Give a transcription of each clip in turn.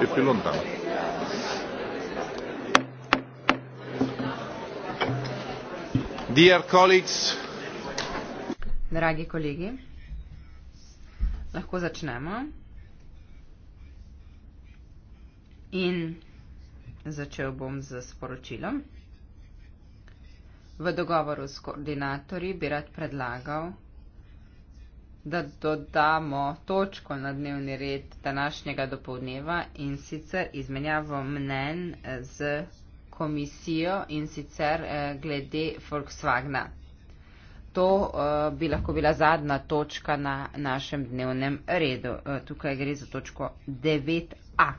e più lontano. Dear colleagues, Dragi colleghi, lahko začnemo. In začel bom z sporočilom. V dogovoru s koordinatorji bi rad predlagal da dodamo točko na dnevni red današnjega dopolneva in sicer izmenjavo mnen z komisijo in sicer eh, glede Volkswagna. To eh, bi lahko bila zadnja točka na našem dnevnem redu. Eh, tukaj gre za točko 9a.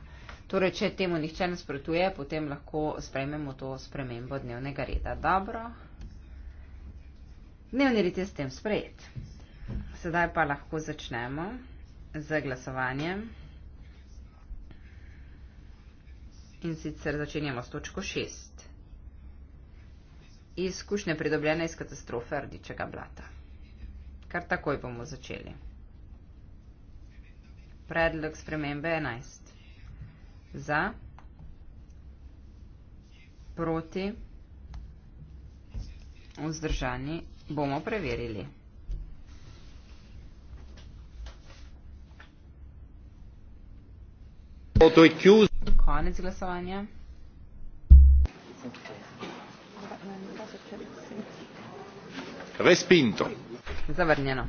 Torej, če temu nihče ne sprotuje, potem lahko sprejmemo to spremembo dnevnega reda. Dobro. Dnevni red je s tem sprejet. Sedaj pa lahko začnemo z glasovanjem. In sicer začenjamo s točko 6. Izkušnje pridobljene iz katastrofe rdečega blata. Kar takoj bomo začeli. Predlog spremembe 11. Za, proti, vzdržani bomo preverili. Konec glasovanja. Respinto. Zavrnjeno.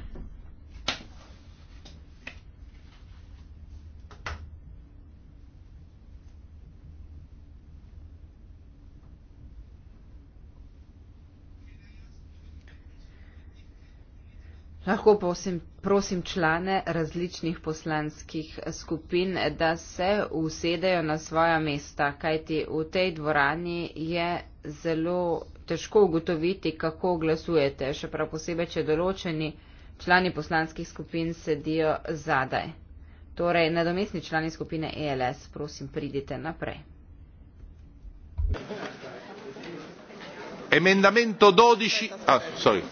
Lahko prosim, prosim člane različnih poslanskih skupin, da se usedejo na svoja mesta, kajti v tej dvorani je zelo težko ugotoviti, kako glasujete, še prav posebej, če določeni člani poslanskih skupin sedijo zadaj. Torej, nadomestni člani skupine ELS, prosim, pridite naprej. Emendamento 12. Ah, sorry.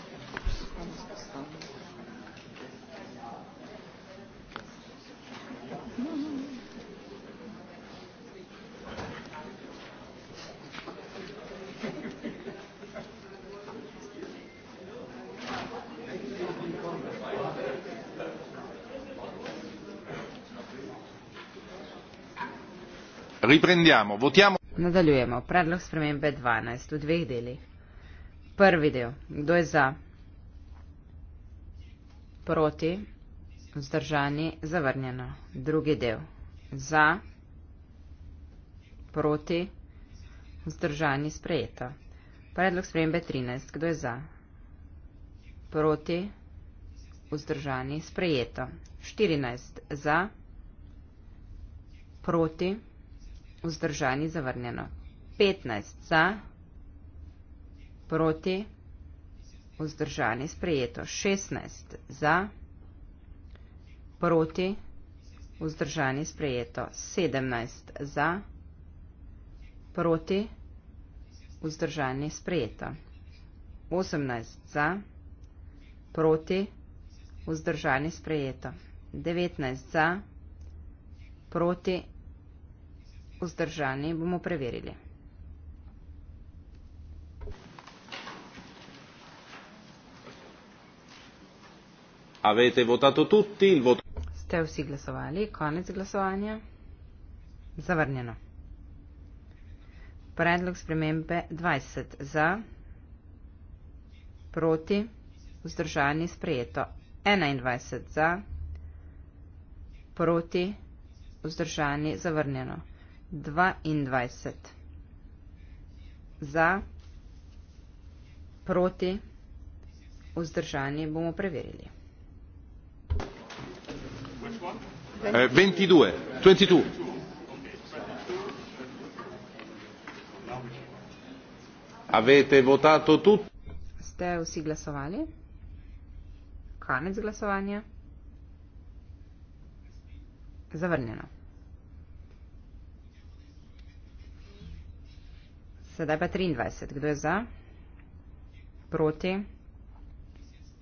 riprendiamo, votiamo. Nadaljujemo. Predlog spremembe 12 v dveh delih. Prvi del. Kdo je za? Proti. Vzdržani. Zavrnjeno. Drugi del. Za. Proti. Vzdržani. Sprejeto. Predlog spremembe 13. Kdo je za? Proti. Vzdržani. Sprejeto. 14. Za. Proti vzdržani zavrnjeno. 15 za, proti, vzdržani sprejeto. 16 za, proti, vzdržani sprejeto. 17 za, proti, vzdržani sprejeto. 18 za, proti, vzdržani sprejeto. 19 za, proti, vzdržani, bomo preverili. Avete votato tutti il voto? Ste vsi glasovali? Konec glasovanja? Zavrnjeno. Predlog spremembe 20. Za, proti, vzdržani, sprejeto. 21. Za, proti, vzdržani, zavrnjeno. 22. Za, proti, vzdržani bomo preverili. 22. Eh, 22. Avete votato tutti? Ste vsi glasovali? Konec glasovanja? Zavrnjeno. Sedaj pa 23. Kdo je za? Proti?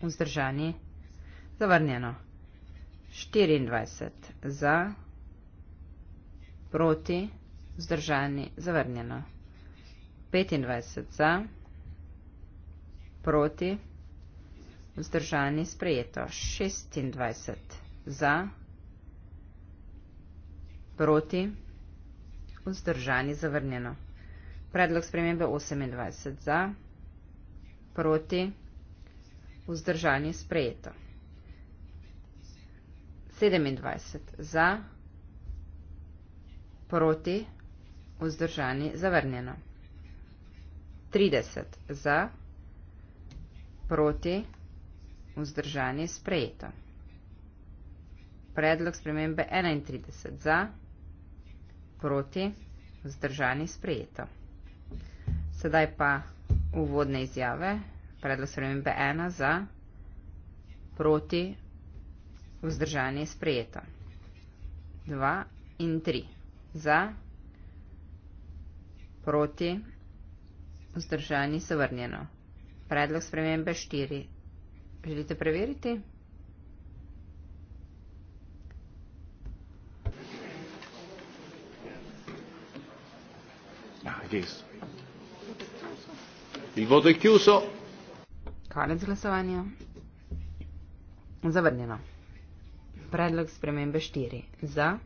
Vzdržani? Zavrnjeno. 24. Za? Proti? Vzdržani? Zavrnjeno. 25. Za? Proti? Vzdržani? Sprejeto. 26. Za? Proti? Vzdržani? Zavrnjeno. Predlog spremembe 28 za, proti, vzdržanje sprejeto. 27 za, proti, vzdržanje zavrnjeno. 30 za, proti, vzdržanje sprejeto. Predlog spremembe 31 za, proti, vzdržanje sprejeto. Sedaj pa uvodne izjave, predlog spremembe ena za proti vzdržanje sprejeta. Dva in tri za proti vzdržanje sovrnjeno. Predlog spremembe štiri. Želite preveriti? Ah, it is. Il voto è chiuso. Conec glasovanja. Zavrnjeno. Predlog spremembe 4. Za,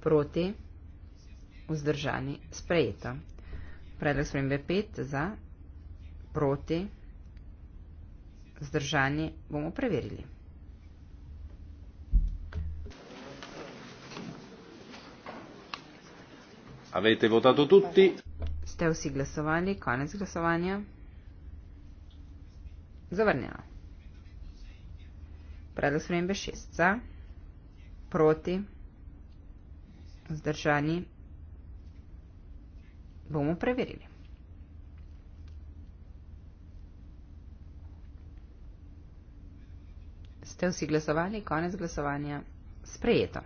proti, vzdržani, sprejeto. Predlog spremembe 5. Za, proti, vzdržani, bomo preverili. Avete votato tutti? ste vsi glasovali, konec glasovanja. Zavrnjeno. Predlog spremembe šest za, proti, vzdržani. Bomo preverili. Ste vsi glasovali, konec glasovanja. Sprejeto.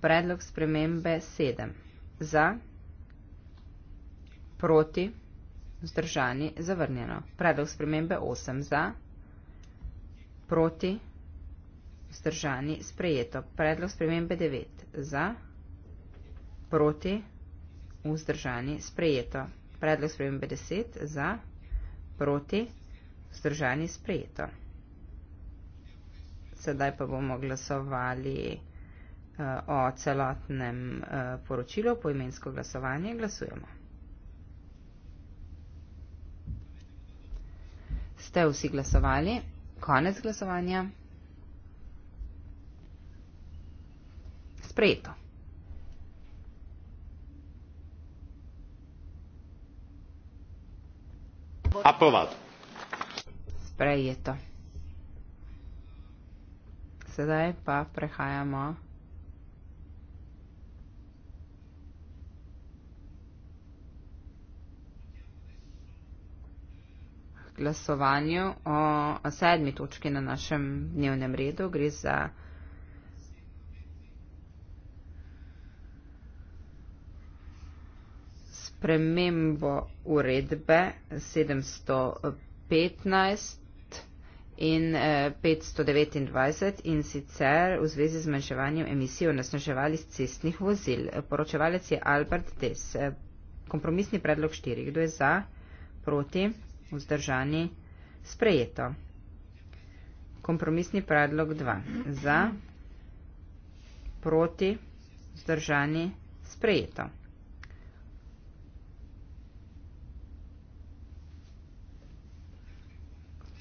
Predlog spremembe sedem za proti, vzdržani, zavrnjeno. Predlog spremembe 8 za, proti, vzdržani, sprejeto. Predlog spremembe 9 za, proti, vzdržani, sprejeto. Predlog spremembe 10 za, proti, vzdržani, sprejeto. Sedaj pa bomo glasovali uh, o celotnem uh, poročilu, poimensko glasovanje. Glasujemo. ste vsi glasovali. Konec glasovanja. Sprejeto. Aprovat. Sprejeto. Sedaj pa prehajamo. glasovanju o sedmi točki na našem dnevnem redu. Gre za spremembo uredbe 715 in 529 eh, in sicer v zvezi z zmanjševanjem emisij onesnaževalih cestnih vozil. Poročevalec je Albert Tess. Kompromisni predlog štiri. Kdo je za? Proti vzdržani, sprejeto. Kompromisni predlog 2. Za, proti, vzdržani, sprejeto.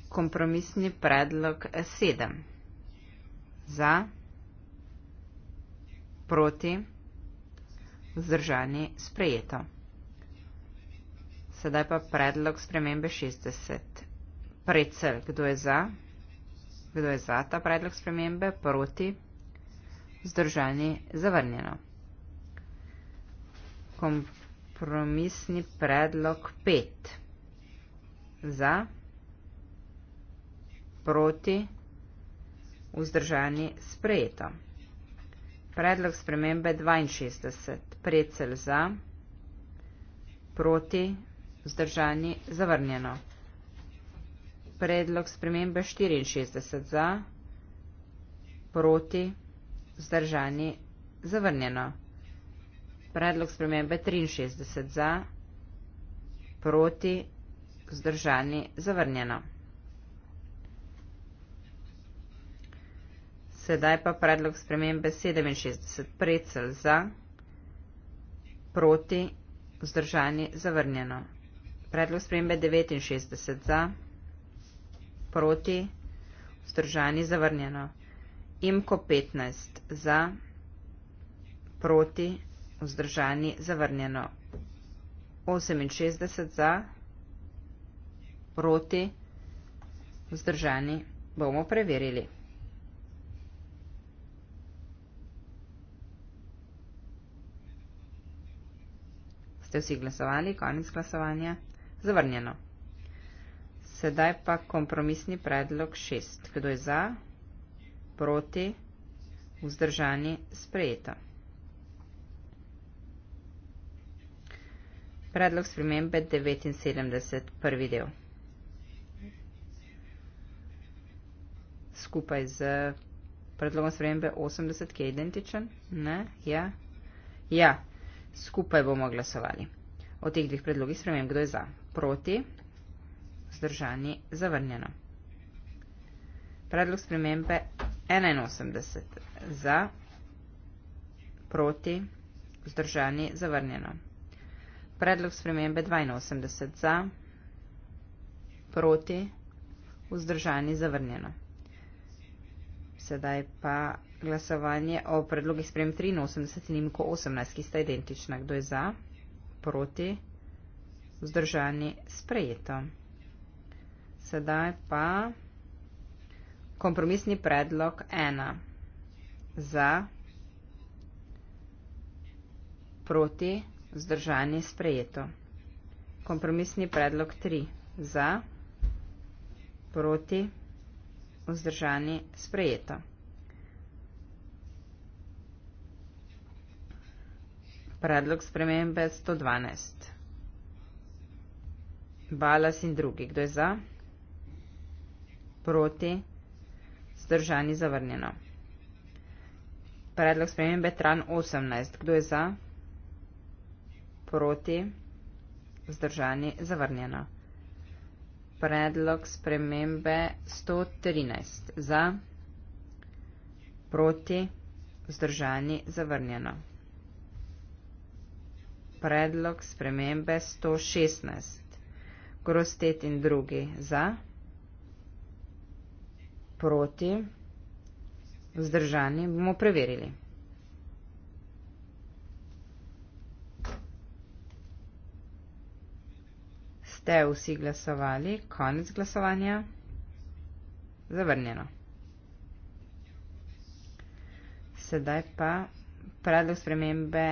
Kompromisni predlog 7. Za, proti, vzdržani, sprejeto. Sedaj pa predlog spremembe 60. Precel, kdo je za? Kdo je za ta predlog spremembe? Proti? Zdržani? Zavrnjeno. Kompromisni predlog 5. Za? Proti? Vzdržani sprejeto. Predlog spremembe 62. Precel za, proti, vzdržani zavrnjeno. Predlog spremembe 64 za, proti, vzdržani zavrnjeno. Predlog spremembe 63 za, proti, vzdržani zavrnjeno. Sedaj pa predlog spremembe 67 predsel za, proti, vzdržani zavrnjeno. Predlog spremembe 69 za, proti, vzdržani zavrnjeno. Imko 15 za, proti, vzdržani zavrnjeno. 68 za, proti, vzdržani bomo preverili. Ste vsi glasovali? Konec glasovanja. Zavrnjeno. Sedaj pa kompromisni predlog šest. Kdo je za? Proti? Vzdržani? Sprejeto. Predlog spremembe 79. Prvi del. Skupaj z predlogom spremembe 80, ki je identičen. Ne? Ja. Ja. Skupaj bomo glasovali. O teh dveh predlogih spremem, kdo je za proti, vzdržani, zavrnjeno. Predlog spremembe 81 za, proti, vzdržani, zavrnjeno. Predlog spremembe 82 za, proti, vzdržani, zavrnjeno. Sedaj pa glasovanje o predlogih sprem 83 in imko 18, ki sta identična. Kdo je za, proti, vzdržani, zavrnjeno vzdržani sprejeto. Sedaj pa kompromisni predlog ena za proti vzdržani sprejeto. Kompromisni predlog tri za proti vzdržani sprejeto. Predlog spremembe 112. Balas in drugi. Kdo je za? Proti? Zdržani zavrnjeno. Predlog spremembe tran 18. Kdo je za? Proti? Zdržani zavrnjeno. Predlog spremembe 113. Za? Proti? Zdržani zavrnjeno. Predlog spremembe 116. Krostet in drugi za, proti, vzdržani, bomo preverili. Ste vsi glasovali, konec glasovanja, zavrnjeno. Sedaj pa predlog spremembe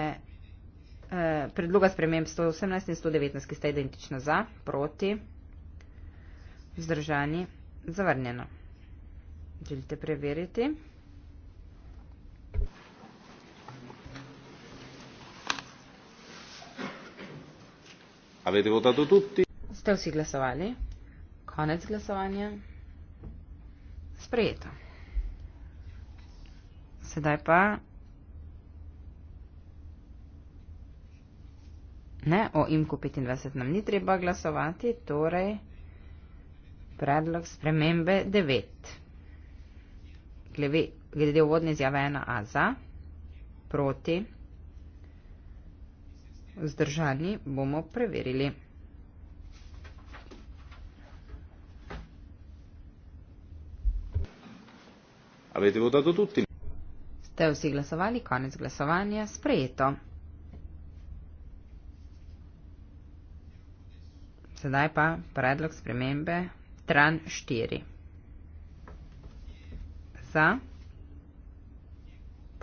Eh, predloga sprememb 118 in 119, ki sta identična za, proti, vzdržani, zavrnjeno. Želite preveriti? Avete votato tutti? Ste vsi glasovali? Konec glasovanja? Sprejeto. Sedaj pa Ne, o imku 25 nam ni treba glasovati, torej predlog spremembe 9. Glede, glede uvodne izjave 1a za, proti, vzdržani bomo preverili. Avete votato tutti? Ste vsi glasovali, konec glasovanja, sprejeto. sedaj pa predlog spremembe tran 4. Za,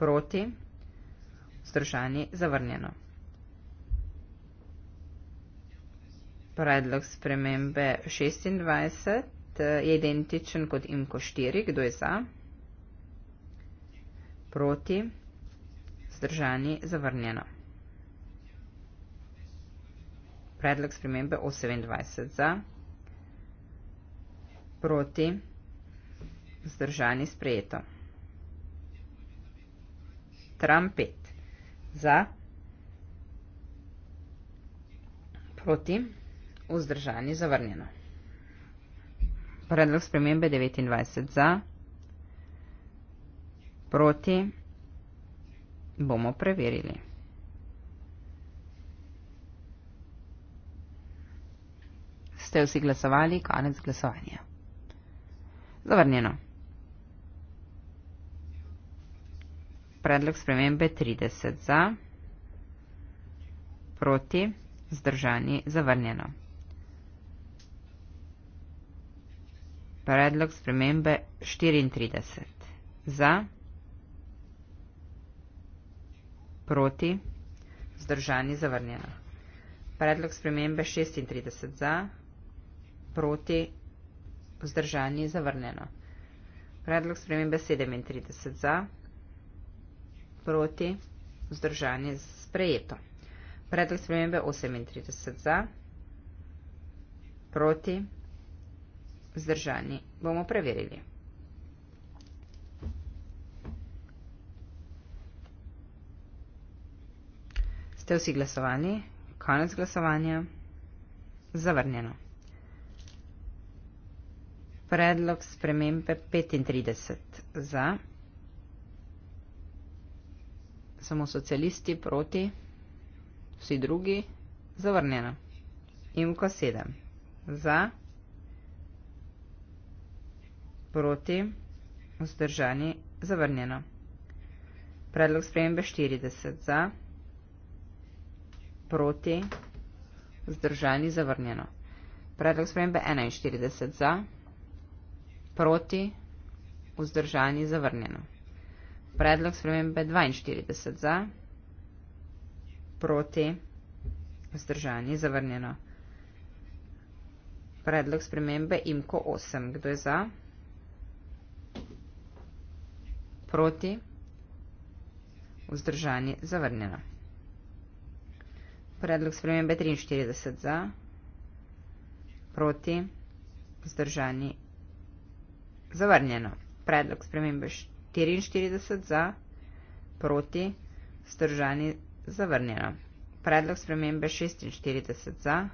proti, vzdržani, zavrnjeno. Predlog spremembe 26 je identičen kot imko 4. Kdo je za? Proti, vzdržani, zavrnjeno predlog spremembe 28 za, proti, vzdržani sprejeto. Trump 5 za, proti, vzdržani zavrnjeno. Predlog spremembe 29 za, proti, bomo preverili. ste vsi glasovali, konec glasovanja. Zavrnjeno. Predlog spremembe 30 za, proti, zdržani, zavrnjeno. Predlog spremembe 34 za, proti, zdržani, zavrnjeno. Predlog spremembe 36 za, proti, zdržani, zavrnjeno proti vzdržanje zavrnjeno. Predlog spremembe 37 za, proti vzdržanje sprejeto. Predlog spremembe 38 za, proti vzdržanje bomo preverili. Ste vsi glasovali? Konec glasovanja. Zavrnjeno predlog spremembe 35 za, samo socialisti proti, vsi drugi zavrnjeno. Imko 7 za, proti, vzdržani zavrnjeno. Predlog spremembe 40 za, proti, vzdržani zavrnjeno. Predlog spremembe 41 za proti, vzdržani, zavrnjeno. Predlog spremembe 42 za, proti, vzdržani, zavrnjeno. Predlog spremembe imko 8, kdo je za, proti, vzdržani, zavrnjeno. Predlog spremembe 43 za, proti, vzdržani, zavrnjeno zavrnjeno. Predlog spremembe 44 za, proti, stržani zavrnjeno. Predlog spremembe 46 za,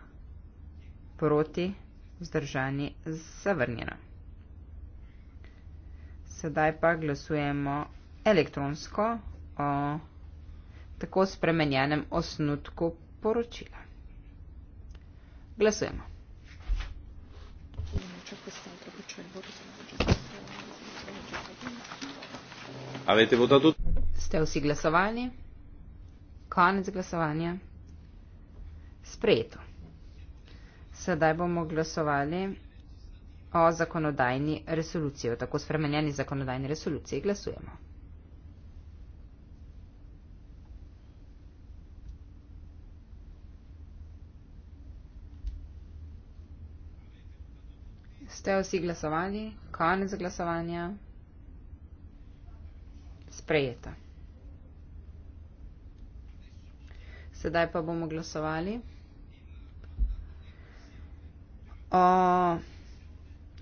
proti, vzdržani zavrnjeno. Sedaj pa glasujemo elektronsko o tako spremenjenem osnutku poročila. Glasujemo. Ne, čakaj, stavljamo, čakaj, bodo zelo. Avete votato? Ste vsi glasovali? Konec glasovanja. Sprejeto. Sedaj bomo glasovali o zakonodajni resoluciji, o tako spremenjeni zakonodajni resoluciji. Glasujemo. Ste vsi glasovali? Konec glasovanja sprejeta. Sedaj pa bomo glasovali o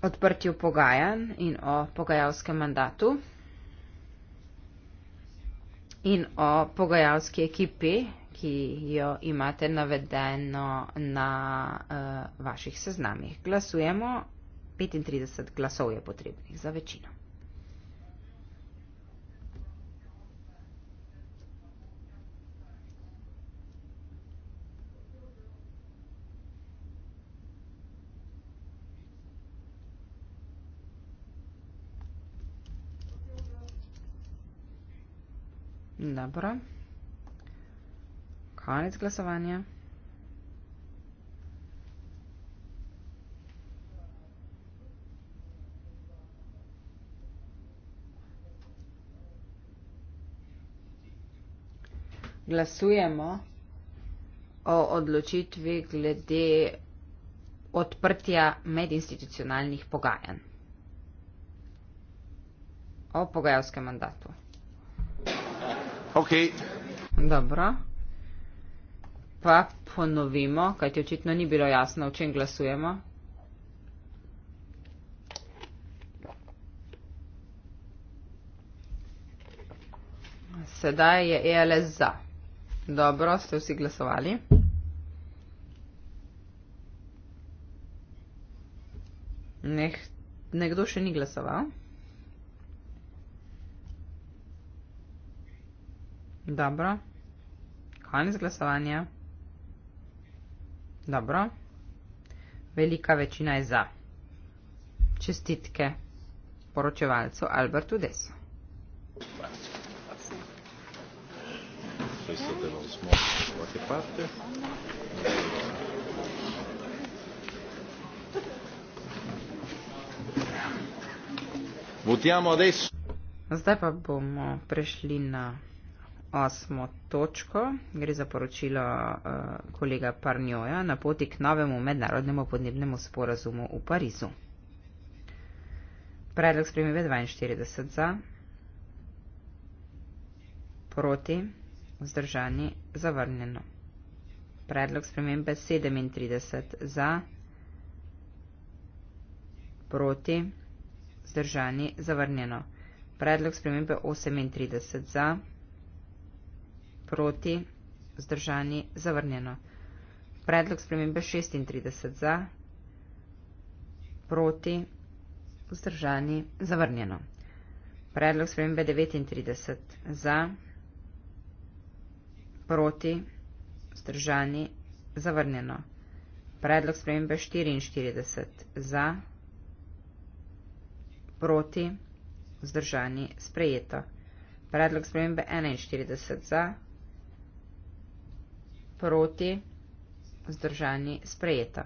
odprtju pogajanj in o pogajalskem mandatu in o pogajalski ekipi, ki jo imate navedeno na uh, vaših seznamih. Glasujemo, 35 glasov je potrebnih za večino. Dobro. Konec glasovanja. Glasujemo o odločitvi glede odprtja medinstitucionalnih pogajanj. O pogajalskem mandatu. Ok. Dobro. Pa ponovimo, kajti očitno ni bilo jasno, o čem glasujemo. Sedaj je ELS za. Dobro, ste vsi glasovali. Nek, nekdo še ni glasoval. Dobro. Konec glasovanja. Dobro. Velika večina je za. Čestitke poročevalcu Albertu Desu. Votiamo adesso. Zdaj pa bomo prešli na osmo točko, gre za poročilo uh, kolega Parnjoja na poti k novemu mednarodnemu podnebnemu sporazumu v Parizu. Predlog spremembe 42 za, proti, vzdržani, zavrnjeno. Predlog spremembe 37 za, proti, vzdržani, zavrnjeno. Predlog spremembe 38 za, proti, vzdržani, zavrnjeno. Predlog spremembe 38 za, proti, vzdržani, zavrnjeno. Predlog spremembe 36 za, proti, vzdržani, zavrnjeno. Predlog spremembe 39 za, proti, vzdržani, zavrnjeno. Predlog spremembe 44 za, proti, vzdržani, sprejeto. Predlog spremembe 41 za, proti, vzdržani, sprejeto proti, vzdržani, sprejeto.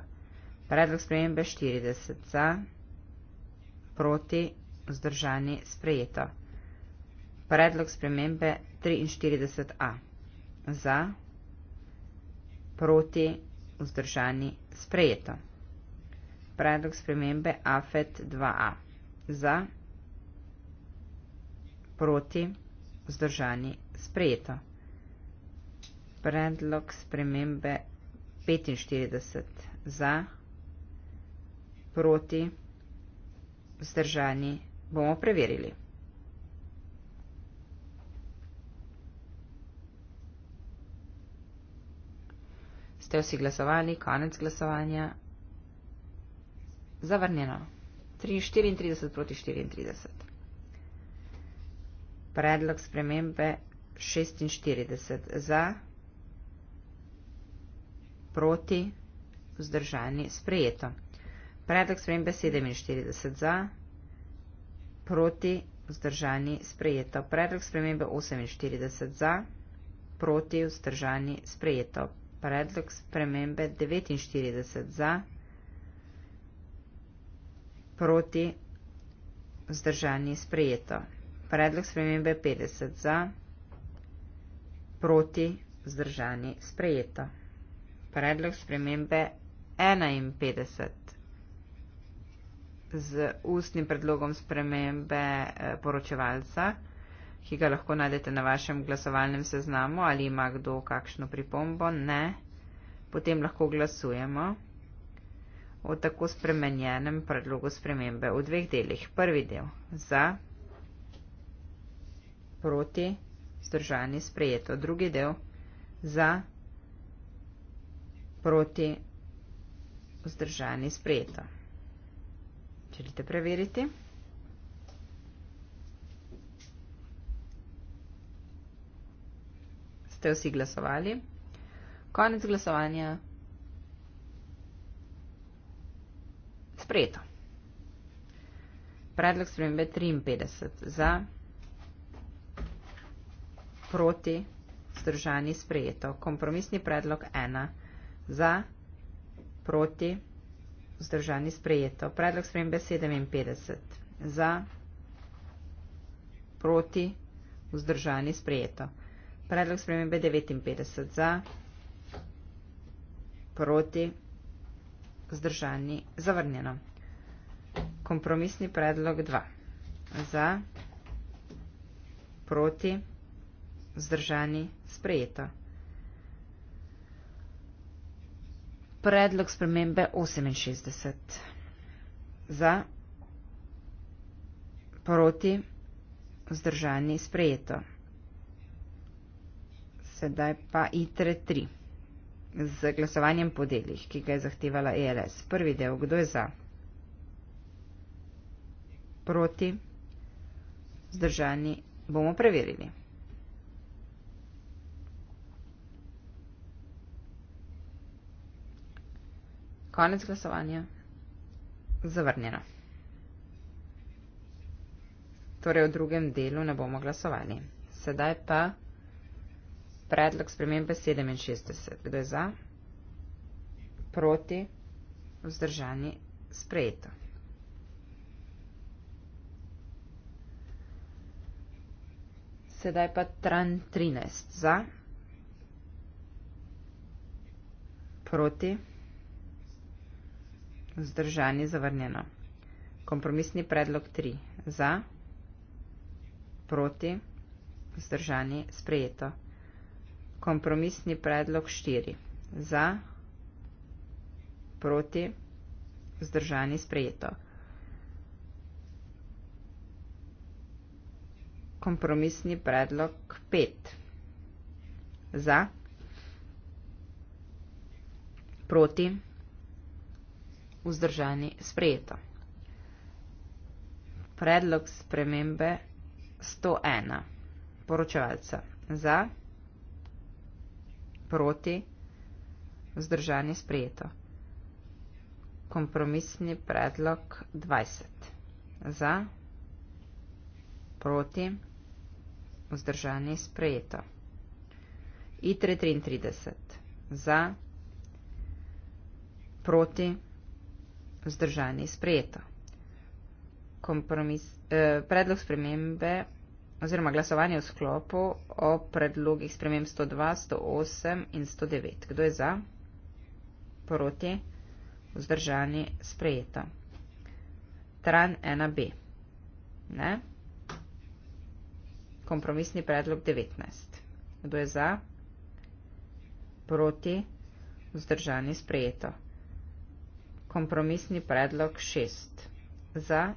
Predlog spremembe 40 za, proti, vzdržani, sprejeto. Predlog spremembe 43a za, proti, vzdržani, sprejeto. Predlog spremembe AFET 2a za, proti, vzdržani, sprejeto predlog spremembe 45 za, proti, vzdržani, bomo preverili. Ste vsi glasovali, konec glasovanja, zavrnjeno, 34 proti 34. Predlog spremembe 46 za proti, vzdržani, sprejeto. Predlog spremembe 47 za, proti, vzdržani, sprejeto. Predlog spremembe 48 za, proti, vzdržani, sprejeto. Predlog spremembe 49 za, proti, vzdržani, sprejeto. Predlog spremembe 50 za, proti, vzdržani, sprejeto predlog spremembe 51 z ustnim predlogom spremembe eh, poročevalca, ki ga lahko najdete na vašem glasovalnem seznamu ali ima kdo kakšno pripombo, ne, potem lahko glasujemo o tako spremenjenem predlogu spremembe v dveh delih. Prvi del za, proti, zdržani, sprejeto. Drugi del za, proti proti vzdržani sprejeto. Želite preveriti? Ste vsi glasovali? Konec glasovanja. Sprejeto. Predlog spremembe 53 za proti vzdržani sprejeto. Kompromisni predlog 1 za, proti, vzdržani sprejeto. Predlog spremembe 57. Za, proti, vzdržani sprejeto. Predlog spremembe 59. Za, proti, vzdržani zavrnjeno. Kompromisni predlog 2. Za, proti, vzdržani sprejeto. predlog spremembe 68. Za, proti, vzdržani, sprejeto. Sedaj pa ITRE 3 z glasovanjem po delih, ki ga je zahtevala ELS. Prvi del, kdo je za? Proti, vzdržani, bomo preverili. Konec glasovanja. Zavrnjeno. Torej, v drugem delu ne bomo glasovali. Sedaj pa predlog spremembe 67. Kdo je za? Proti? Vzdržani? Sprejeto. Sedaj pa tran 13. Za? Proti? Proti? Vzdržani zavrnjeno. Kompromisni predlog 3. Za. Proti. Vzdržani sprejeto. Kompromisni predlog 4. Za. Proti. Vzdržani sprejeto. Kompromisni predlog 5. Za. Proti vzdržani sprejeto. Predlog spremembe 101. Poročevalca za, proti, vzdržani sprejeto. Kompromisni predlog 20. Za, proti, vzdržani sprejeto. I 333. Za, proti, vzdržani sprejeto vzdržanje sprejeto. Kompromis, eh, predlog spremembe oziroma glasovanje v sklopu o predlogih sprememb 102, 108 in 109. Kdo je za? Proti. Vzdržanje sprejeto. Tran 1b. Ne? Kompromisni predlog 19. Kdo je za? Proti. Vzdržanje sprejeto kompromisni predlog šest. Za,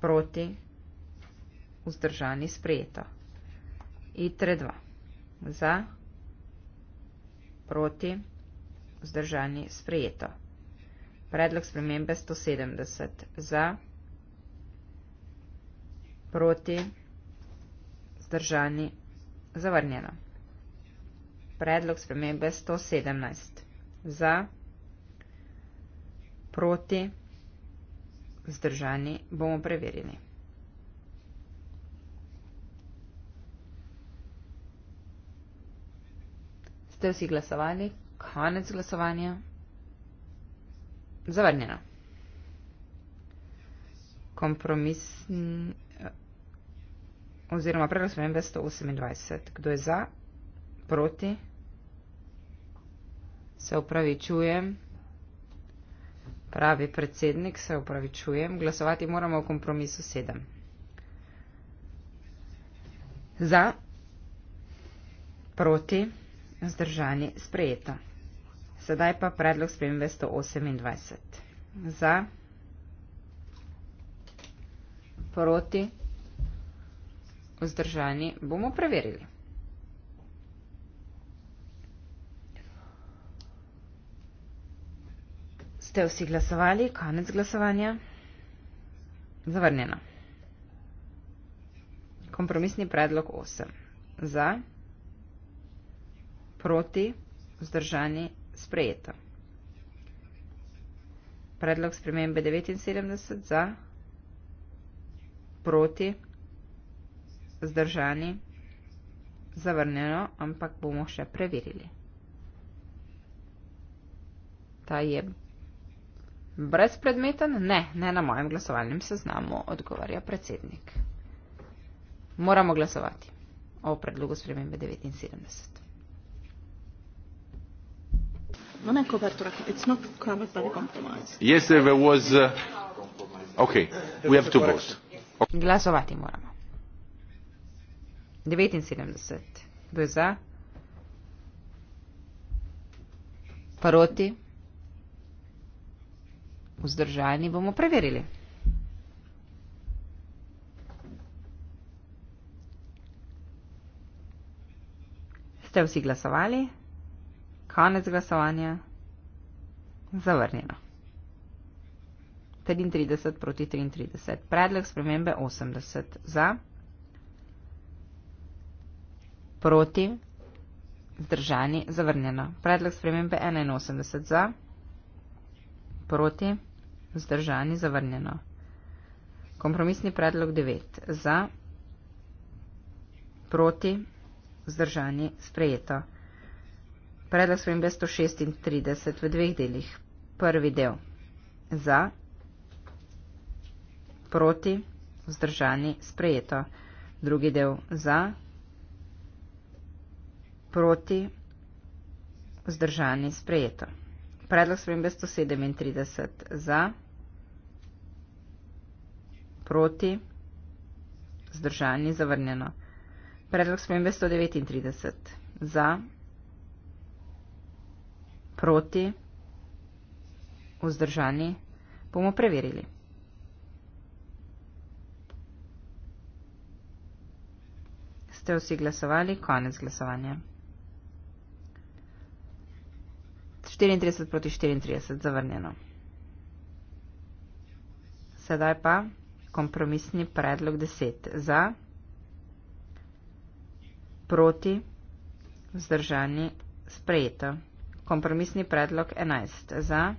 proti, vzdržani sprejeto. ITRE 2. Za, proti, vzdržani sprejeto. Predlog spremembe 170. Za, proti, vzdržani zavrnjeno. Predlog spremembe 117. Za, proti, vzdržani sprejeto proti, vzdržani, bomo preverili. Ste vsi glasovali? Konec glasovanja. Zavrnjeno. Kompromis eh, oziroma predlog spremembe 128. Kdo je za? Proti? Se upravičujem. Pravi predsednik, se upravičujem, glasovati moramo v kompromisu sedem. Za, proti, vzdržani, sprejeto. Sedaj pa predlog spremembe 128. Za, proti, vzdržani, bomo preverili. Ste vsi glasovali? Konec glasovanja? Zavrnjeno. Kompromisni predlog 8. Za, proti, vzdržani, sprejeto. Predlog spremembe 79 za, proti, vzdržani, zavrnjeno, ampak bomo še preverili. Ta je Brezpredmeten? Ne, ne na mojem glasovalnem seznamu, odgovarja predsednik. Moramo glasovati o predlogu spremembe 79. No, yes, there was, uh, okay, we have two votes. Okay. Glasovati moramo. 79 bo za, proti vzdržani, bomo preverili. Ste vsi glasovali? Konec glasovanja? Zavrnjeno. 33 proti 33. Predlog spremembe 80 za. Proti. Zdržani. Zavrnjeno. Predlog spremembe 81 za. Proti. Zdržani zavrnjeno. Kompromisni predlog 9. Za. Proti. Zdržani sprejeto. Predlog svojim 136 v dveh delih. Prvi del. Za. Proti. Zdržani sprejeto. Drugi del. Za. Proti. Zdržani sprejeto predlog spremembe 137 za, proti, zdržani, zavrnjeno. Predlog spremembe 139 za, proti, vzdržani, bomo preverili. Ste vsi glasovali, konec glasovanja. 34 proti 34 zavrnjeno. Sedaj pa kompromisni predlog 10 za, proti, vzdržani, sprejeto. Kompromisni predlog 11 za,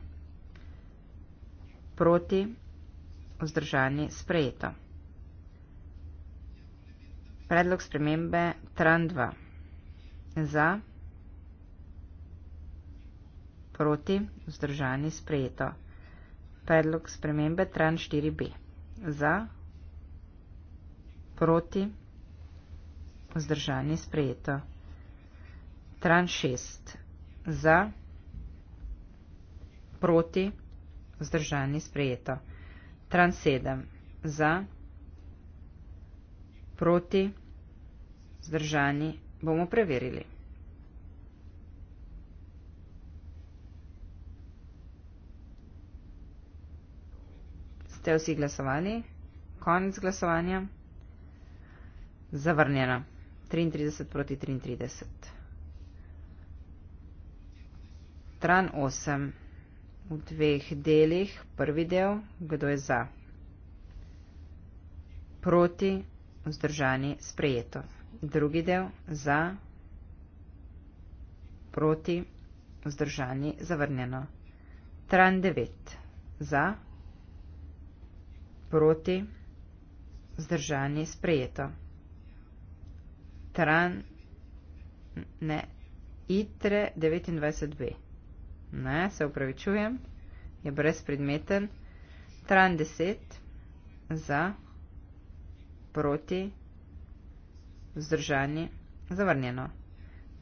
proti, vzdržani, sprejeto. Predlog spremembe TRAN 2 za, proti, vzdržani, sprejeto proti, vzdržani sprejeto. Predlog spremembe tran 4b. Za, proti, vzdržani sprejeto. Tran 6. Za, proti, vzdržani sprejeto. Tran 7. Za, proti, vzdržani bomo preverili. ste vsi glasovali, konec glasovanja, zavrnjena 33 proti 33. Tran 8 v dveh delih, prvi del, kdo je za, proti, vzdržani, sprejeto, drugi del, za, proti, vzdržani, zavrnjeno. Tran 9. Za, proti, zdržani, sprejeto. Tran, ne, itre 29b. Ne, se upravičujem, je brezpredmeten. Tran 10, za, proti, zdržani, zavrnjeno.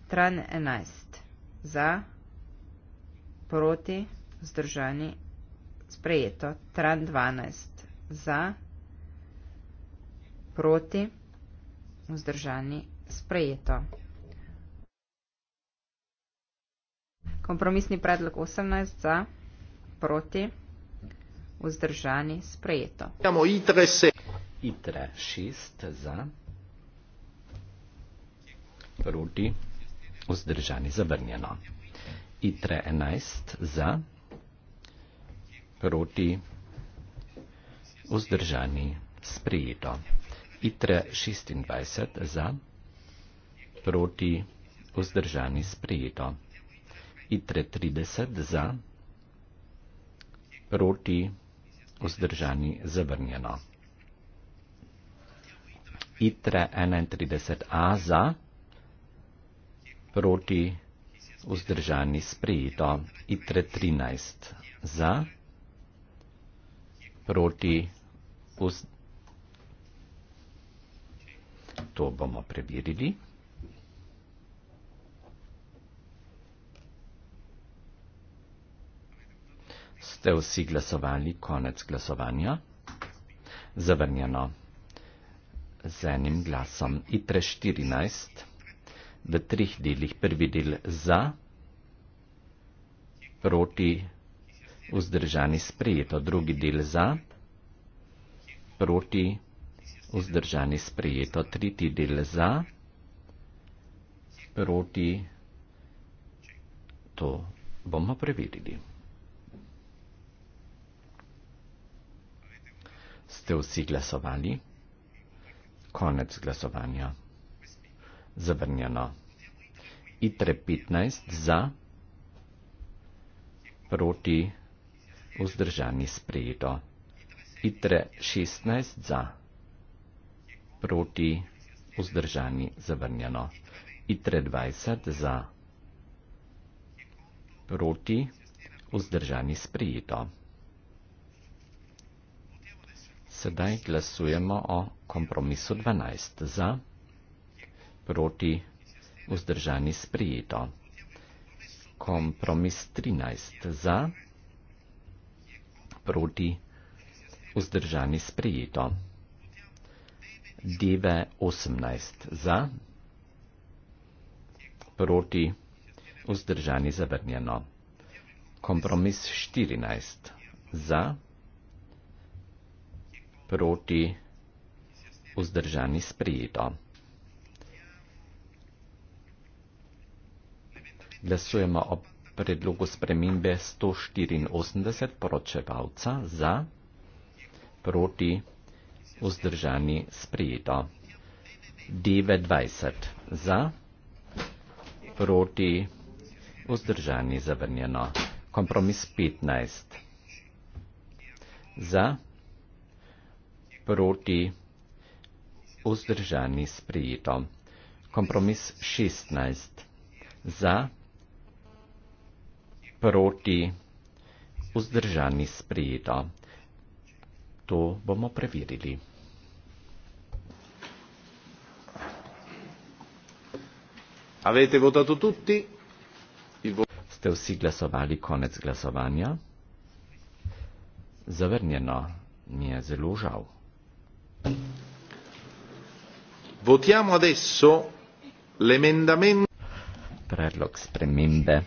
Tran 11, za, proti, zdržani, sprejeto. Tran 12, za, proti, vzdržani, sprejeto. Kompromisni predlog 18 za, proti, vzdržani, sprejeto. Imamo itre 6. Itre 6 za, proti, vzdržani, zavrnjeno. Itre 11 za, proti, vzdržani, sprejeto vzdržani, sprejeto. ITRE 26 za, proti, vzdržani, sprejeto. ITRE 30 za, proti, vzdržani, zavrnjeno. ITRE 31a za, proti, vzdržani, sprejeto. ITRE 13 za, proti, vzdržani, sprejeto. Uz... To bomo preverili. Ste vsi glasovali, konec glasovanja? Zavrnjeno. Z enim glasom. ITRE 14 v trih delih. Prvi del za, proti, vzdržani sprejeto. Drugi del za proti, vzdržani sprejeto, tretji del za, proti, to bomo preverili. Ste vsi glasovali? Konec glasovanja. Zavrnjeno. ITRE 15 za, proti, vzdržani sprejeto. Fitre 16 za, proti vzdržani zavrnjeno. Fitre 20 za, proti vzdržani sprijeto. Sedaj glasujemo o kompromisu 12 za, proti vzdržani sprijeto. Kompromis 13 za, proti vzdržani sprijeto vzdržani sprejeto. Deve 18 za, proti vzdržani zavrnjeno. Kompromis 14 za, proti vzdržani sprejeto. Glasujemo o predlogu spremembe 184 poročevalca za proti, vzdržani sprejeto. 29 za, proti, vzdržani zavrnjeno. Kompromis 15 za, proti, vzdržani sprejeto. Kompromis 16 za, proti, vzdržani sprejeto. To bomo preverili. Avete votato tutti? Vo- Ste vsi glasovali konec glasovanja? Zavrnjeno mi je zelo žal. Votiamo adesso l'emendamento. Predlog spremembe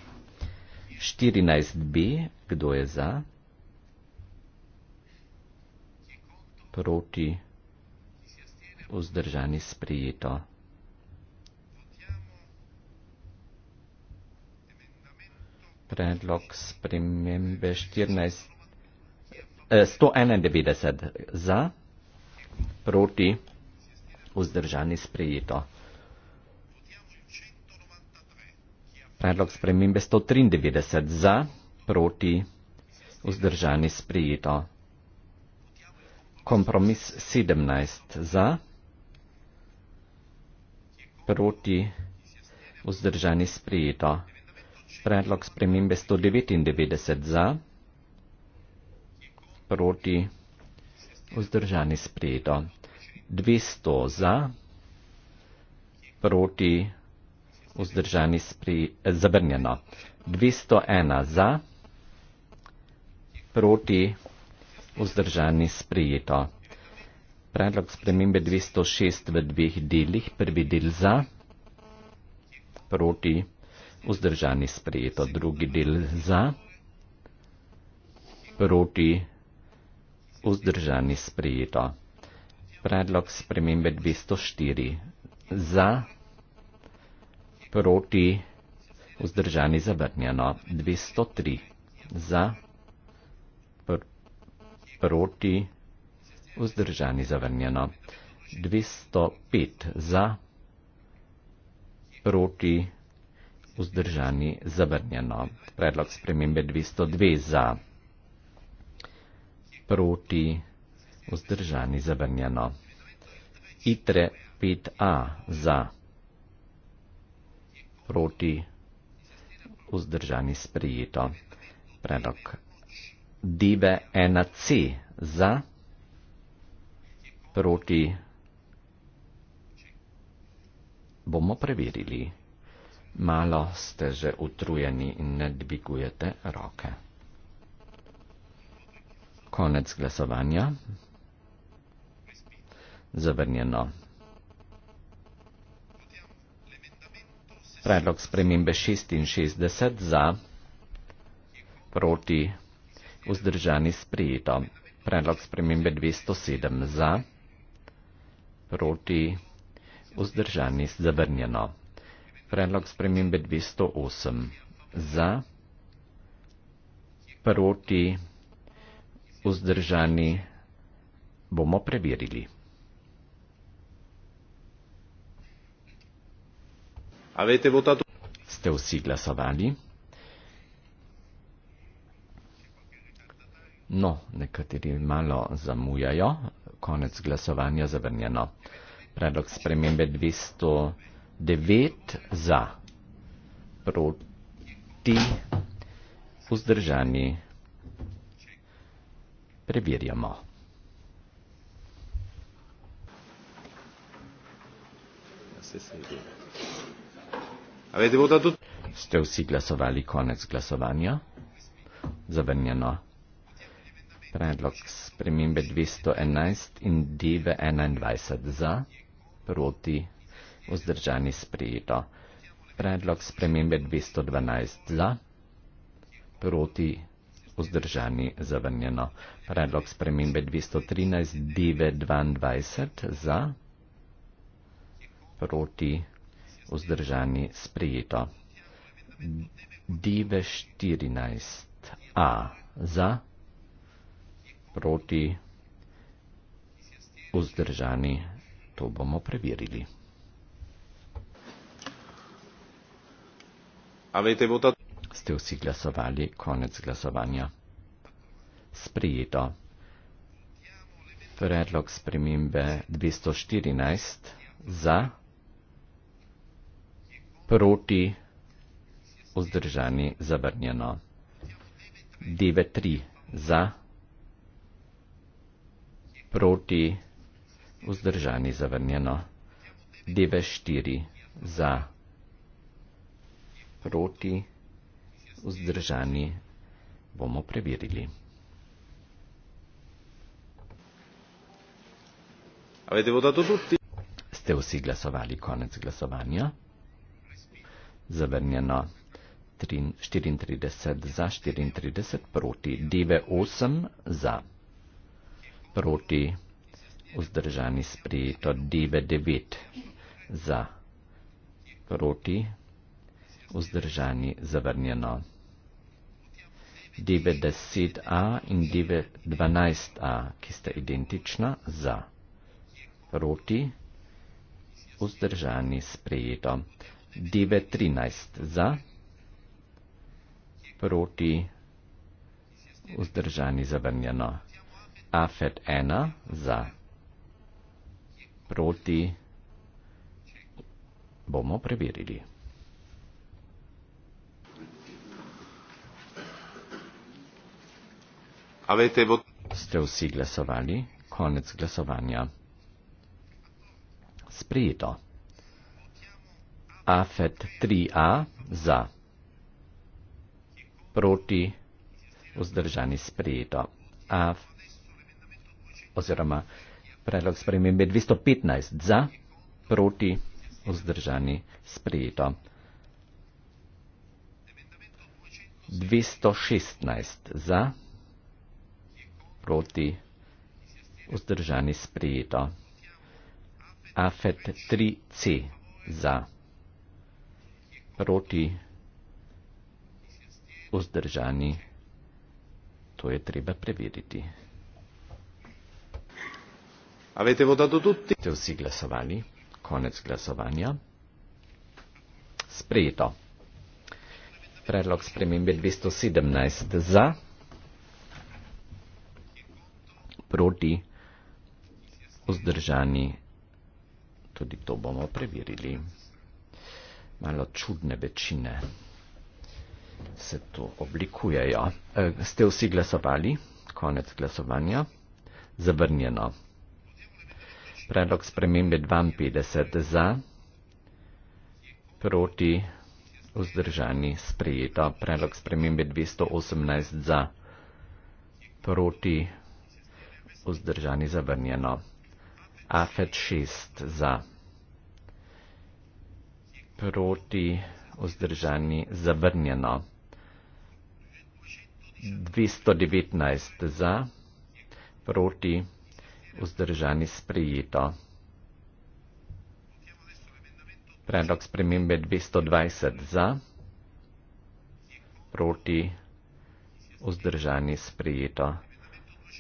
14b, kdo je za? proti, vzdržani sprijeto. Predlog spremembe 14, eh, 191 za, proti, vzdržani sprijeto. Predlog spremembe 193 za, proti, vzdržani sprijeto kompromis 17 za, proti vzdržani sprejeto. Predlog spremembe 199 za, proti vzdržani sprejeto. 200 za, proti vzdržani sprejeto. Eh, Zabrnjeno. 201 za, proti vzdržani sprejeto vzdržani sprejeto. Predlog spremembe 206 v dveh delih, prvi del za, proti, vzdržani sprejeto, drugi del za, proti, vzdržani sprejeto. Predlog spremembe 204 za, proti, vzdržani zavrnjeno, 203 za, proti, vzdržani zavrnjeno. 205 za, proti, vzdržani zavrnjeno. Predlog spremembe 202 za, proti, vzdržani zavrnjeno. ITRE 5A za, proti, vzdržani sprejeto. Predlog dibe 1c za, proti bomo preverili. Malo ste že utrujeni in ne dvigujete roke. Konec glasovanja. Zavrnjeno. Predlog spremembe 66 za proti vzdržani sprejeto. Predlog spremembe 207 za, proti, vzdržani zavrnjeno. Predlog spremembe 208 za, proti, vzdržani bomo preverili. Ste vsi glasovali? No, nekateri malo zamujajo. Konec glasovanja zavrnjeno. Predlog spremembe 209 za, proti, vzdržani. Preverjamo. Ste vsi glasovali konec glasovanja? Zavrnjeno. Predlog spremembe 211 in DV 21 za, proti, vzdržani sprejeto. Predlog spremembe 212 za, proti, vzdržani zavrnjeno. Predlog spremembe 213 DV 22 za, proti, vzdržani sprejeto. DV 14 A za, proti proti vzdržani. To bomo preverili. Ste vsi glasovali? Konec glasovanja. Sprijeto. Predlog spremembe 214 za proti vzdržani zavrnjeno. 9.3 za proti, vzdržani, zavrnjeno, DB4 za, proti, vzdržani, bomo preverili. Ste vsi glasovali konec glasovanja? Zavrnjeno 34 za 34 proti, DB8 za proti, vzdržani sprejeto, debe 9 za, proti, vzdržani zavrnjeno. DB 10A in DB 12A, ki sta identična, za, proti, vzdržani sprejeto. DB 13 za, proti, vzdržani zavrnjeno. AFET 1 za, proti bomo preverili. Ste vsi glasovali? Konec glasovanja. Sprejeto. AFET 3A za. Proti. Vzdržani sprejeto. AFET 3A za oziroma predlog spremembe 215 za, proti, vzdržani, sprejeto. 216 za, proti, vzdržani, sprejeto. AFET 3C za, proti, vzdržani, to je treba preveriti. Avete votato tutti? Tutti si glasovali. Konec glasovanja. Sprejeto. Predlog spremembe 217 za, proti, vzdržani. Tudi to bomo preverili. Malo čudne večine se tu oblikujejo. E, ste vsi glasovali? Konec glasovanja. Zavrnjeno. Predlog spremembe 52 za, proti vzdržani sprejeto. Predlog spremembe 218 za, proti vzdržani zavrnjeno. AFET 6 za, proti vzdržani zavrnjeno. 219 za, proti vzdržani zavrnjeno vzdržani sprejeto. Predlog spremembe 220 za, proti vzdržani sprejeto.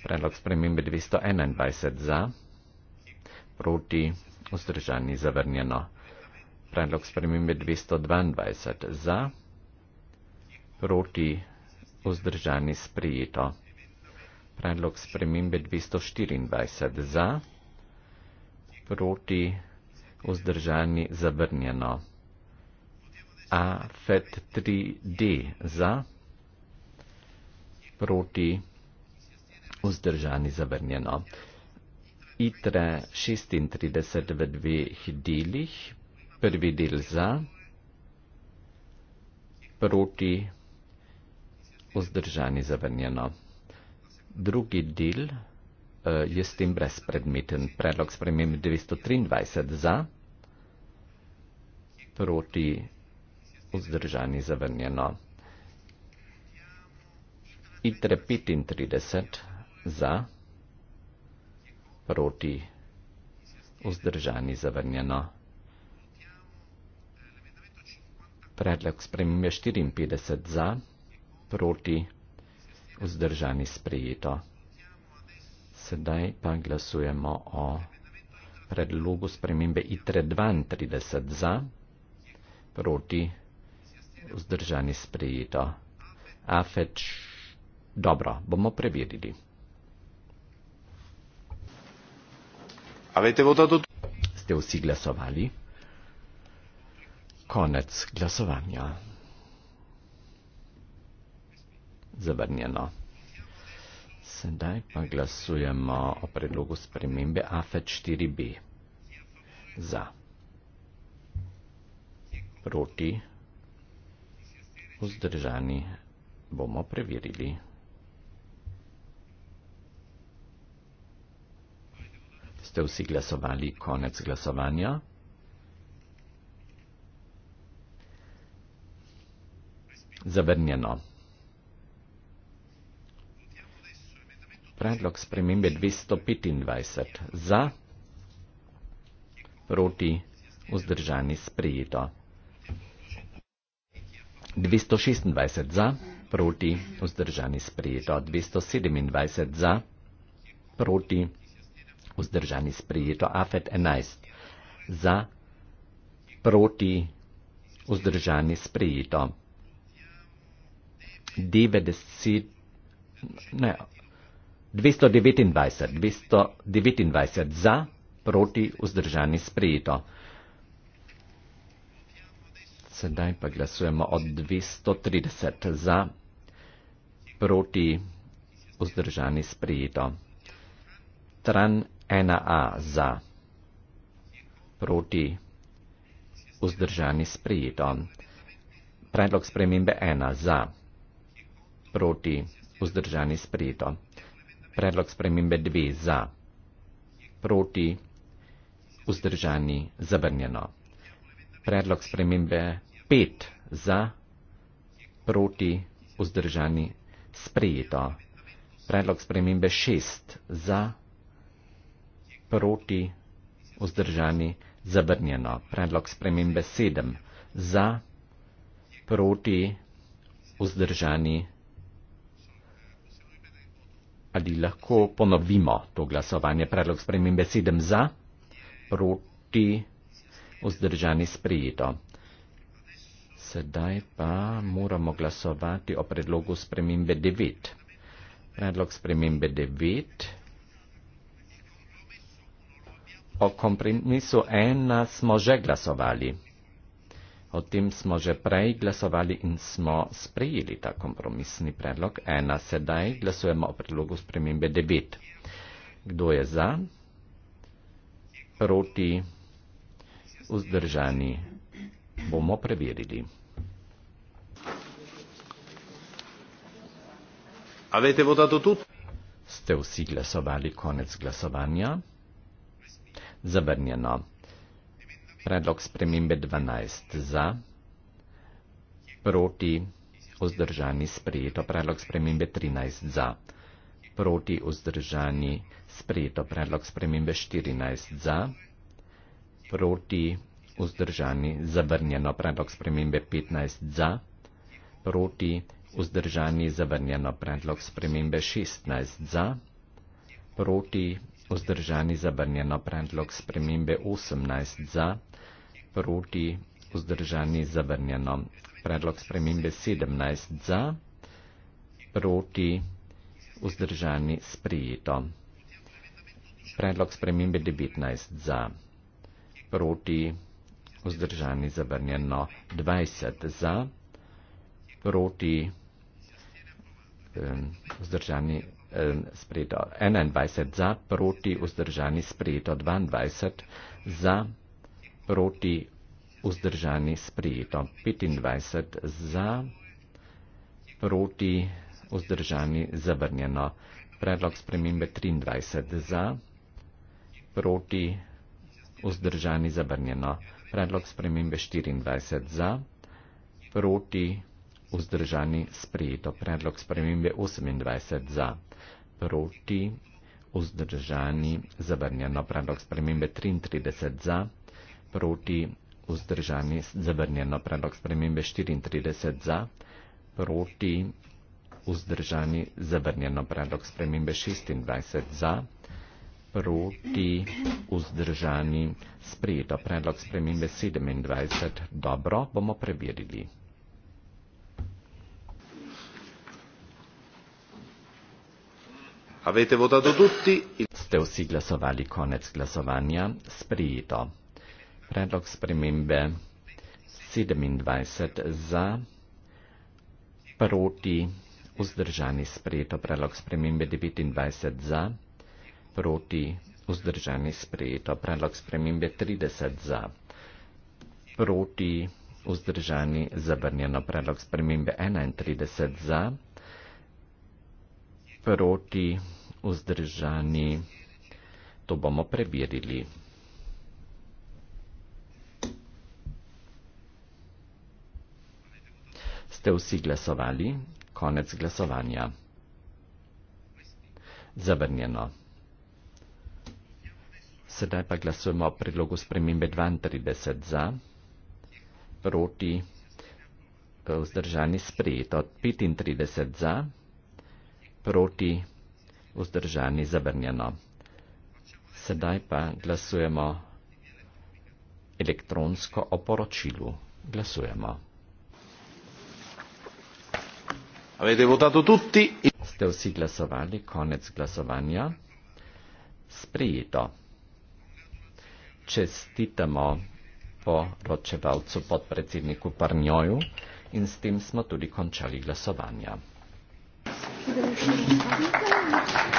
Predlog spremembe 221 za, proti vzdržani zavrnjeno. Predlog spremembe 222 za, proti vzdržani sprejeto. Predlog spremembe 224 za, proti vzdržani zabrnjeno. AFET3D za, proti vzdržani zabrnjeno. ITRE 36 v dveh delih, prvi del za, proti vzdržani zabrnjeno drugi del uh, je s tem brezpredmeten. Predlog spremem 923 za, proti vzdržani zavrnjeno. ITRE 35 za, proti vzdržani zavrnjeno. Predlog spremem je 54 za, proti vzdržani zavrnjeno vzdržani sprejeto. Sedaj pa glasujemo o predlogu spremembe ITRE 32 za, proti vzdržani sprejeto. Afeč, dobro, bomo preverili. Ste vsi glasovali? Konec glasovanja zavrnjeno. Sedaj pa glasujemo o predlogu spremembe AFED-4B. Za. Proti. Vzdržani bomo preverili. Ste vsi glasovali konec glasovanja? Zavrnjeno. predlog spremembe 225 za, proti, vzdržani, sprejeto. 226 za, proti, vzdržani, sprejeto. 227 za, proti, vzdržani, sprejeto. AFET 11 za, proti, vzdržani, sprejeto. 90, ne, 229, 229 za, proti, vzdržani sprejeto. Sedaj pa glasujemo od 230 za, proti, vzdržani sprejeto. Tran 1a za, proti, vzdržani sprejeto. Predlog spremembe 1 za, proti, vzdržani sprejeto predlog spremembe dve za, proti vzdržani zabrnjeno. Predlog spremembe pet za, proti vzdržani sprejeto. Predlog spremembe šest za, proti vzdržani zabrnjeno. Predlog spremembe sedem za, proti vzdržani zabrnjeno. Ali lahko ponovimo to glasovanje? Predlog spremem besedem za, proti, vzdržani sprejeto. Sedaj pa moramo glasovati o predlogu spremembe 9. Predlog spremembe 9. O kompromisu 1 smo že glasovali. O tem smo že prej glasovali in smo sprejeli ta kompromisni predlog. Ena sedaj glasujemo o predlogu spremembe 9. Kdo je za? Proti? Vzdržani? Bomo preverili. Avete votato tut? Ste vsi glasovali konec glasovanja? Zabrnjeno predlog spremembe 12 za, proti vzdržani sprejeto predlog spremembe 13 za, proti vzdržani sprejeto predlog spremembe 14 za, proti vzdržani zavrnjeno predlog spremembe 15 za, proti vzdržani zavrnjeno predlog spremembe 16 za, proti vzdržani zavrnjeno predlog spremembe 18 za, proti proti vzdržani zavrnjeno. Predlog spremembe 17 za, proti vzdržani sprejeto. Predlog spremembe 19 za, proti vzdržani zavrnjeno. 20 za, proti vzdržani sprejeto. 21 za, proti vzdržani sprejeto. 22 za, proti vzdržani sprejeto proti vzdržani sprejeto. 25 za, proti vzdržani zabrnjeno. Predlog spremembe 23 za, proti vzdržani zabrnjeno. Predlog spremembe 24 za, proti vzdržani sprejeto. Predlog spremembe 28 za, proti vzdržani zabrnjeno. Predlog spremembe 33 za, proti vzdržani zabrnjeno proti vzdržani zavrnjeno predlog spremembe 34 za, proti vzdržani zavrnjeno predlog spremembe 26 za, proti vzdržani sprejeto predlog spremembe 27 dobro, bomo preverili. Avete votato tutti? Ste vsi glasovali konec glasovanja? Sprejeto predlog spremembe 27 za, proti vzdržani sprejeto predlog spremembe 29 za, proti vzdržani sprejeto predlog spremembe 30 za, proti vzdržani zabrnjeno predlog spremembe 31 za, proti vzdržani, to bomo preverili. ste vsi glasovali, konec glasovanja. Zabrnjeno. Sedaj pa glasujemo o predlogu spremembe 32 za, proti, vzdržani sprejeto, 35 za, proti, vzdržani zabrnjeno. Sedaj pa glasujemo elektronsko o poročilu. Glasujemo. Avete votato tutti? Ste vsi glasovali? Konec glasovanja. Sprijeto. Čestitamo poročevalcu podpredsedniku Parnjoju in s tem smo tudi končali glasovanja. Thank you.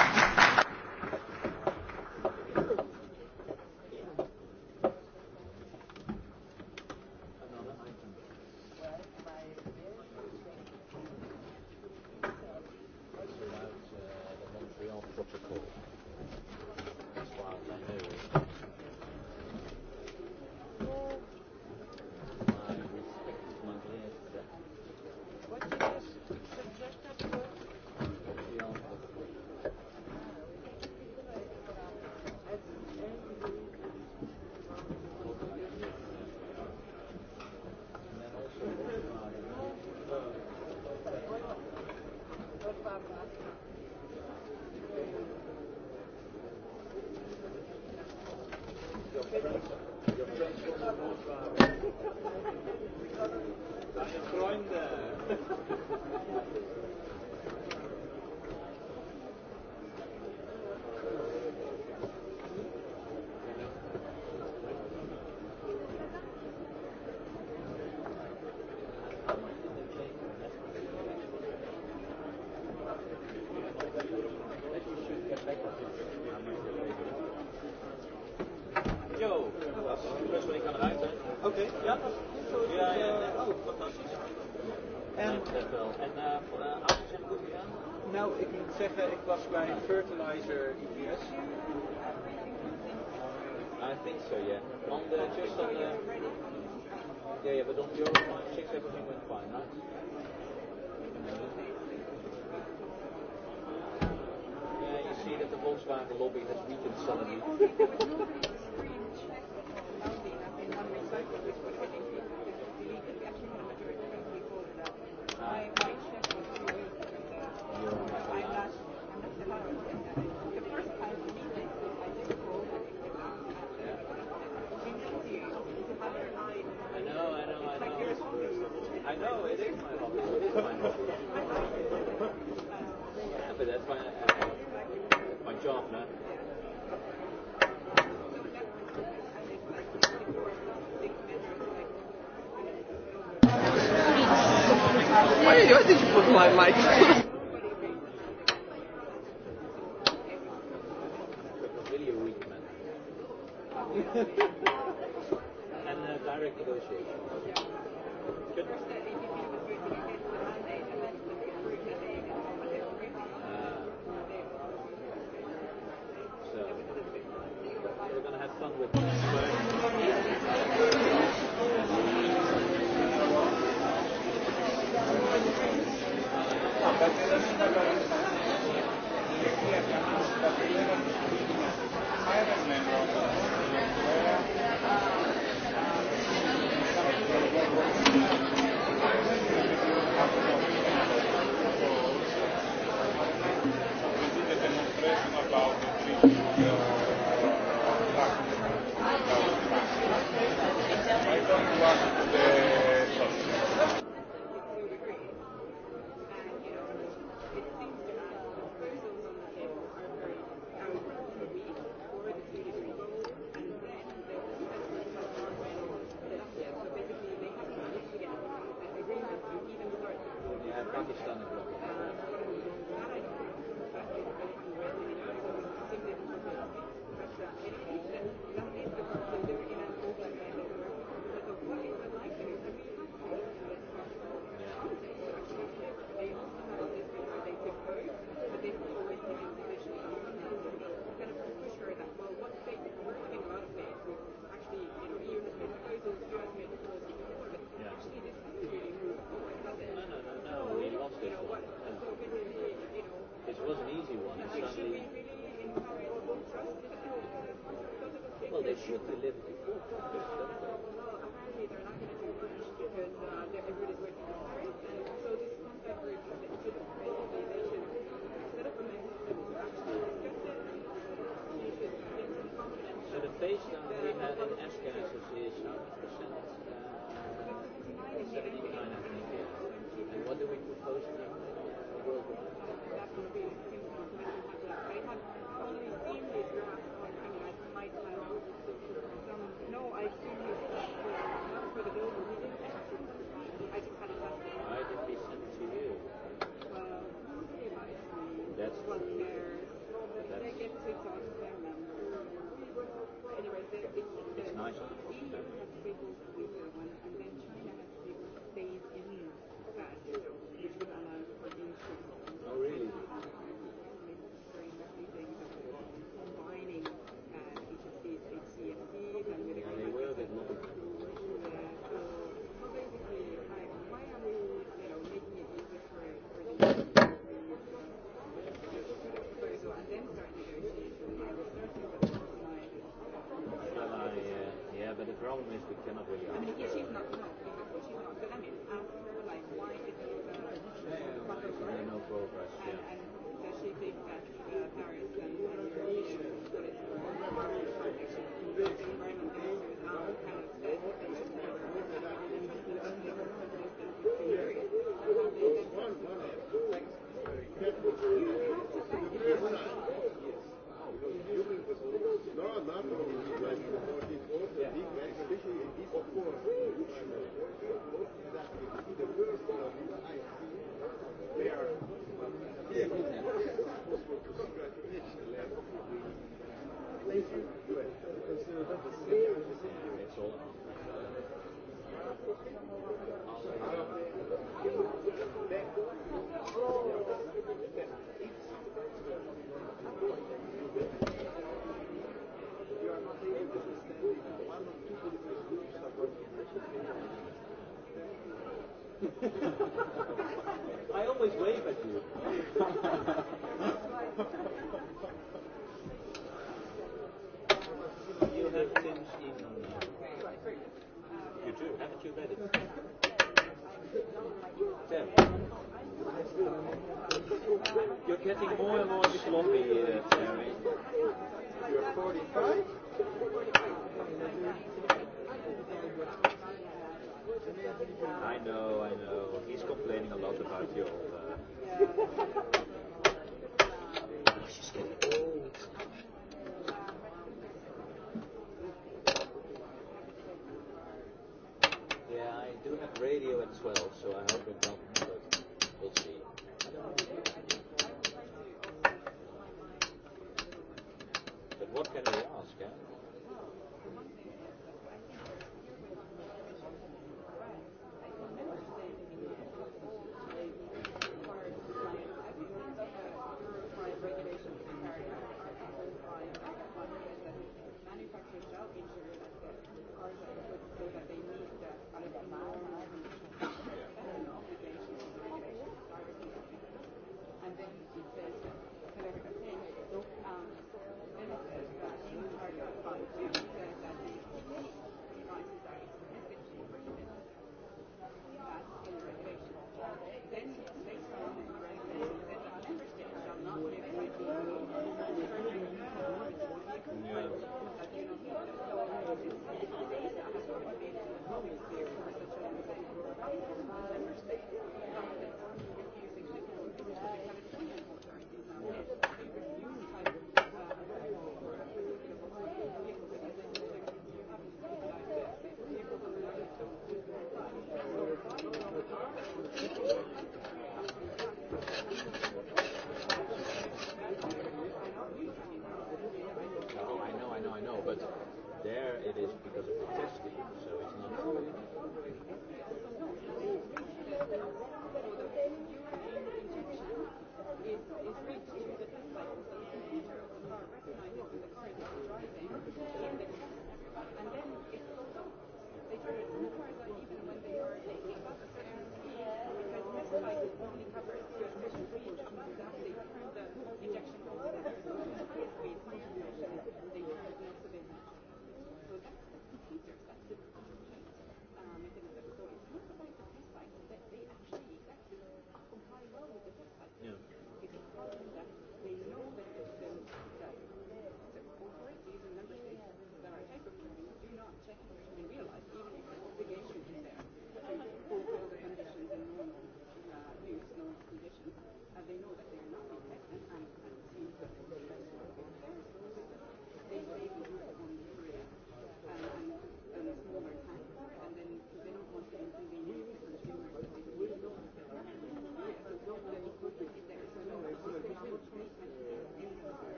Že te lepo.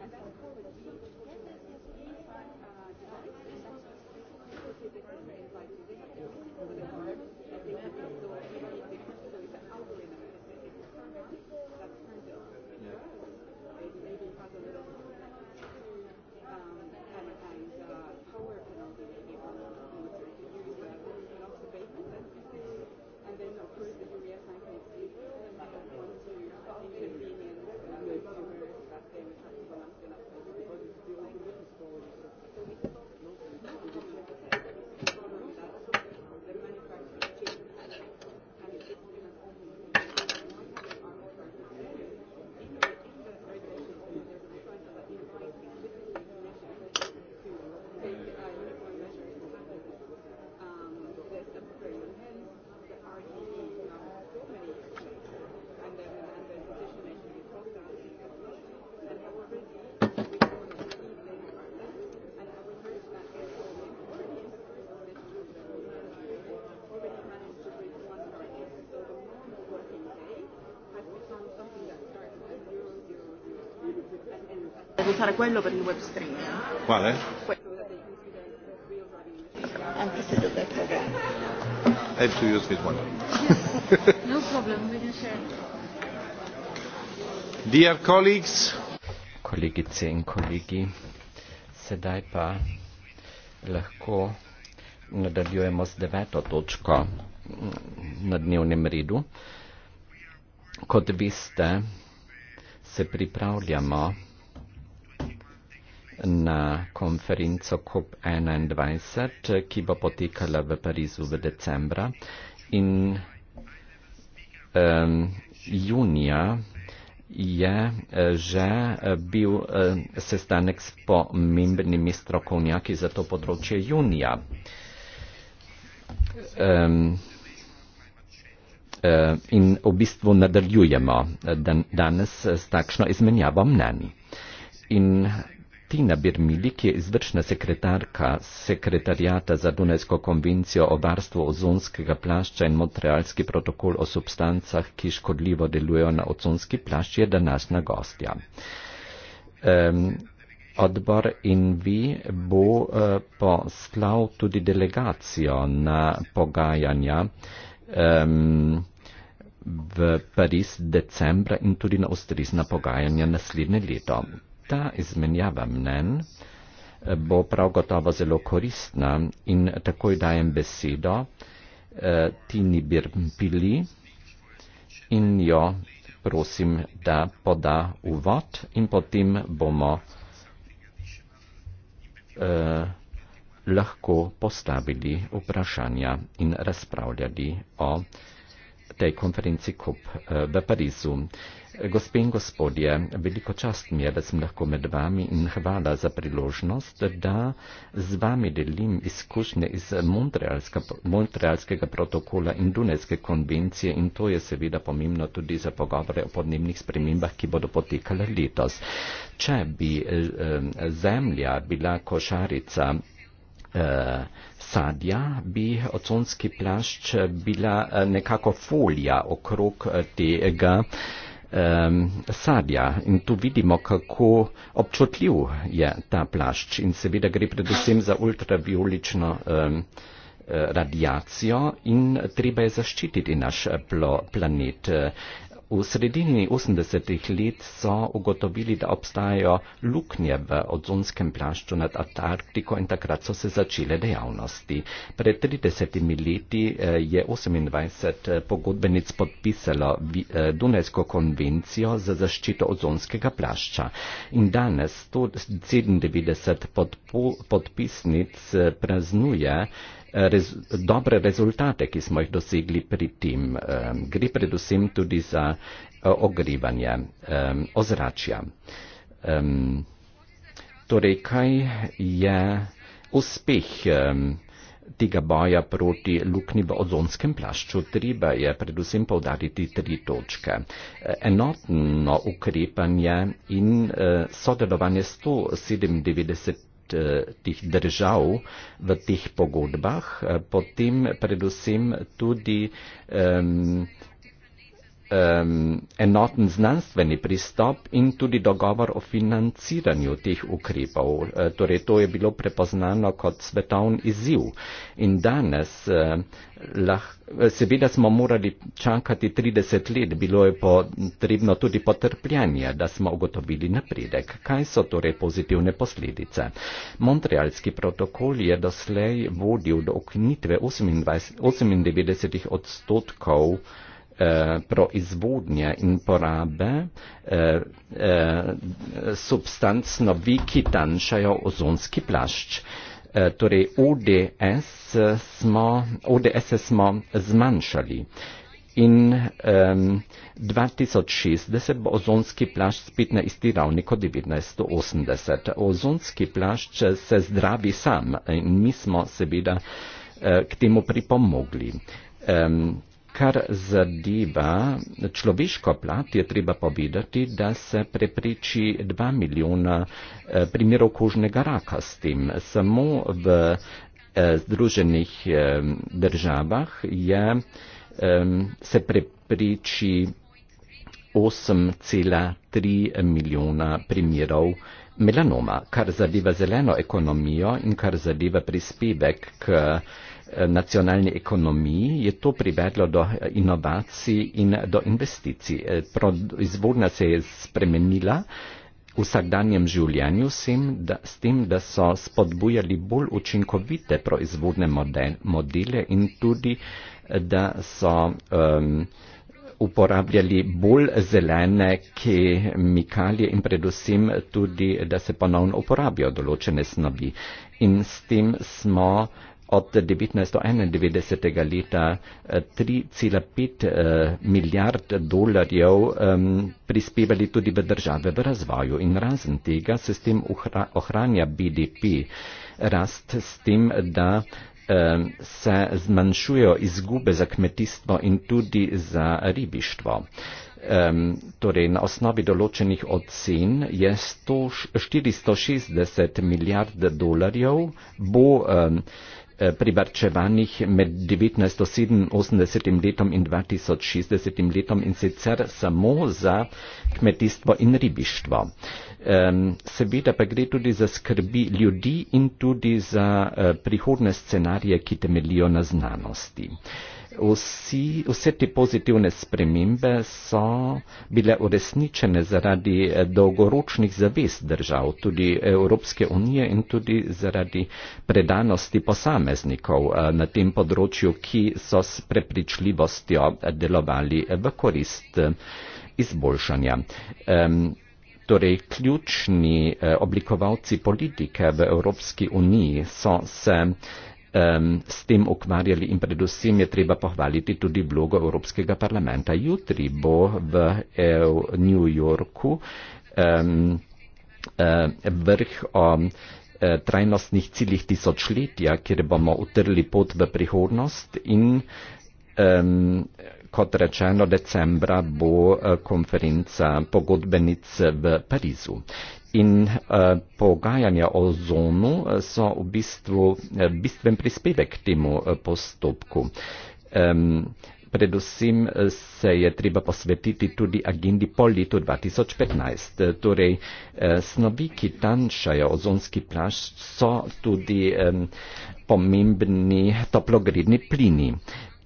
Thank you. usare quello per il web streaming. Quale? Anche se dovrei provare. Have to use this one. no problem, we can share. Dear colleagues. Kolegice in kolegi, sedaj pa lahko nadaljujemo z deveto točko na dnevnem redu. Kot veste, se pripravljamo na konferenco COP21, ki bo potekala v Parizu v decembra in um, junija je eh, že eh, bil eh, sestanek s pomembnimi strokovnjaki za to področje junija. Um, in v bistvu nadaljujemo dan danes s takšno izmenjavo mnen. In Tina Birmilik je izvršna sekretarka sekretarijata za Dunajsko konvencijo o varstvu ozonskega plašča in Montrealski protokol o substancah, ki škodljivo delujejo na ozonski plašč, je današnja gostja. Um, odbor in vi bo uh, poslal tudi delegacijo na pogajanja um, v Pariz decembra in tudi na ustrezna pogajanja naslednje leto ta izmenjava mnen eh, bo prav gotovo zelo koristna in takoj dajem besedo eh, Tini Birpili in jo prosim, da poda uvod in potem bomo eh, lahko postavili vprašanja in razpravljali o tej konferenci KUP eh, v Parizu. Eh, Gospe in gospodje, veliko čast mi je, da sem lahko med vami in hvala za priložnost, da z vami delim izkušnje iz Montrealskega protokola in Dunajske konvencije in to je seveda pomembno tudi za pogovore o podnebnih spremembah, ki bodo potekale letos. Če bi eh, zemlja bila košarica eh, sadja, bi oconski plašč bila eh, nekako folija okrog tega um, sadja in tu vidimo, kako občutljiv je ta plašč in seveda gre predvsem za ultraviolično um, eh, radiacijo in treba je zaščititi naš plo, planet. V sredini 80-ih let so ugotovili, da obstajajo luknje v ozonskem plašču nad Antarktiko in takrat so se začele dejavnosti. Pred 30 leti eh, je 28 eh, pogodbenic podpisalo eh, Dunajsko konvencijo za zaščito ozonskega plašča. In danes 197 podpisnic praznuje rez, dobre rezultate, ki smo jih dosegli pri tem. Gre predvsem tudi za eh, ogrivanje ozračja. Torej, kaj je uspeh tega boja proti lukni v ozonskem plašču? Treba je predvsem povdariti tri točke. Enotno ukrepanje in eh, sodelovanje 197 Eh, tih držav v teh pogodbah, eh, potem predvsem tudi um, um, enoten znanstveni pristop in tudi dogovor o financiranju teh ukrepov. Uh, torej, to je bilo prepoznano kot svetovni izziv. In danes, uh, lah, seveda smo morali čakati 30 let, bilo je potrebno tudi potrpljanje, da smo ugotovili napredek. Kaj so torej pozitivne posledice? Montrealski protokol je doslej vodil do oknitve 98 odstotkov Eh, proizvodnje in porabe eh, eh, substanc snovi, ki tanjšajo ozonski plašč. Torej ODS smo, ODS smo zmanjšali in um, 2060 bo ozonski plašč spet na isti ravni kot 1980. Ozonski plašč se zdravi sam in mi smo seveda k temu pripomogli. Um, Kar zadeva človeško plat, je treba povedati, da se prepriči 2 milijona eh, primerov kožnega raka s tem. Samo v eh, Združenih eh, državah je, se prepriči 8,3 milijona primerov melanoma. Kar zadeva zeleno ekonomijo in kar zadeva prispevek k nacionalni ekonomiji, je to privedlo do inovacij in do investicij. E, izvorna se je spremenila v vsakdanjem življenju sem, da, s tem, da so spodbujali bolj učinkovite proizvodne model, modele in tudi, da so um, uporabljali bolj zelene kemikalije in predvsem tudi, da se ponovno uporabijo določene snovi. In s tem smo uh, od 1991 leta 3,5 eh, eh, milijard dolarjev um, prispevali tudi v države v razvoju in razen tega se s tem ohranja BDP. Rast s tem, da um, se zmanjšujejo izgube za kmetijstvo in tudi za ribištvo. Um, torej, na osnovi določenih ocen je 100, 460 milijard dolarjev bo. Um, pri varčevanjih med 1987 letom in 2060 letom in sicer samo za kmetijstvo in ribištvo. Seveda pa gre tudi za skrbi ljudi in tudi za eh, prihodne scenarije, ki temelijo na znanosti vsi, vse te pozitivne spremembe so bile uresničene zaradi eh, dolgoročnih zavez držav, tudi Evropske unije in tudi zaradi predanosti posameznikov eh, na tem področju, ki so s prepričljivostjo eh, delovali v korist izboljšanja. Um, Torej, ključni oblikovalci politike v Evropski uniji so se eh, um, s tem ukvarjali in predvsem je treba pohvaliti tudi vlogo Evropskega parlamenta. Jutri bo v EU, New Yorku um, uh, vrh o e, trajnostnih ciljih tisočletja, kjer bomo utrli pot v prihodnost in um, kot rečeno, decembra bo e, konferenca pogodbenic v Parizu in uh, pogajanja o zonu eh, so v bistvu eh, bistven prispevek k temu postopku. Um, predvsem se je treba posvetiti tudi agendi po letu 2015. Torej, snovi, ki tanjšajo ozonski plašč, so tudi um, pomembni toplogredni plini. Um,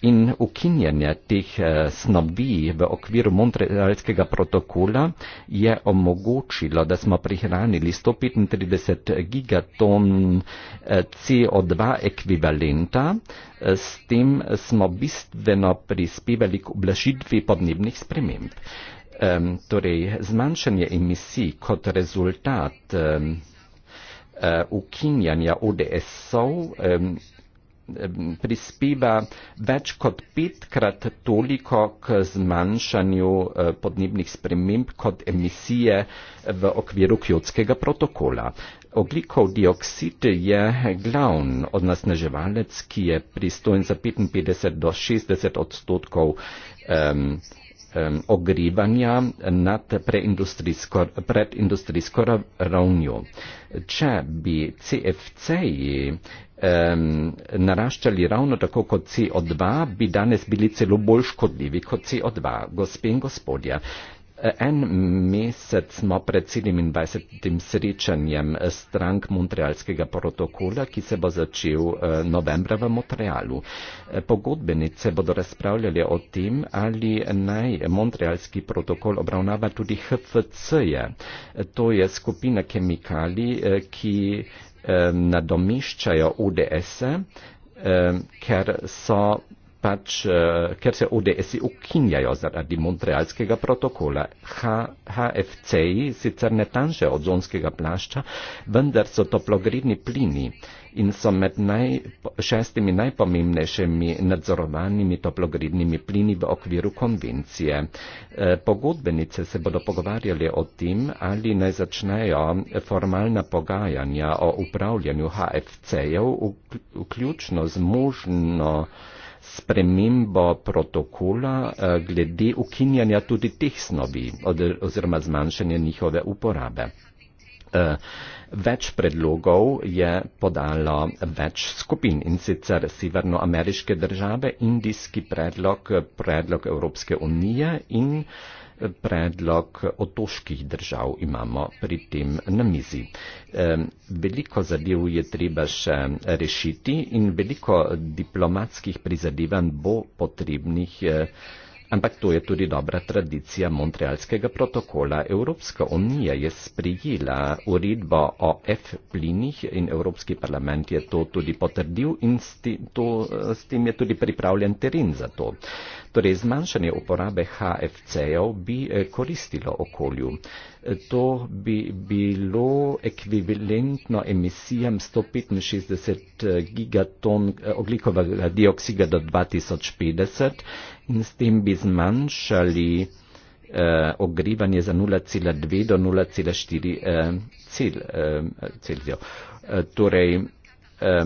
in ukinjanje teh eh, snovi v okviru Montrealskega protokola je omogočilo, da smo prihranili 135 gigaton eh, CO2 ekvivalenta, eh, s tem smo bistveno prispevali k oblašitvi podnebnih sprememb. Um, torej, zmanjšanje emisij kot rezultat um, uh, ukinjanja ODS-ov um, prispeva več kot petkrat toliko k zmanjšanju eh, podnebnih sprememb kot emisije eh, v okviru kjotskega protokola. Oglikov dioksid je glavn onesnaževalec, ki je pristojen za 55 do 60 odstotkov um, ogrevanja nad preindustrijsko, predindustrijsko ravnjo. Če bi CFC-ji um, naraščali ravno tako kot CO2, bi danes bili celo bolj škodljivi kot CO2. Gospe in gospodje, En mesec smo pred 27. srečanjem strank Montrealskega protokola, ki se bo začel eh, novembra v Montrealu. Eh, pogodbenice bodo razpravljali o tem, ali naj Montrealski protokol obravnava tudi HFC-je. Eh, to je skupina kemikalij, ki nadomiščajo UDS-e, ker so pač, eh, ker se ODS-i ukinjajo zaradi Montrealskega protokola. HFC-ji sicer ne tanše od zonskega plašča, vendar so toplogredni plini in so med naj, šestimi najpomembnejšimi nadzorovanimi toplogrednimi plini v okviru konvencije. Eh, pogodbenice se bodo pogovarjali o tem, ali naj začnejo formalna pogajanja o upravljanju HFC-jev, vključno z možno spremembo protokola eh, glede ukinjanja tudi teh snovi oziroma zmanjšanja njihove uporabe. Eh, več predlogov je podalo več skupin in sicer severnoameriške države, indijski predlog, predlog Evropske unije in predlog otoških držav imamo pri tem na mizi. Veliko zadev je treba še rešiti in veliko diplomatskih prizadevanj bo potrebnih eh, Ampak to je tudi dobra tradicija Montrealskega protokola. Evropska unija je sprijela uredbo o F-plinih in Evropski parlament je to tudi potrdil in s tem, to, s tem je tudi pripravljen teren za to. Torej, zmanjšanje uporabe HFC-jev bi eh, koristilo okolju to bi bilo ekvivalentno emisijam 165 eh, gigaton eh, oglikovega dioksida do 2050 in s tem bi zmanjšali eh, ogrivanje za 0,2 do 0,4 eh, cel, eh, Celzija. Eh, torej, eh,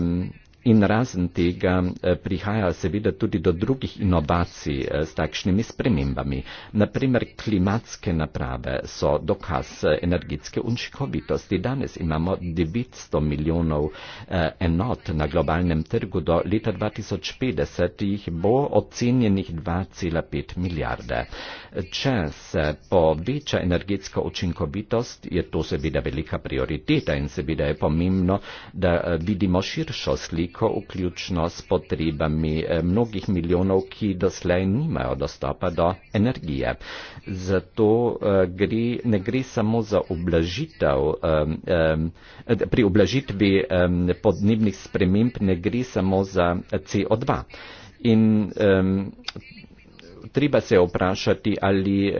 In razen tega eh, prihaja seveda tudi do drugih inovacij eh, s takšnimi spremembami. Naprimer, klimatske naprave so dokaz eh, energetske učinkovitosti. Danes imamo 900 milijonov enot na globalnem trgu, do leta 2050 jih bo ocenjenih 2,5 milijarde. Če se poveča energetska učinkovitost, je to seveda velika prioriteta in seveda je pomembno, da vidimo širšo sliko veliko, vključno s potrebami eh, mnogih milijonov, ki doslej nimajo dostopa do energije. Zato eh, gre, ne gre samo za oblažitev, eh, pri oblažitvi podnebnih sprememb ne gre samo za CO2. In, treba se vprašati, ali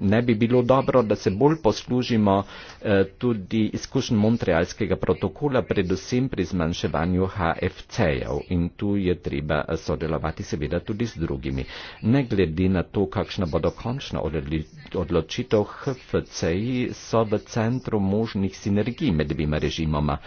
ne bi bilo dobro, da se bolj poslužimo eh, tudi izkušenj Montrealskega protokola, predvsem pri zmanjševanju HFC-jev. In tu je treba eh, sodelovati seveda tudi z drugimi. Ne glede na to, kakšna bo dokončna odločitev HFC-ji, so v centru možnih sinergij med dvima režimoma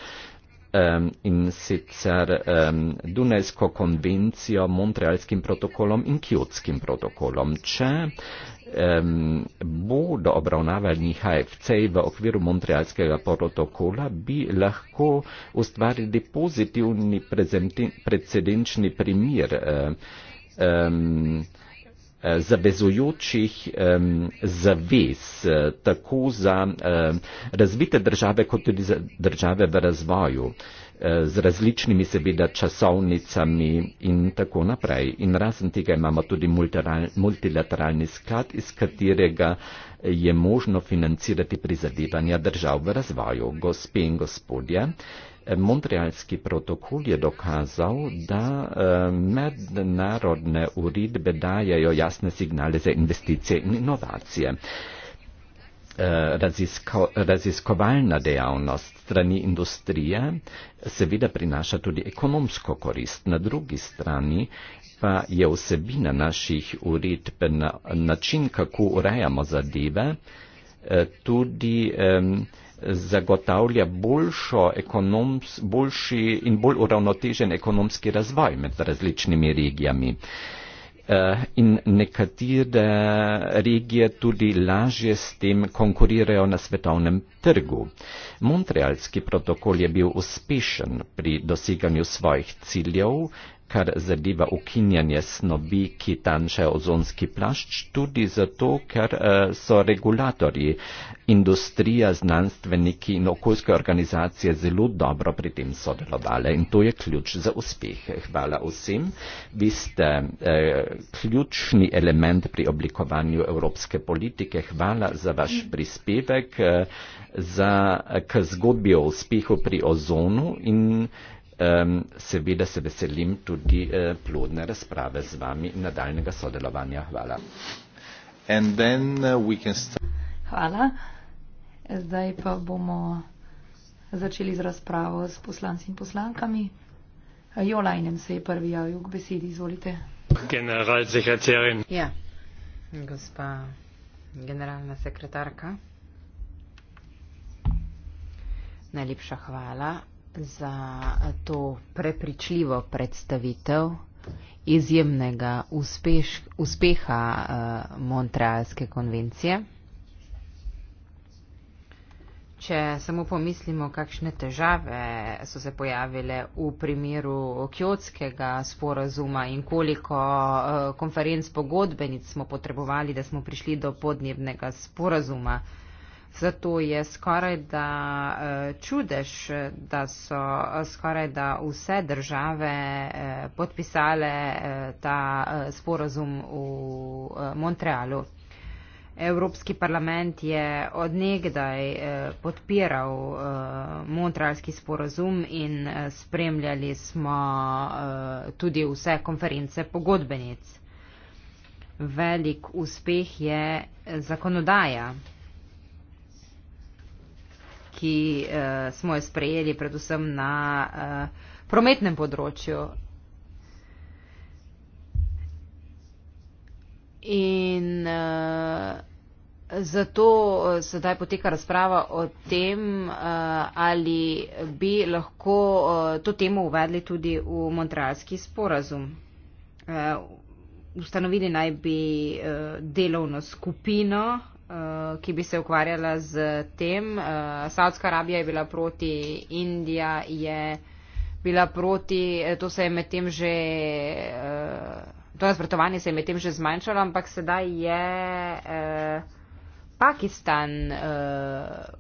um, in sicer um, Dunajsko konvencijo, Montrealskim protokolom in Kyotskim protokolom. Če um, bodo obravnavani HFC v okviru Montrealskega protokola, bi lahko ustvarili pozitivni precedenčni primer. Um, um, Eh, zavezujočih zavez eh, tako za razvite države kot tudi za države v razvoju eh, z različnimi seveda časovnicami in tako naprej. In razen tega imamo tudi multilateralni sklad, iz katerega je možno financirati prizadevanja držav v razvoju. Gospe in gospodje, Montrealski protokol je dokazal, da eh, mednarodne uredbe dajajo jasne signale za investicije in inovacije. Eh, razisko, raziskovalna dejavnost strani industrije seveda prinaša tudi ekonomsko korist. Na drugi strani pa je vsebina naših uredb način, kako urejamo zadeve, eh, tudi eh, zagotavlja boljšo ekonoms, boljši in bolj uravnotežen ekonomski razvoj med različnimi regijami. Eh, in nekatere regije tudi lažje s tem konkurirajo na svetovnem trgu. Montrealski protokol je bil uspešen pri doseganju svojih ciljev, kar zadeva ukinjanje snovi, ki tanjšajo ozonski plašč, tudi zato, ker eh, so regulatorji, industrija, znanstveniki in okoljske organizacije zelo dobro pri tem sodelovali in to je ključ za uspeh. Hvala vsem. Vi ste eh, ključni element pri oblikovanju evropske politike. Hvala za vaš prispevek eh, za, k zgodbi o uspehu pri ozonu in um, seveda se veselim tudi uh, plodne razprave z vami in nadaljnega sodelovanja. Hvala. Uh, hvala. Zdaj pa bomo začeli z razpravo s poslanci in poslankami. Jolajnen se je prvi javil k besedi, izvolite. Ja, gospa generalna sekretarka. Najlepša hvala za to prepričljivo predstavitev izjemnega uspeš, uspeha uh, Montrealske konvencije. Če samo pomislimo, kakšne težave so se pojavile v primeru kjotskega sporazuma in koliko uh, konferenc pogodbenic smo potrebovali, da smo prišli do podnebnega sporazuma. Uh, Zato je skoraj da eh, čudež, da so eh, skoraj da vse države eh, podpisale ta sporozum v Montrealu. Evropski parlament je odnegdaj podpiral Montrealski sporozum in spremljali smo tudi vse konference pogodbenic. Velik uspeh je zakonodaja ki uh, smo jo sprejeli predvsem na uh, prometnem področju. In uh, zato sedaj poteka razprava o tem, uh, ali bi lahko uh, to temo uvedli tudi v Montrealski sporazum. Uh, ustanovili naj bi uh, delovno skupino, uh, Eh, ki bi se ukvarjala z tem. Uh, Saudska Arabija je bila proti, Indija je bila proti, eh, to se je med tem že. Uh, To nasprotovanje se je medtem že zmanjšalo, ampak sedaj je eh, Pakistan eh,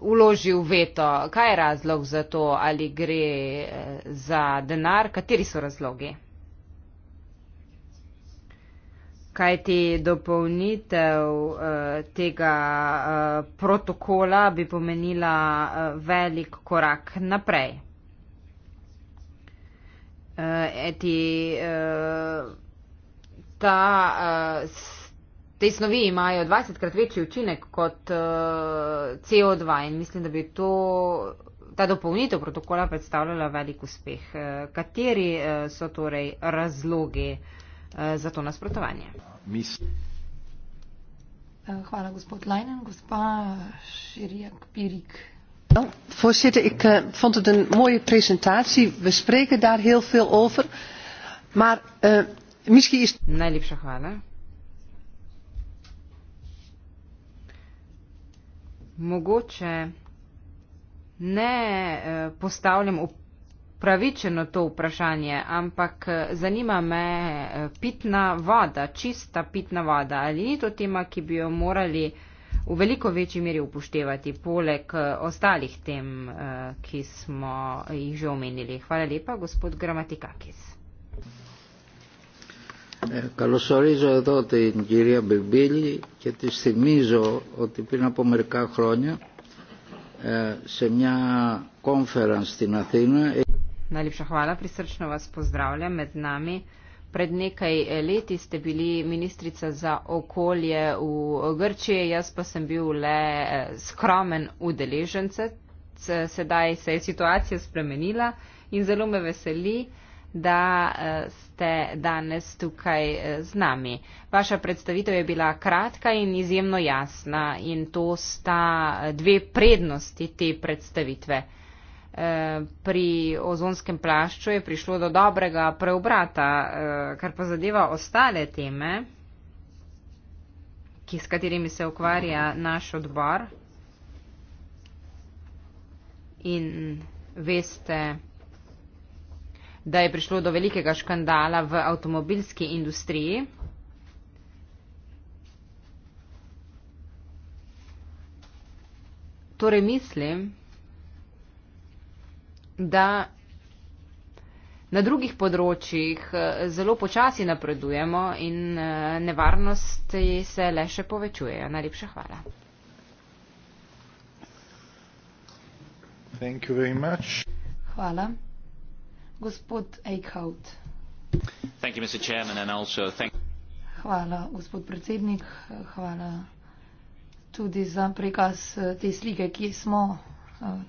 uložil veto. Kaj je razlog za to, ali gre eh, za denar, kateri so razlogi? Kaj ti dopolnitev uh, tega uh, protokola bi pomenila uh, velik korak naprej? Uh, eti, uh, ta, uh, te snovi imajo 20 krat večji učinek kot uh, CO2 in mislim, da bi to, ta dopolnitev protokola predstavljala velik uspeh. Uh, kateri uh, so torej razlogi? Uh, Eh, za to nasprotovanje. Eh, hvala, gospod Lajnen. Gospa Širjak Pirik. Nou, voorzitter, ik uh, vond het een mooie presentatie. We spreken daar heel veel over. Maar uh, misschien is. Najlipsa hvala. Mogoče ne uh, postavljam op upravičeno to vprašanje, ampak eh, zanima me eh, pitna voda, čista pitna voda. Ali ni to tema, ki bi jo morali v veliko večji meri upoštevati, poleg eh, ostalih tem, ki smo jih že omenili? Hvala lepa, gospod Gramatikakis. Καλώ ορίζω εδώ την κυρία Μπεμπίλη και τη θυμίζω ότι πριν από μερικά χρόνια σε μια κόμφεραν στην Αθήνα Najlepša hvala, prisrčno vas pozdravljam med nami. Pred nekaj eh, leti ste bili ministrica za okolje v eh, Grčiji, jaz pa sem bil le eh, skromen udeležencec. Sedaj se je situacija spremenila in zelo me veseli, da ste danes tukaj z nami. Vaša predstavitev je bila kratka in izjemno jasna in to sta dve prednosti te predstavitve pri ozonskem plašču je prišlo do dobrega preobrata, eh, kar pa zadeva ostale teme, ki, s katerimi se ukvarja naš odbor. In veste, da je prišlo do velikega škandala v avtomobilski industriji. Torej mislim, da na drugih področjih eh, zelo počasi napredujemo in eh, nevarnosti se le še povečujejo. Najlepša hvala. Hvala. Gospod Eichhout. Thank you, Mr. Chairman, and also thank hvala, gospod predsednik. Hvala tudi za prikaz eh, te slike, ki smo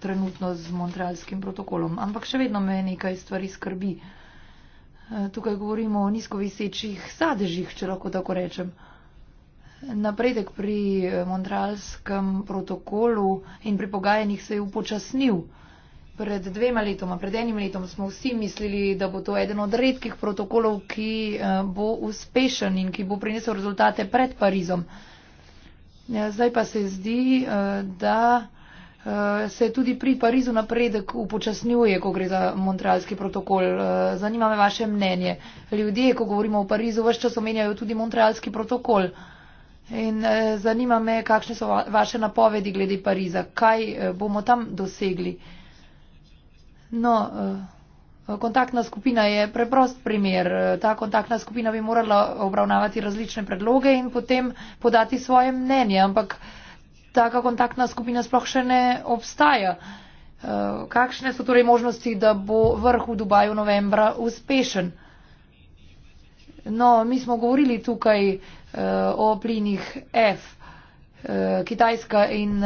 trenutno z Montrealskim protokolom. Ampak še vedno me nekaj stvari skrbi. Tukaj govorimo o nizkovisečih sadežih, če lahko tako rečem. Napredek pri e, Montrealskem protokolu in pri pogajanjih se je upočasnil. Pred dvema letoma, pred enim letom smo vsi mislili, da bo to eden od redkih protokolov, ki e, bo uspešen in ki bo prinesel rezultate pred Parizom. E, zdaj pa se zdi, da Eh, se tudi pri Parizu napredek upočasnjuje, ko gre za montrealski protokol. Eh, zanima me vaše mnenje. Ljudje, ko govorimo o Parizu, vse čas omenjajo tudi montrealski protokol. In eh, zanima me, kakšne so vaše napovedi glede Pariza, kaj bomo tam dosegli. No, kontaktna skupina je preprost primer. Ta kontaktna skupina bi morala obravnavati različne predloge in potem podati svoje mnenje, ampak uh, taka kontaktna skupina sploh še ne obstaja. Eh, kakšne so torej možnosti, da bo vrh v Dubaju novembra uspešen? No, mi smo govorili tukaj eh, o plinih F. Eh, Kitajska in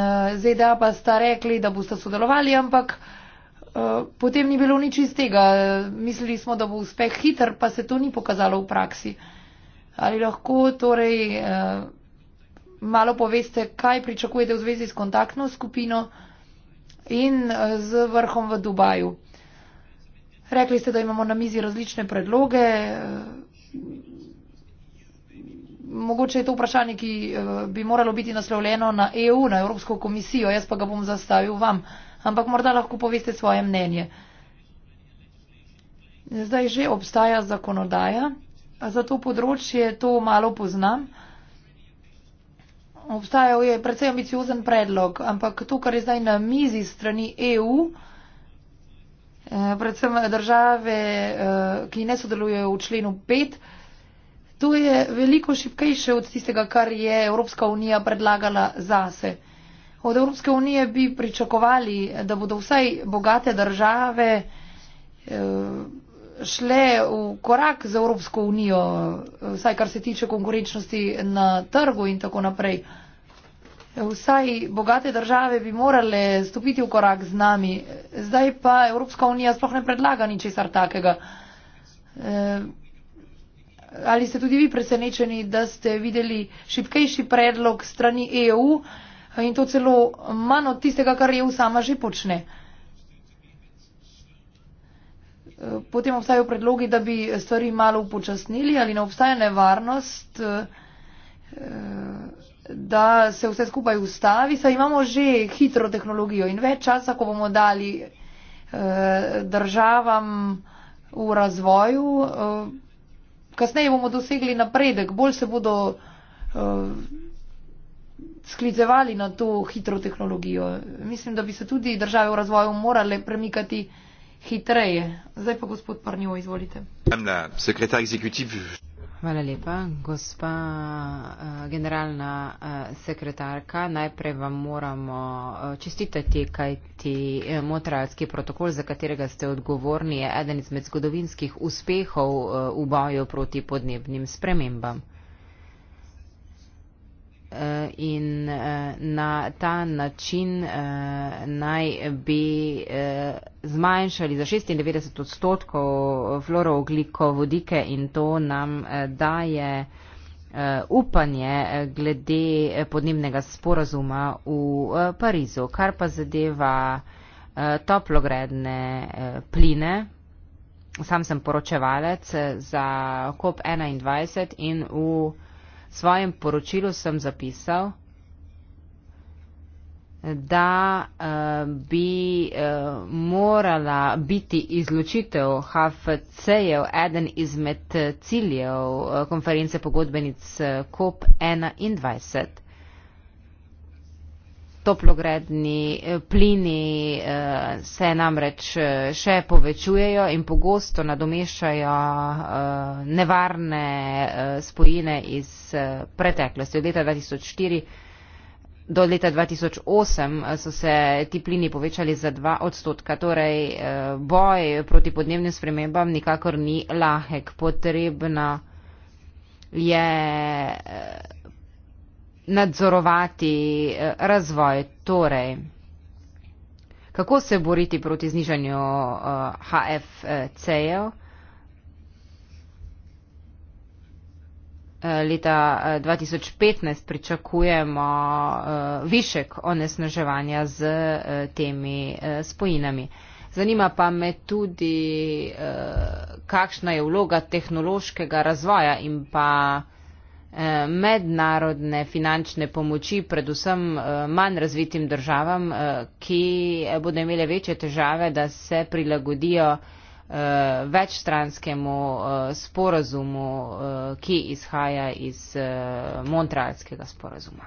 ZDA pa sta rekli, da boste sodelovali, ampak potem ni bilo nič iz tega. Mislili smo, da bo uspeh hiter, pa se to ni pokazalo v praksi. Ali lahko torej malo poveste, kaj pričakujete v zvezi s kontaktno skupino in eh, z vrhom v Dubaju. Rekli ste, da imamo na mizi različne predloge. Eh, mogoče je to vprašanje, ki eh, bi moralo biti naslovljeno na EU, na Evropsko komisijo, jaz pa ga bom zastavil vam. Ampak morda lahko poveste svoje mnenje. Zdaj že obstaja zakonodaja, za to področje to malo poznam obstajal je predvsej ambiciozen predlog, ampak to, kar je zdaj na mizi strani EU, eh, predvsem države, eh, ki ne sodelujejo v členu 5, to je veliko šipkejše od tistega, kar je Evropska unija predlagala zase. Od Evropske unije bi pričakovali, da bodo vsaj bogate države eh, šle v korak z Evropsko unijo, vsaj kar se tiče konkurenčnosti na trgu in tako naprej. Vsaj bogate države bi morale stopiti v korak z nami, zdaj pa Evropska unija sploh ne predlaga ničesar takega. E, ali ste tudi vi presenečeni, da ste videli šipkejši predlog strani EU in to celo manj od tistega, kar EU sama že počne? Uh, potem obstajajo predlogi, da bi stvari malo upočasnili ali ne obstaja nevarnost, eh, da se vse skupaj ustavi, saj imamo že hitro tehnologijo in več časa, ko bomo dali eh, državam v razvoju, eh, kasneje bomo dosegli napredek, bolj se bodo sklicevali na to hitro tehnologijo. Mislim, da bi se tudi države v razvoju morale premikati hitreje. Zdaj pa gospod Parnjo, izvolite. Hvala lepa, gospa uh, generalna uh, sekretarka. Najprej vam moramo uh, čestitati, kaj ti uh, motralski protokol, za katerega ste odgovorni, je eden izmed zgodovinskih uspehov uh, v boju proti podnebnim spremembam. Eh, in eh, na ta način eh, naj bi zmanjšali za 96 odstotkov fluorooglikovodike in to nam daje upanje glede podnebnega sporazuma v Parizu. Kar pa zadeva toplogredne pline, sam sem poročevalec za COP21 in v svojem poročilu sem zapisal, da uh, bi uh, morala biti izločitev HFC-jev eden izmed ciljev uh, konference pogodbenic COP21. Uh, toplogredni eh, plini eh, se namreč eh, še povečujejo in pogosto nadomeščajo nevarne spojine iz preteklosti. Od leta 2004 do leta 2008 so se ti plini povečali za dva odstotka. Torej boj proti podnebnim spremembam nikakor ni lahek. Potrebna je nadzorovati eh, razvoj, torej kako se boriti proti znižanju HFC-jev eh, eh, leta 2015 pričakujemo višek onesnaževanja z temi spojinami. Zanima pa me tudi, kakšna je vloga tehnološkega razvoja in pa Eh, mednarodne finančne pomoči predvsem eh, manj razvitim državam, eh, ki bodo imele večje težave, da se prilagodijo večstranskemu sporazumu, ki izhaja iz Montrealskega sporazuma.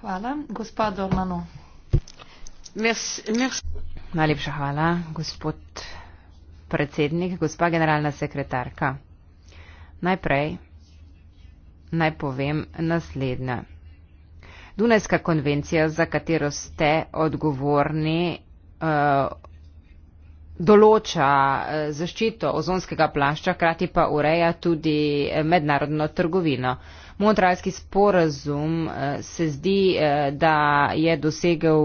Hvala, gospod Dormano. Najlepša hvala, gospod predsednik, gospa generalna sekretarka. Najprej naj povem naslednje. Dunajska konvencija, za katero ste odgovorni, eh, določa eh, zaščito ozonskega plašča, krati pa ureja tudi eh, mednarodno trgovino. Montrealski sporazum se zdi, da je dosegel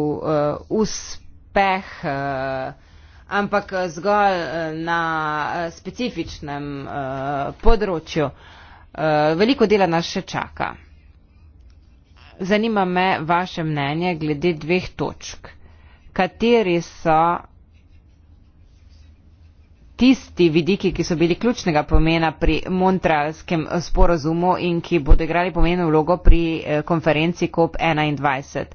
uspeh ampak eh, zgolj eh, na eh, specifičnem področju. Veliko dela nas še čaka. Zanima me vaše mnenje glede dveh točk. Kateri so tisti vidiki, ki so bili ključnega pomena pri Montrealskem sporozumu in ki bodo igrali pomenjeno vlogo pri konferenci COP21?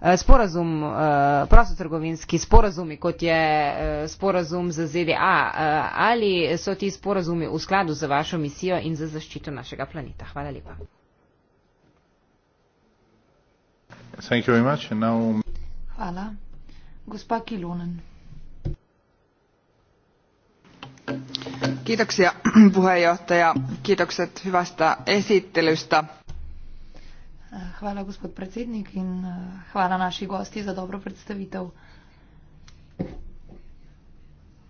Eh, sporazum, eh, prostotrgovinski sporazumi, kot je eh, sporazum z ZDA, ali so ti sporazumi v skladu z vašo misijo in z zaščito našega planeta? Hvala lepa. Hvala. Gospa Kilonen. Kiitoksia puheenjohtaja, kiitokset hyvästä esittelystä. Hvala, gospod predsednik, in eh, hvala naši gosti za dobro predstavitev.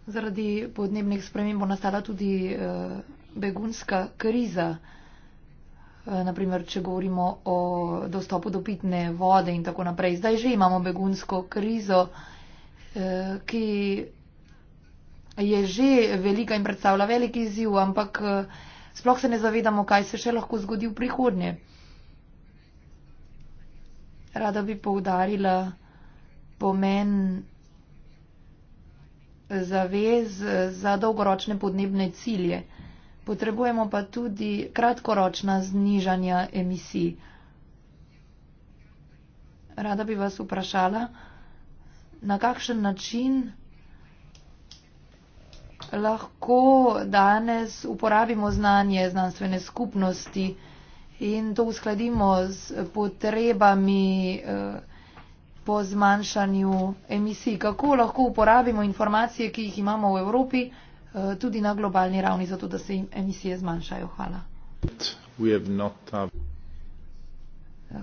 Zaradi podnebnih sprememb bo nastala tudi eh, begunska kriza. Eh, Naprimer, če govorimo o dostopu do pitne vode in tako naprej. Zdaj že imamo begunsko krizo, ki je že velika in predstavlja veliki izziv, ampak sploh se ne zavedamo, kaj se še lahko zgodi v prihodnje rada bi poudarila pomen zavez za dolgoročne podnebne cilje. Potrebujemo pa tudi kratkoročna znižanja emisij. Rada bi vas vprašala, na kakšen način lahko danes uporabimo znanje znanstvene skupnosti, in to uskladimo z potrebami eh, po zmanjšanju emisij. Kako lahko uporabimo informacije, ki jih imamo v Evropi, eh, tudi na globalni ravni, zato da se jim emisije zmanjšajo? Hvala. Eh,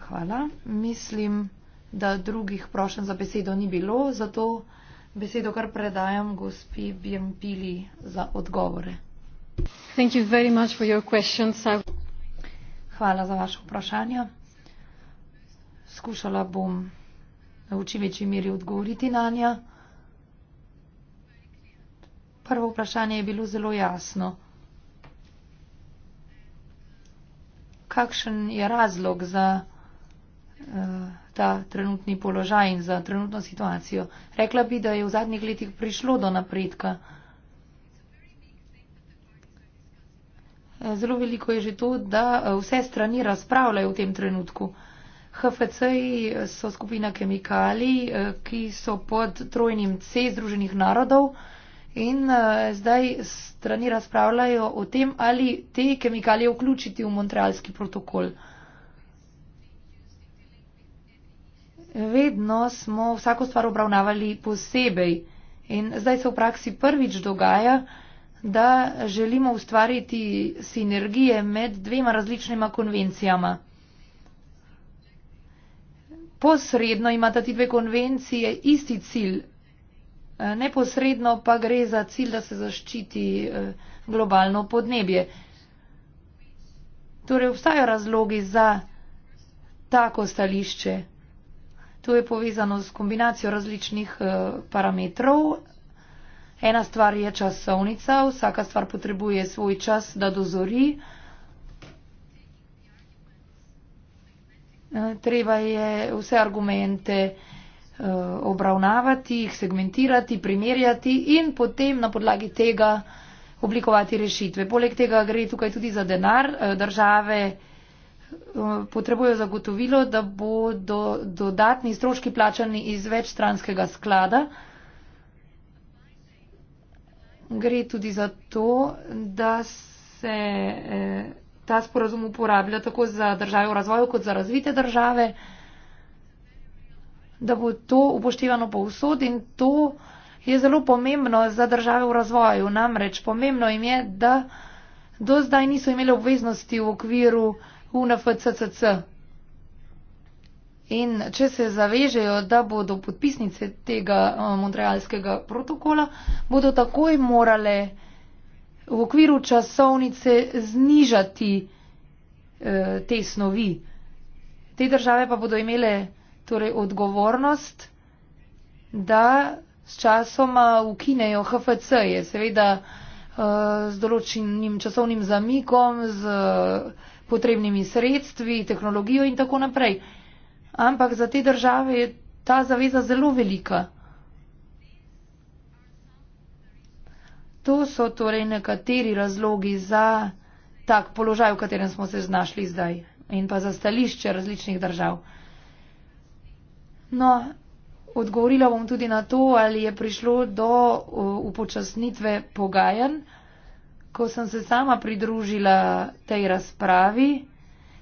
hvala. Mislim, da drugih prošen za besedo ni bilo, zato besedo kar predajam gospi Birmpili za odgovore. Thank you very much for your questions. I've Hvala za vaše vprašanje. Skušala bom v čim večji meri odgovoriti na nja. Prvo vprašanje je bilo zelo jasno. Kakšen je razlog za eh, ta trenutni položaj in za trenutno situacijo. Rekla bi, da je v zadnjih letih prišlo do napredka. Zelo veliko je že to, da eh, vse strani razpravljajo v tem trenutku. HFC so skupina kemikali, eh, ki so pod trojnim C Združenih narodov in eh, zdaj strani razpravljajo o tem, ali te kemikalije vključiti v Montrealski protokol. Vedno smo vsako stvar obravnavali posebej in zdaj se v praksi prvič dogaja, da želimo ustvariti sinergije med dvema različnima konvencijama. Posredno imata ti dve konvencije isti cilj, eh, neposredno pa gre za cilj, da se zaščiti eh, globalno podnebje. Torej obstajajo razlogi za tako stališče. To je povezano s kombinacijo različnih eh, parametrov Ena stvar je časovnica, vsaka stvar potrebuje svoj čas, da dozori. Eh, treba je vse argumente eh, obravnavati, jih segmentirati, primerjati in potem na podlagi tega oblikovati rešitve. Poleg tega gre tukaj tudi za denar. Eh, države potrebujejo zagotovilo, da bodo dodatni stroški plačani iz večstranskega sklada gre tudi za to, da se eh, ta sporazum uporablja tako za države v razvoju kot za razvite države, da bo to upoštevano povsod in to je zelo pomembno za države v razvoju. Namreč pomembno jim je, da do zdaj niso imeli obveznosti v okviru UNFCCC. In če se zavežejo, da bodo podpisnice tega eh, Montrealskega protokola, bodo takoj morale v okviru časovnice znižati eh, te snovi. Te države pa bodo imele torej odgovornost, da s časoma ukinejo HFC, je seveda eh, z določenim časovnim zamikom, z eh, potrebnimi sredstvi, tehnologijo in tako naprej ampak za te države je ta zaveza zelo velika. To so torej nekateri razlogi za tak položaj, v katerem smo se znašli zdaj in pa za stališče različnih držav. No, odgovorila bom tudi na to, ali je prišlo do upočasnitve pogajanj. Ko sem se sama pridružila tej razpravi,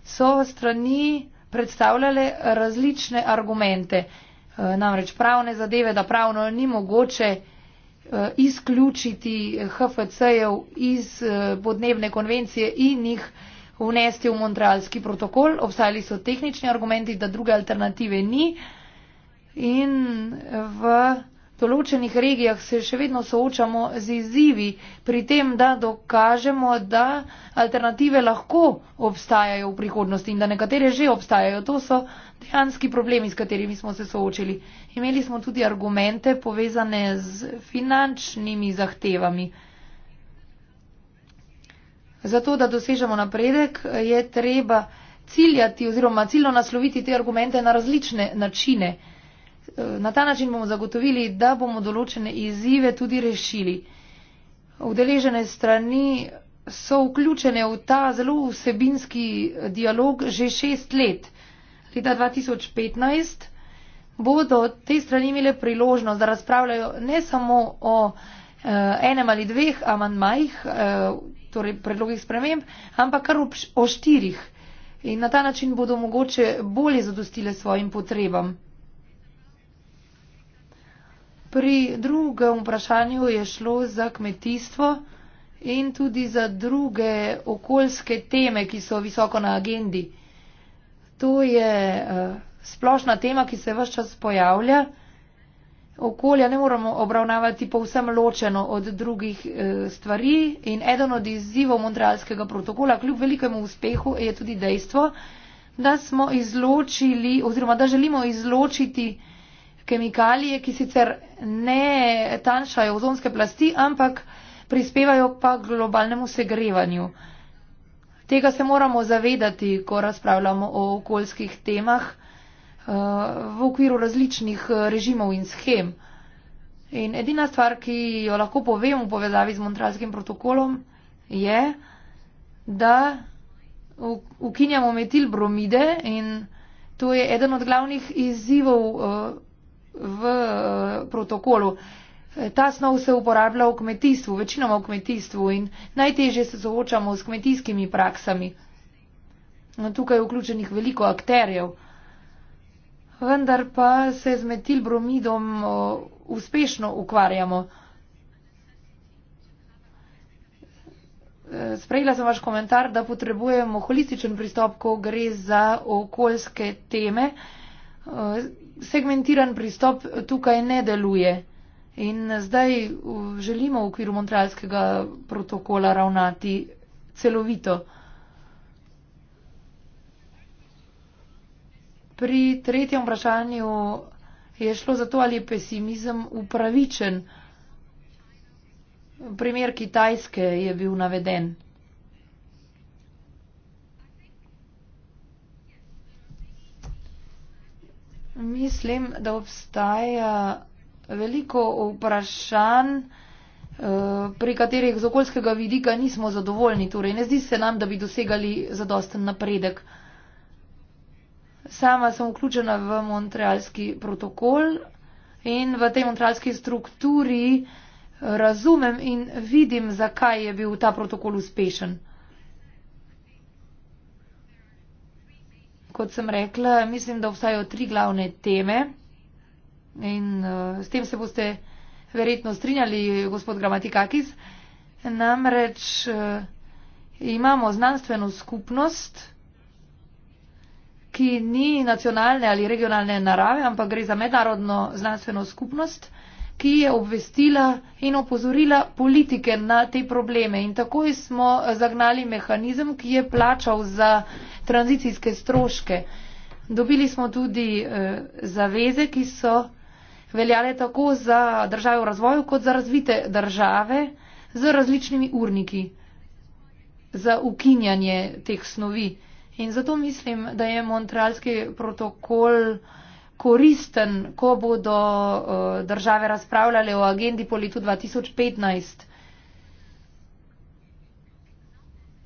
so strani predstavljale različne argumente, e, namreč pravne zadeve, da pravno ni mogoče e, izključiti HFC-jev iz e, podnebne konvencije in jih vnesti v Montrealski protokol. Obstajali so tehnični argumenti, da druge alternative ni. In v določenih regijah se še vedno soočamo z izzivi pri tem, da dokažemo, da alternative lahko obstajajo v prihodnosti in da nekatere že obstajajo. To so dejanski problemi, s katerimi smo se soočili. Imeli smo tudi argumente povezane z finančnimi zahtevami. Zato, da dosežemo napredek, je treba ciljati oziroma ciljno nasloviti te argumente na različne načine. Na ta način bomo zagotovili, da bomo določene izzive tudi rešili. Udeležene strani so vključene v ta zelo vsebinski dialog že šest let. Leta 2015 bodo te strani imele priložnost, da razpravljajo ne samo o eh, enem ali dveh amandmajih, eh, torej predlogih sprememb, ampak kar o štirih. In na ta način bodo mogoče bolje zadostile svojim potrebam. Pri drugem vprašanju je šlo za kmetijstvo in tudi za druge okoljske teme, ki so visoko na agendi. To je eh, splošna tema, ki se vse čas pojavlja. Okolja ne moramo obravnavati povsem ločeno od drugih eh, stvari in eden od izzivov Montrealskega protokola, kljub velikemu uspehu, je tudi dejstvo, da smo izločili oziroma da želimo izločiti kemikalije, ki sicer ne tanjšajo ozonske plasti, ampak prispevajo pa k globalnemu segrevanju. Tega se moramo zavedati, ko razpravljamo o okoljskih temah eh, v okviru različnih eh, režimov in schem. In edina stvar, ki jo lahko povem v povezavi z Montralskim protokolom, je, da ukinjamo metilbromide in to je eden od glavnih izzivov eh, v eh, protokolu. Eh, ta snov se uporablja v kmetijstvu, večinoma v kmetijstvu in najtežje se soočamo s kmetijskimi praksami. No, tukaj je vključenih veliko akterjev. Vendar pa se z metilbromidom eh, uspešno ukvarjamo. Sprejela sem vaš komentar, da potrebujemo holističen pristop, ko gre za okoljske teme segmentiran pristop tukaj ne deluje. In zdaj želimo v okviru montrealskega protokola ravnati celovito. Pri tretjem vprašanju je šlo za to, ali je pesimizem upravičen. Primer Kitajske je bil naveden. Mislim, da obstaja veliko vprašanj, eh, pri katerih z okoljskega vidika nismo zadovoljni. Torej, ne zdi se nam, da bi dosegali zadosten napredek. Sama sem vključena v montrealski protokol in v tej montrealski strukturi razumem in vidim, zakaj je bil ta protokol uspešen. kot sem rekla, mislim, da obstajajo tri glavne teme in uh, s tem se boste verjetno strinjali, gospod Gramatikakis. Namreč uh, imamo znanstveno skupnost, ki ni nacionalne ali regionalne narave, ampak gre za mednarodno znanstveno skupnost. Uh, ki je obvestila in opozorila politike na te probleme. In takoj smo zagnali mehanizem, ki je plačal za tranzicijske stroške. Dobili smo tudi eh, zaveze, ki so veljale tako za države v razvoju kot za razvite države z različnimi urniki za ukinjanje teh snovi. In zato mislim, da je Montrealski protokol eh, koristen, ko bodo eh, države razpravljale o agendi po letu 2015.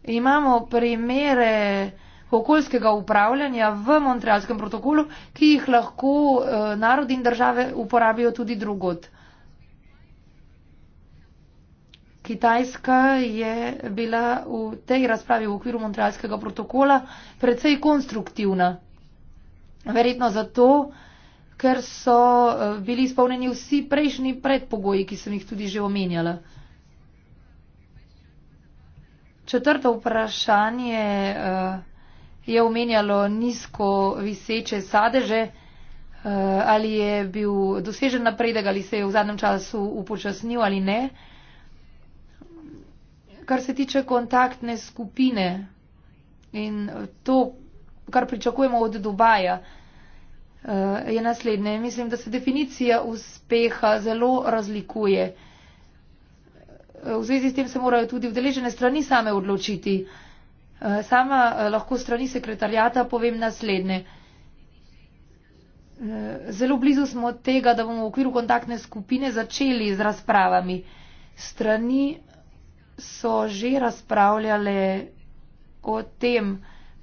Imamo primere okoljskega upravljanja v Montrealskem protokolu, ki jih lahko eh, narod in države uporabijo tudi drugot. Kitajska je bila v tej razpravi v okviru Montrealskega protokola precej konstruktivna. Verjetno zato, ker so eh, bili izpolnjeni vsi prejšnji predpogoji, ki sem jih tudi že omenjala. Četrto vprašanje eh, je omenjalo nizko viseče sadeže, eh, ali je bil dosežen napredek, ali se je v zadnjem času upočasnil ali ne. Kar se tiče kontaktne skupine in to, kar pričakujemo od Dubaja, Eh, je naslednje. Mislim, da se definicija uspeha zelo razlikuje. Eh, v zvezi s tem se morajo tudi vdeležene strani same odločiti. Eh, sama lahko strani sekretarjata povem naslednje. Zelo blizu smo tega, da bomo v okviru kontaktne skupine začeli z razpravami. Strani so že razpravljale o tem,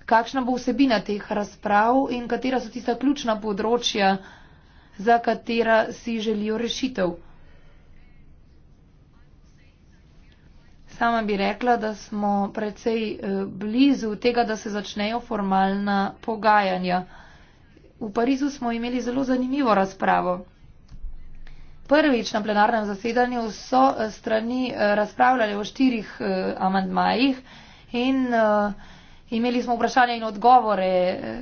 kakšna bo vsebina teh razprav in katera so tista ključna področja, za katera si želijo rešitev. Sama bi rekla, da smo precej eh, blizu tega, da se začnejo formalna pogajanja. V Parizu smo imeli zelo zanimivo razpravo. Prvič na plenarnem zasedanju so eh, strani eh, razpravljali o štirih amandmajih in uh, Imeli smo vprašanja in odgovore eh,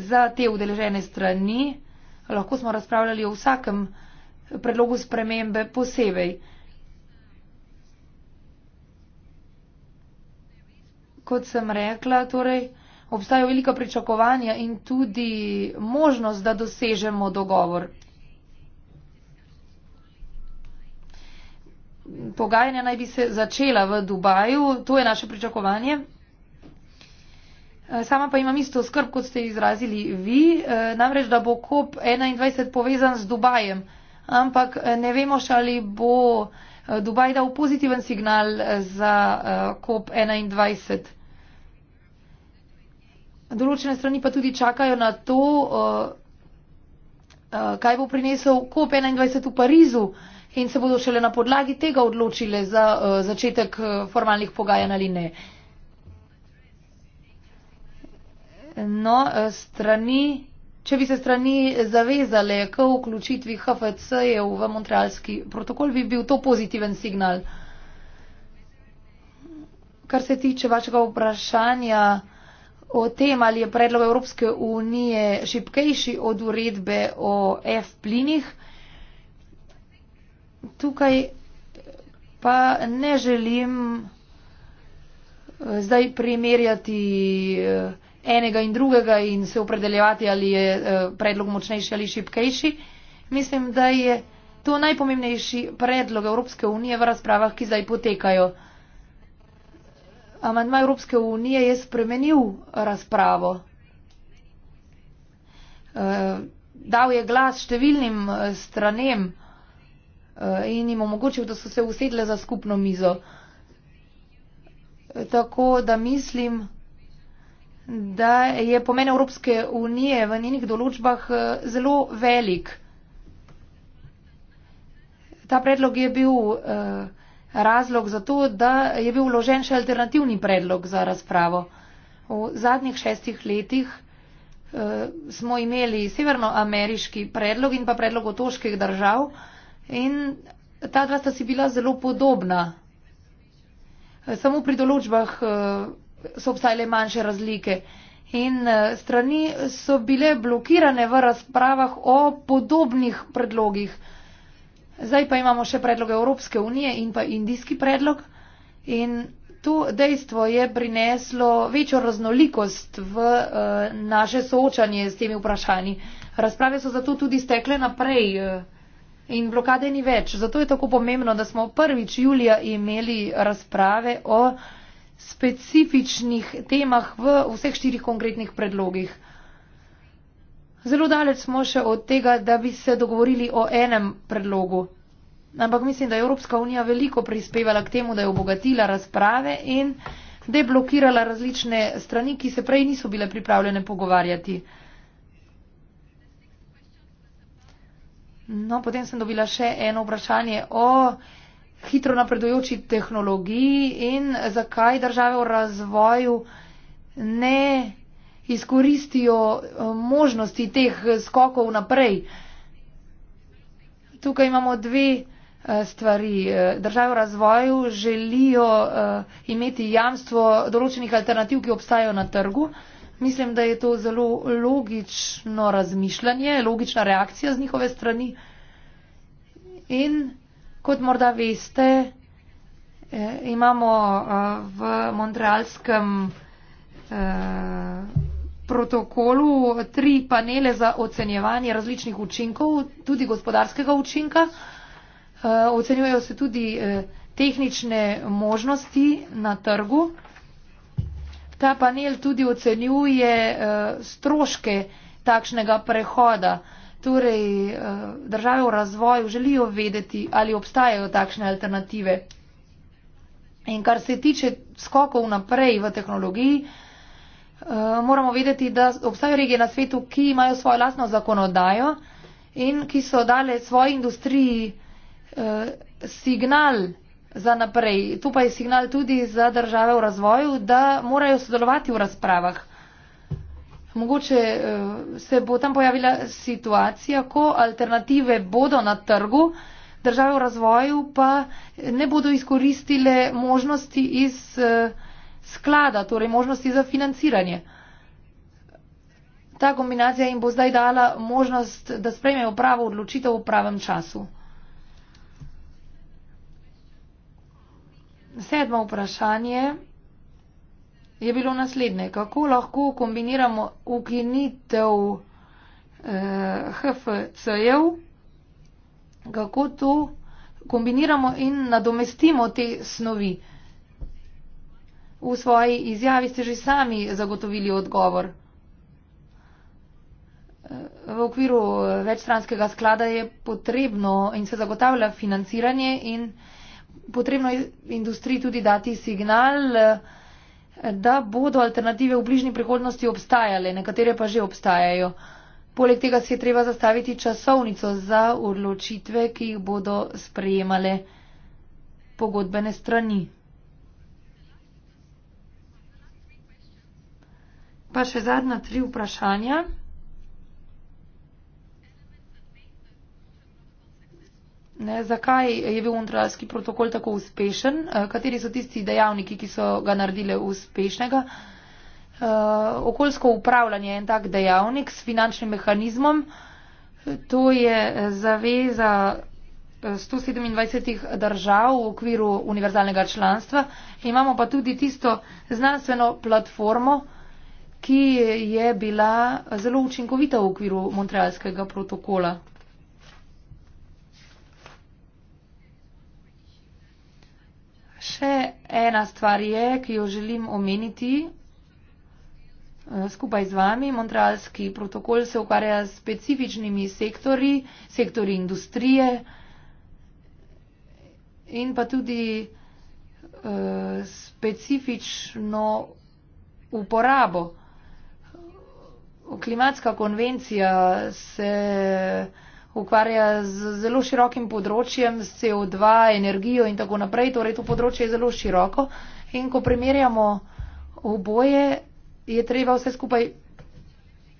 za te udeležene strani. Lahko smo razpravljali o vsakem predlogu spremembe posebej. Kot sem rekla, torej, obstajajo velika pričakovanja in tudi možnost, da dosežemo dogovor. Pogajanja naj bi se začela v Dubaju, to je naše pričakovanje. Eh, sama pa imam isto skrb, kot ste izrazili vi, eh, namreč, da bo COP21 povezan z Dubajem, ampak eh, ne vemo še, ali bo Dubaj dal pozitiven signal za COP21. Določene strani pa tudi čakajo na to, kaj bo prinesel COP21 v Parizu in se bodo šele na podlagi tega odločile za začetek formalnih pogajanj ali ne. No, eh, strani, če bi se strani zavezale k vključitvi HFC-jev v montrealski protokol, bi bil to pozitiven signal. Kar se tiče vašega vprašanja o tem, ali je predlog Evropske unije šipkejši od uredbe o F-plinih, tukaj pa ne želim eh, zdaj primerjati. Eh, enega in drugega in se opredeljevati, ali je eh, predlog močnejši ali šipkejši. Mislim, da je to najpomembnejši predlog Evropske unije v razpravah, ki zdaj potekajo. Amandma Evropske unije je spremenil razpravo. Eh, dal je glas številnim eh, stranem in jim omogočil, da so se usedle za skupno mizo. Tako da mislim, da je pomen Evropske unije v njenih določbah eh, zelo velik. Ta predlog je bil eh, razlog za to, da je bil vložen še alternativni predlog za razpravo. V zadnjih šestih letih eh, smo imeli severnoameriški predlog in pa predlog otoških držav in ta dva sta si bila zelo podobna. Samo pri določbah so obstajale manjše razlike. In eh, strani so bile blokirane v razpravah o podobnih predlogih. Zdaj pa imamo še predlog Evropske unije in pa indijski predlog. In to dejstvo je prineslo večjo raznolikost v eh, naše soočanje s temi vprašanji. Razprave so zato tudi stekle naprej eh, in blokade ni več. Zato je tako pomembno, da smo prvič julija imeli razprave o specifičnih temah v vseh štirih konkretnih predlogih. Zelo daleč smo še od tega, da bi se dogovorili o enem predlogu. Ampak mislim, da je Evropska unija veliko prispevala k temu, da je obogatila razprave in deblokirala različne strani, ki se prej niso bile pripravljene pogovarjati. No, potem sem dobila še eno vprašanje o. Oh, hitro napredujoči tehnologiji in zakaj države v razvoju ne izkoristijo eh, možnosti teh skokov naprej. Tukaj imamo dve eh, stvari. Eh, države v razvoju želijo imeti jamstvo določenih alternativ, ki obstajajo na trgu. Mislim, da je to zelo logično razmišljanje, logična reakcija z njihove strani. In Kot morda veste, eh, imamo eh, v montrealskem eh, protokolu tri panele za ocenjevanje različnih učinkov, tudi gospodarskega učinka. Eh, ocenjujejo se tudi eh, tehnične možnosti na trgu. Ta panel tudi ocenjuje eh, stroške takšnega prehoda. Eh, Torej, eh, države v razvoju želijo vedeti, ali obstajajo takšne alternative. In kar se tiče skokov naprej v tehnologiji, eh, moramo vedeti, da obstajajo regije na svetu, ki imajo svojo lastno zakonodajo in ki so dale svoji industriji eh, signal za naprej. To pa je signal tudi za države v razvoju, da morajo sodelovati v razpravah. Mogoče eh, se bo tam pojavila situacija, ko alternative bodo na trgu, države v razvoju pa ne bodo izkoristile možnosti iz eh, sklada, torej možnosti za financiranje. Ta kombinacija jim bo zdaj dala možnost, da sprejmejo pravo odločitev v pravem času. Sedmo vprašanje je bilo naslednje. Kako lahko kombiniramo ukinitev eh, HFC-jev, kako to kombiniramo in nadomestimo te snovi? V svoji izjavi ste že sami zagotovili odgovor. Eh, v okviru eh, večstranskega sklada je potrebno in se zagotavlja financiranje in potrebno industriji tudi dati signal, eh, da bodo alternative v bližnji prihodnosti obstajale, nekatere pa že obstajajo. Poleg tega si je treba zastaviti časovnico za odločitve, ki jih bodo sprejemale pogodbene strani. Pa še zadnja tri vprašanja. Ne, zakaj je bil ultraljski protokol tako uspešen, eh, kateri so tisti dejavniki, ki so ga naredili uspešnega. Eh, okoljsko upravljanje je en tak dejavnik s finančnim mehanizmom, to je zaveza 127 eh, držav v okviru univerzalnega članstva. Imamo pa tudi tisto znanstveno platformo, ki je bila zelo učinkovita v okviru Montrealskega protokola. Še ena stvar je, ki jo želim omeniti eh, skupaj z vami. Montrealski protokol se ukvarja s specifičnimi sektori, sektori industrije in pa tudi eh, specifično uporabo. Klimatska konvencija se ukvarja z zelo širokim področjem, s CO2, energijo in tako naprej. Torej, to področje je zelo široko in ko primerjamo oboje, je treba vse skupaj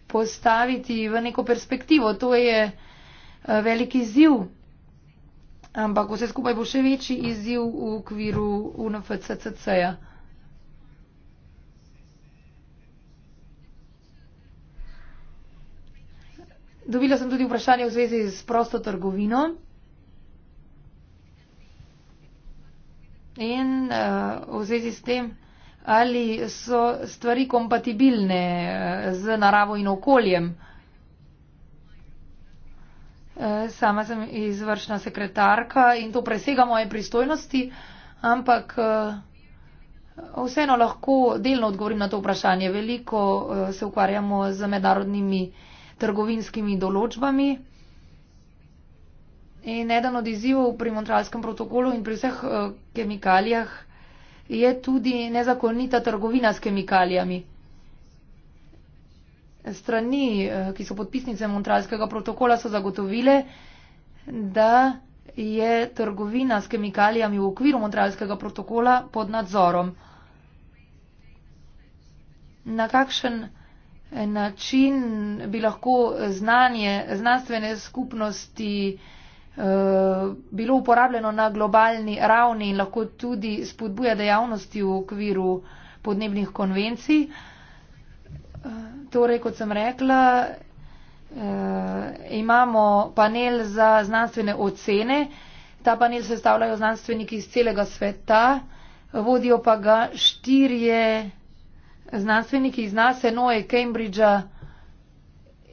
postaviti v neko perspektivo. To je eh, veliki ziv, ampak vse skupaj bo še večji izziv v okviru UNFCCC-ja. Dobila sem tudi vprašanje v zvezi s prosto trgovino. In uh, v zvezi s tem, ali so stvari kompatibilne uh, z naravo in okoljem. Uh, sama sem izvršna sekretarka in to presega moje pristojnosti, ampak uh, vseeno lahko delno odgovorim na to vprašanje. Veliko uh, se ukvarjamo z mednarodnimi uh, trgovinskimi določbami. In eden od izzivov pri Montrealskem protokolu in pri vseh eh, kemikalijah je tudi nezakonita trgovina s kemikalijami. Strani, eh, ki so podpisnice Montrealskega protokola, so zagotovile, da je trgovina s kemikalijami v okviru Montrealskega protokola pod nadzorom. Na kakšen način? način bi lahko znanje znanstvene skupnosti eh, bilo uporabljeno na globalni ravni in lahko tudi spodbuja dejavnosti v okviru podnebnih konvencij. Eh, torej, kot sem rekla, eh, imamo panel za znanstvene ocene. Ta panel sestavljajo znanstveniki iz celega sveta, vodijo pa ga štirje znanstveniki iz NASA, NOE, Cambridgea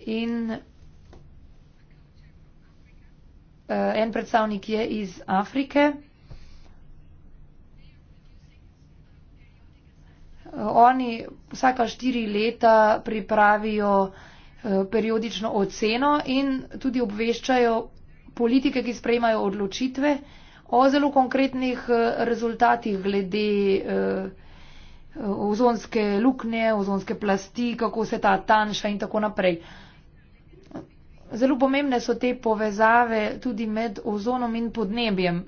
in uh, en predstavnik je iz Afrike. Oni vsaka štiri leta pripravijo eh, periodično oceno in tudi obveščajo politike, ki sprejmajo odločitve o zelo konkretnih eh, rezultatih glede eh, ozonske luknje, ozonske plasti, kako se ta tanša in tako naprej. Zelo pomembne so te povezave tudi med ozonom in podnebjem.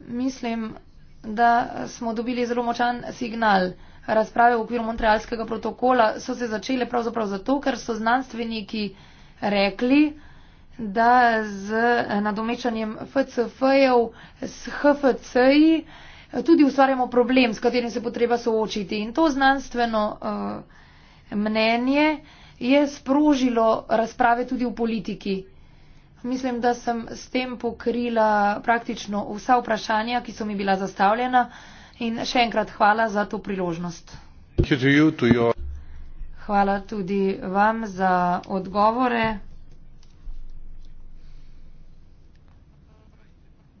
Mislim, da smo dobili zelo močan signal. Razprave v okviru Montrealskega protokola so se začele pravzaprav zato, ker so znanstveniki rekli, da z nadomečanjem FCF-jev s HFC-ji tudi ustvarjamo problem, s katerim se bo treba soočiti. In to znanstveno eh, mnenje je sprožilo razprave tudi v politiki. Mislim, da sem s tem pokrila praktično vsa vprašanja, ki so mi bila zastavljena in še enkrat hvala za to priložnost. Hvala tudi vam za odgovore.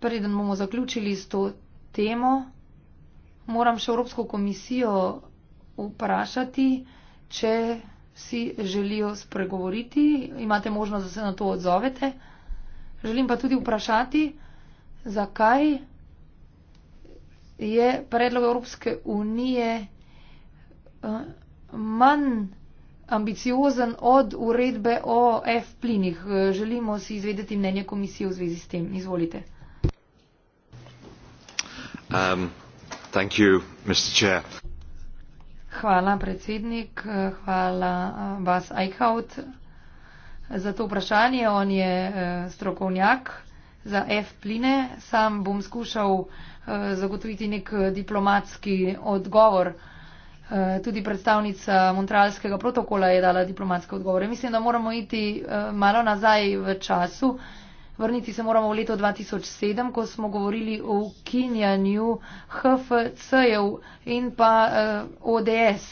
Preden bomo zaključili s to temo. Moram še Evropsko komisijo vprašati, če si želijo spregovoriti. Imate možnost, da se na to odzovete. Želim pa tudi vprašati, zakaj je predlog Evropske unije eh, manj ambiciozen od uredbe o F-plinih. Želimo si izvedeti mnenje komisije v zvezi s tem. Izvolite. Um, Hvala, predsednik. Hvala, Bas uh, Eichhout, za to vprašanje. On je uh, strokovnjak za F-pline. Sam bom skušal uh, zagotoviti nek diplomatski odgovor. Tudi predstavnica Montrealskega protokola je dala diplomatske odgovore. Mislim, da moramo iti malo nazaj v času. Vrniti se moramo v leto 2007, ko smo govorili o ukinjanju HFC-jev in pa eh, ODS.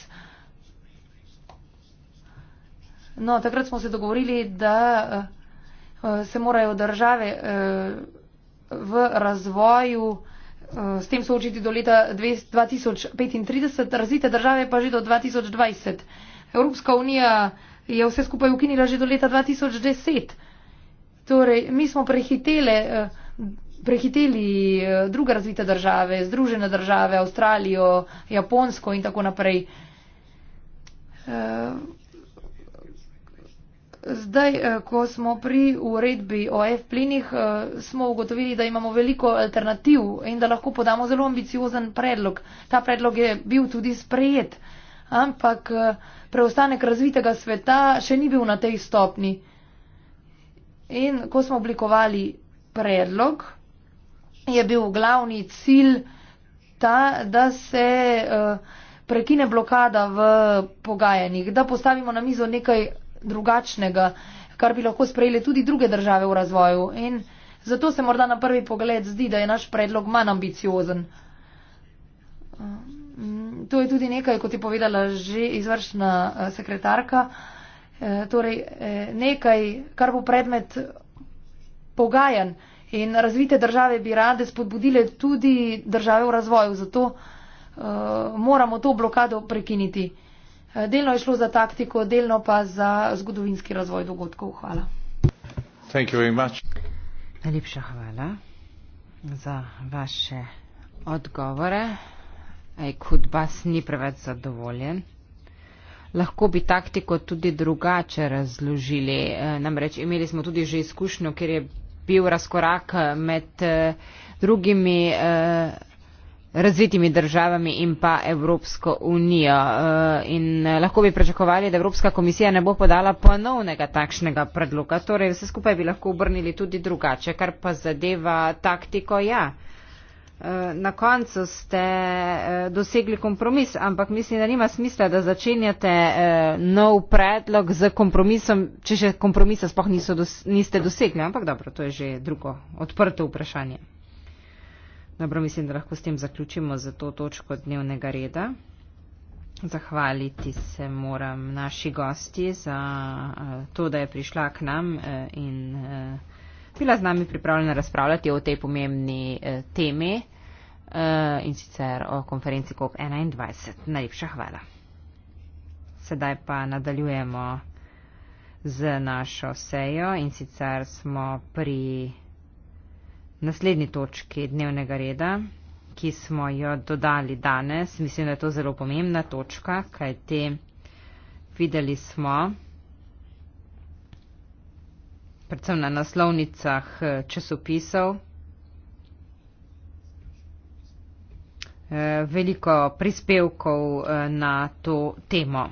No, takrat smo se dogovorili, da eh, se morajo države eh, v razvoju eh, s tem soočiti do leta 2035, razvite države pa že do 2020. Evropska unija je vse skupaj ukinila že do leta 2010. Torej, mi smo prehitele, eh, prehiteli eh, druge razvite države, Združene države, Avstralijo, Japonsko in tako naprej. Eh, zdaj, ko smo pri uredbi o F-plinih, smo ugotovili, da imamo veliko alternativ in da lahko podamo zelo ambiciozen predlog. Ta predlog je bil tudi sprejet, ampak preostanek razvitega sveta še ni bil na tej stopni. In ko smo oblikovali predlog, je bil glavni cilj ta, da se eh, prekine blokada v pogajanjih, da postavimo na mizo nekaj drugačnega, kar bi lahko sprejeli tudi druge države v razvoju. In zato se morda na prvi pogled zdi, da je naš predlog manj ambiciozen. Eh, to je tudi nekaj, kot je povedala že izvršna eh, sekretarka. Eh, torej eh, nekaj, kar bo predmet pogajanj in razvite države bi rade spodbudile tudi države v razvoju. Zato eh, moramo to blokado prekiniti. Delno je šlo za taktiko, delno pa za zgodovinski razvoj dogodkov. Hvala. Najlepša hvala za vaše odgovore. Aj kudbas ni preveč zadovoljen lahko bi taktiko tudi drugače razložili. Eh, namreč imeli smo tudi že izkušnjo, ker je bil razkorak eh, med eh, drugimi razvitimi državami in pa Evropsko unijo. In lahko bi pričakovali, da Evropska komisija ne bo podala ponovnega takšnega predloga. Torej, vse skupaj bi lahko obrnili tudi drugače, kar pa zadeva taktiko, ja. Eh, na koncu ste eh, dosegli kompromis, ampak mislim, da nima smisla, da začenjate eh, nov predlog z kompromisom, če še kompromisa spoh dos, niste dosegli. Ampak dobro, to je že drugo odprto vprašanje. Dobro, mislim, da lahko s tem zaključimo za to točko dnevnega reda. Zahvaliti se moram naši gosti za to, da je prišla k nam in bila z nami pripravljena razpravljati o tej pomembni eh, temi eh, in sicer o konferenci COP21. Najlepša hvala. Sedaj pa nadaljujemo z našo sejo in sicer smo pri naslednji točki dnevnega reda, ki smo jo dodali danes. Mislim, da je to zelo pomembna točka, kajti videli smo, predvsem na naslovnicah eh, časopisov. Eh, veliko prispevkov eh, na to temo.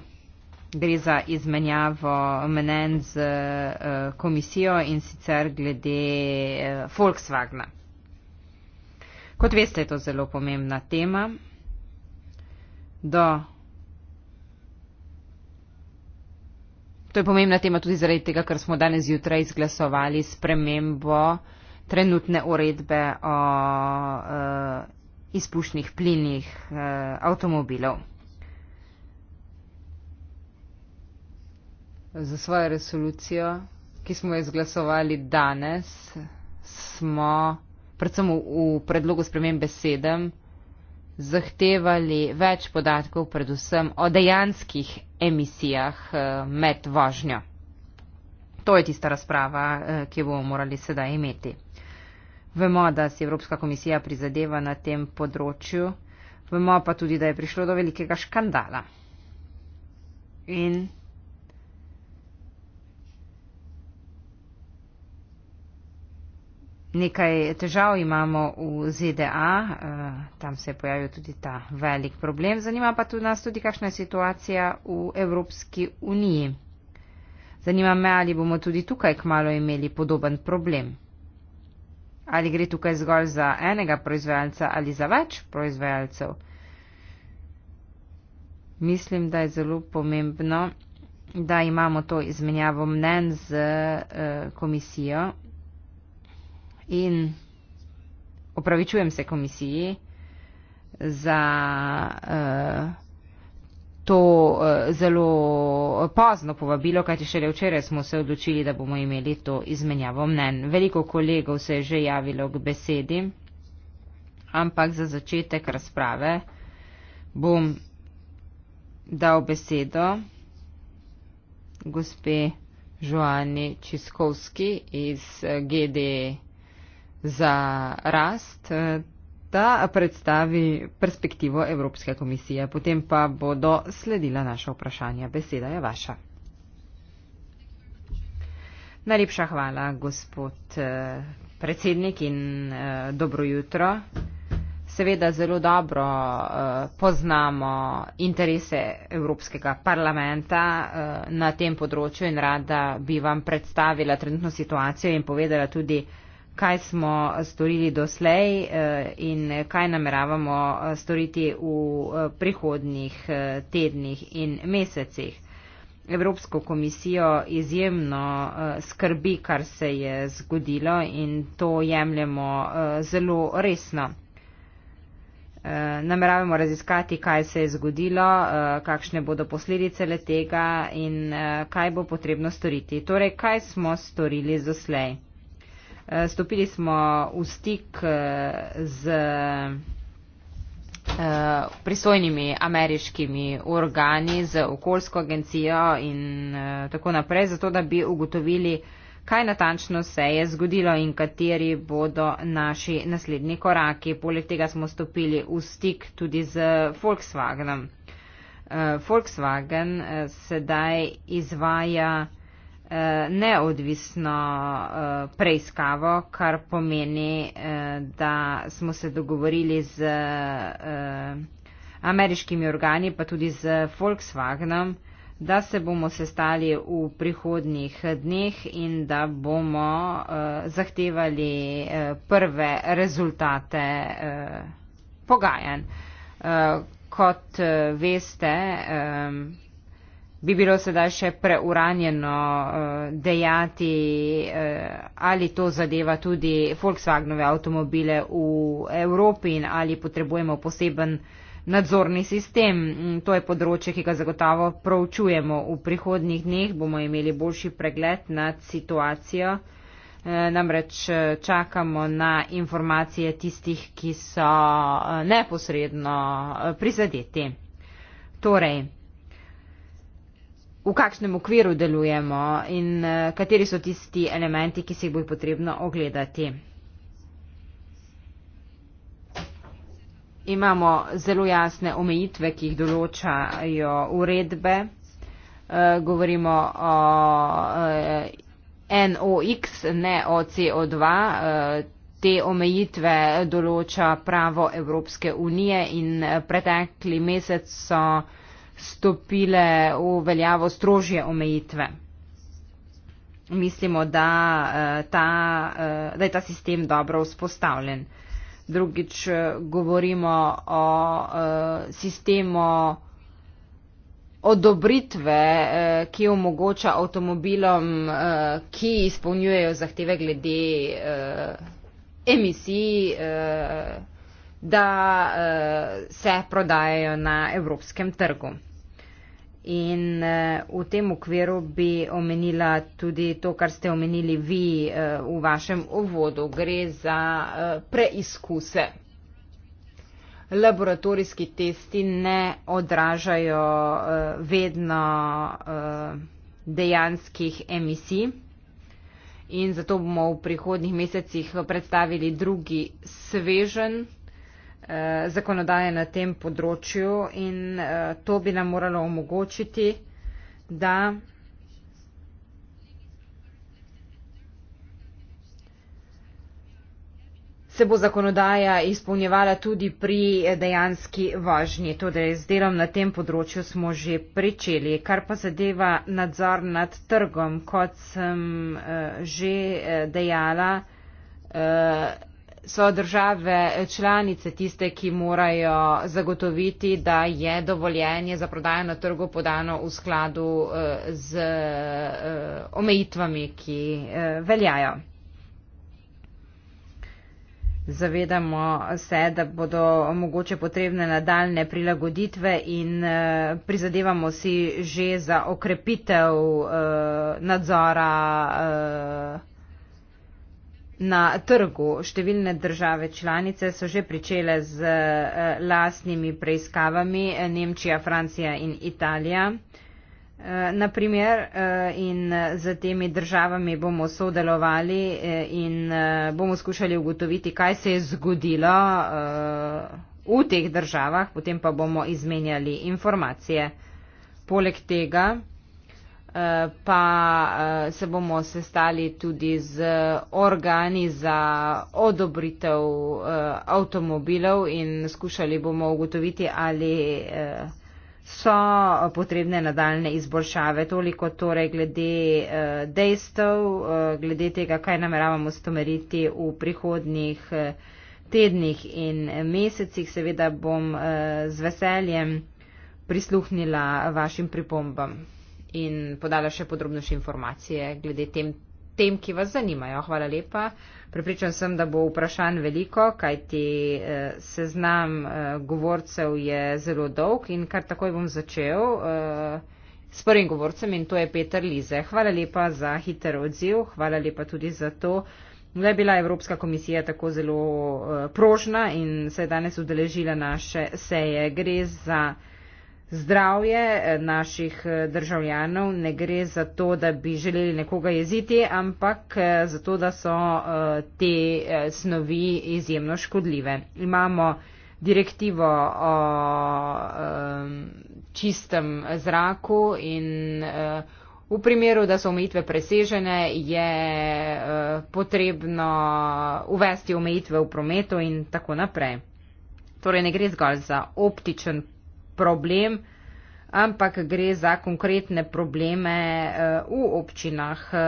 Gre za izmenjavo mnen z komisijo in sicer glede Volkswagna. Kot veste, je to zelo pomembna tema. Do To je pomembna tema tudi zaradi tega, ker smo danes zjutraj izglasovali spremembo trenutne uredbe o uh, izpušnih plinih uh, avtomobilov. Za svojo resolucijo, ki smo jo izglasovali danes, smo predvsem v, v predlogu spremembe sedem zahtevali več podatkov, predvsem o dejanskih emisijah eh, med vožnjo. To je tista razprava, eh, ki bomo morali sedaj imeti. Vemo, da si Evropska komisija prizadeva na tem področju, vemo pa tudi, da je prišlo do velikega škandala. In Nekaj težav imamo v ZDA, eh, tam se je pojavil tudi ta velik problem. Zanima pa tudi nas tudi, kakšna je situacija v Evropski uniji. Zanima me, ali bomo tudi tukaj kmalo imeli podoben problem. Ali gre tukaj zgolj za enega proizvajalca ali za več proizvajalcev. Mislim, da je zelo pomembno, da imamo to izmenjavo mnen z eh, komisijo In opravičujem se komisiji za uh, to uh, zelo pozno povabilo, kajti šele včeraj smo se odločili, da bomo imeli to izmenjavo mnen. Veliko kolegov se je že javilo k besedi, ampak za začetek razprave bom dal besedo gospe Žoani Čiskovski iz eh, GD za rast, ta eh, predstavi perspektivo Evropske komisije. Potem pa bodo sledila naša vprašanja. Beseda je vaša. Najlepša hvala, gospod eh, predsednik in eh, dobro jutro. Seveda zelo dobro poznamo interese Evropskega parlamenta na tem področju in rada bi vam predstavila trenutno situacijo in povedala tudi, kaj smo storili doslej eh, in kaj nameravamo eh, storiti v eh, prihodnih tednih in mesecih. Evropsko komisijo izjemno skrbi, kar se je zgodilo in to jemljemo zelo resno. Nameravamo raziskati, kaj se je zgodilo, kakšne bodo posledice le tega in kaj bo potrebno storiti. Torej, kaj smo storili doslej? Eh, stopili smo v stik eh, z eh, pristojnimi ameriškimi organi, z okoljsko agencijo in tako naprej, zato da bi ugotovili, kaj natančno se je zgodilo in kateri bodo naši naslednji koraki. Poleg tega smo stopili v stik tudi z Volkswagenom. Volkswagen sedaj izvaja Eh, neodvisno eh, preiskavo, kar pomeni, eh, da smo se dogovorili z ameriškimi organi, pa tudi z Volkswagenom, da se bomo sestali v prihodnjih dneh in da bomo zahtevali prve rezultate pogajanj. Kot veste, bi bilo sedaj še preuranjeno eh, dejati, eh, ali to zadeva tudi Volkswagnove avtomobile v Evropi in ali potrebujemo poseben nadzorni sistem. Mm, to je področje, ki ga zagotavo proučujemo. V prihodnjih dneh bomo imeli boljši pregled nad situacijo. Eh, namreč čakamo na informacije tistih, ki so neposredno prizadeti. Torej, v kakšnem okviru delujemo in eh, kateri so tisti elementi, ki si jih bo potrebno ogledati. Imamo zelo jasne omejitve, ki jih določajo uredbe. Eh, govorimo o eh, NOx, ne o CO2. Te omejitve določa pravo Evropske unije in pretekli mesec so stopile v veljavo strožje omejitve. Mislimo, da, eh, ta, eh, da je ta sistem dobro vzpostavljen. Drugič eh, govorimo o sistemu odobritve, ki omogoča avtomobilom, ki izpolnjujejo zahteve glede emisij, da se prodajajo na evropskem trgu. In eh, v tem okviru bi omenila tudi to, kar ste omenili vi eh, v vašem uvodu. Gre za eh, preizkuse. Laboratorijski testi ne odražajo vedno dejanskih emisij. In zato bomo v prihodnih mesecih predstavili drugi svežen Eh, zakonodaje na tem področju in eh, to bi nam moralo omogočiti, da se bo zakonodaja izpolnjevala tudi pri eh, dejanski važnji. Torej, z delom na tem področju smo že pričeli. Kar pa zadeva nadzor nad trgom, kot sem že dejala, so države članice tiste, ki morajo zagotoviti, da je dovoljenje za prodajo na trgu podano v skladu eh, z eh, omejitvami, ki eh, veljajo. Zavedamo se, da bodo mogoče potrebne nadaljne prilagoditve in prizadevamo si že za okrepitev nadzora Na trgu številne države članice so že pričele z eh, lastnimi preiskavami eh, Nemčija, Francija in Italija. Eh, Naprimer, in z temi državami bomo sodelovali in bomo skušali ugotoviti, kaj se je zgodilo v teh državah, potem pa bomo izmenjali informacije. Poleg tega, pa eh, se bomo sestali tudi z organi za odobritev eh, avtomobilov in skušali bomo ugotoviti, ali eh, so potrebne nadaljne izboljšave. Toliko torej glede dejstev, glede tega, kaj nameravamo stomeriti v prihodnih tednih in mesecih. Seveda bom z veseljem prisluhnila vašim pripombam in podala še podrobnejše informacije glede tem, tem, ki vas zanimajo. Hvala lepa. Pripričan sem, da bo vprašanj veliko, kajti eh, seznam eh, govorcev je zelo dolg in kar takoj bom začel eh, s prvim govorcem in to je Peter Lize. Hvala lepa za hiter odziv, hvala lepa tudi za to. Da je bila Evropska komisija tako zelo prožna in se je danes udeležila naše seje. Gre za zdravje eh, naših eh, državljanov, ne gre za to, da bi želeli nekoga jeziti, ampak eh, za to, da so te snovi izjemno škodljive. Imamo direktivo o čistem zraku in v primeru, da so omejitve presežene, je potrebno uvesti omejitve v prometu in tako naprej. Torej ne gre zgolj za optičen problem, ampak gre za konkretne probleme eh, v občinah eh,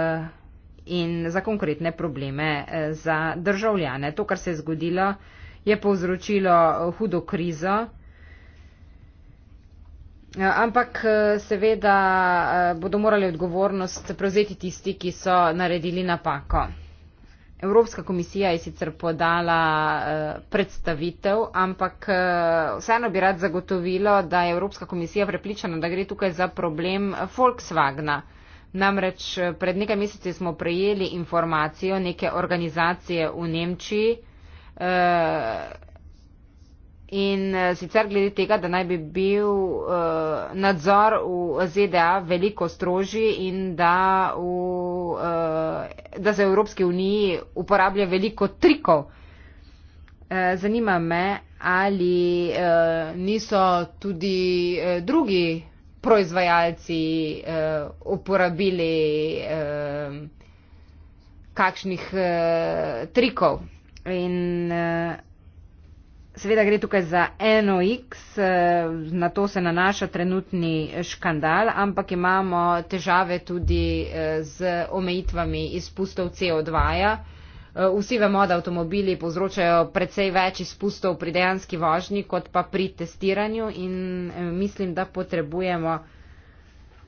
in za konkretne probleme eh, za državljane. To, kar se je zgodilo, je povzročilo hudo krizo. Ampak seveda bodo morali odgovornost prevzeti tisti, ki so naredili napako. Evropska komisija je sicer podala eh, predstavitev, ampak eh, vseeno bi rad zagotovilo, da je Evropska komisija prepričana, da gre tukaj za problem eh, Volkswagna. Namreč pred nekaj meseci smo prejeli informacijo neke organizacije v Nemčiji, in eh, sicer glede tega, da naj bi bil uh, nadzor v ZDA veliko strožji in da, v, uh, da se v Evropski uniji uporablja veliko trikov. Zanima me, ali eh, niso tudi eh, drugi proizvajalci eh, uporabili eh, kakšnih eh, trikov. In, eh, Seveda gre tukaj za eno X, eh, na to se nanaša trenutni škandal, ampak imamo težave tudi eh, z omejitvami izpustov CO2. -ja. Eh, vsi vemo, da avtomobili povzročajo precej več izpustov pri dejanski vožnji, kot pa pri testiranju in mislim, da potrebujemo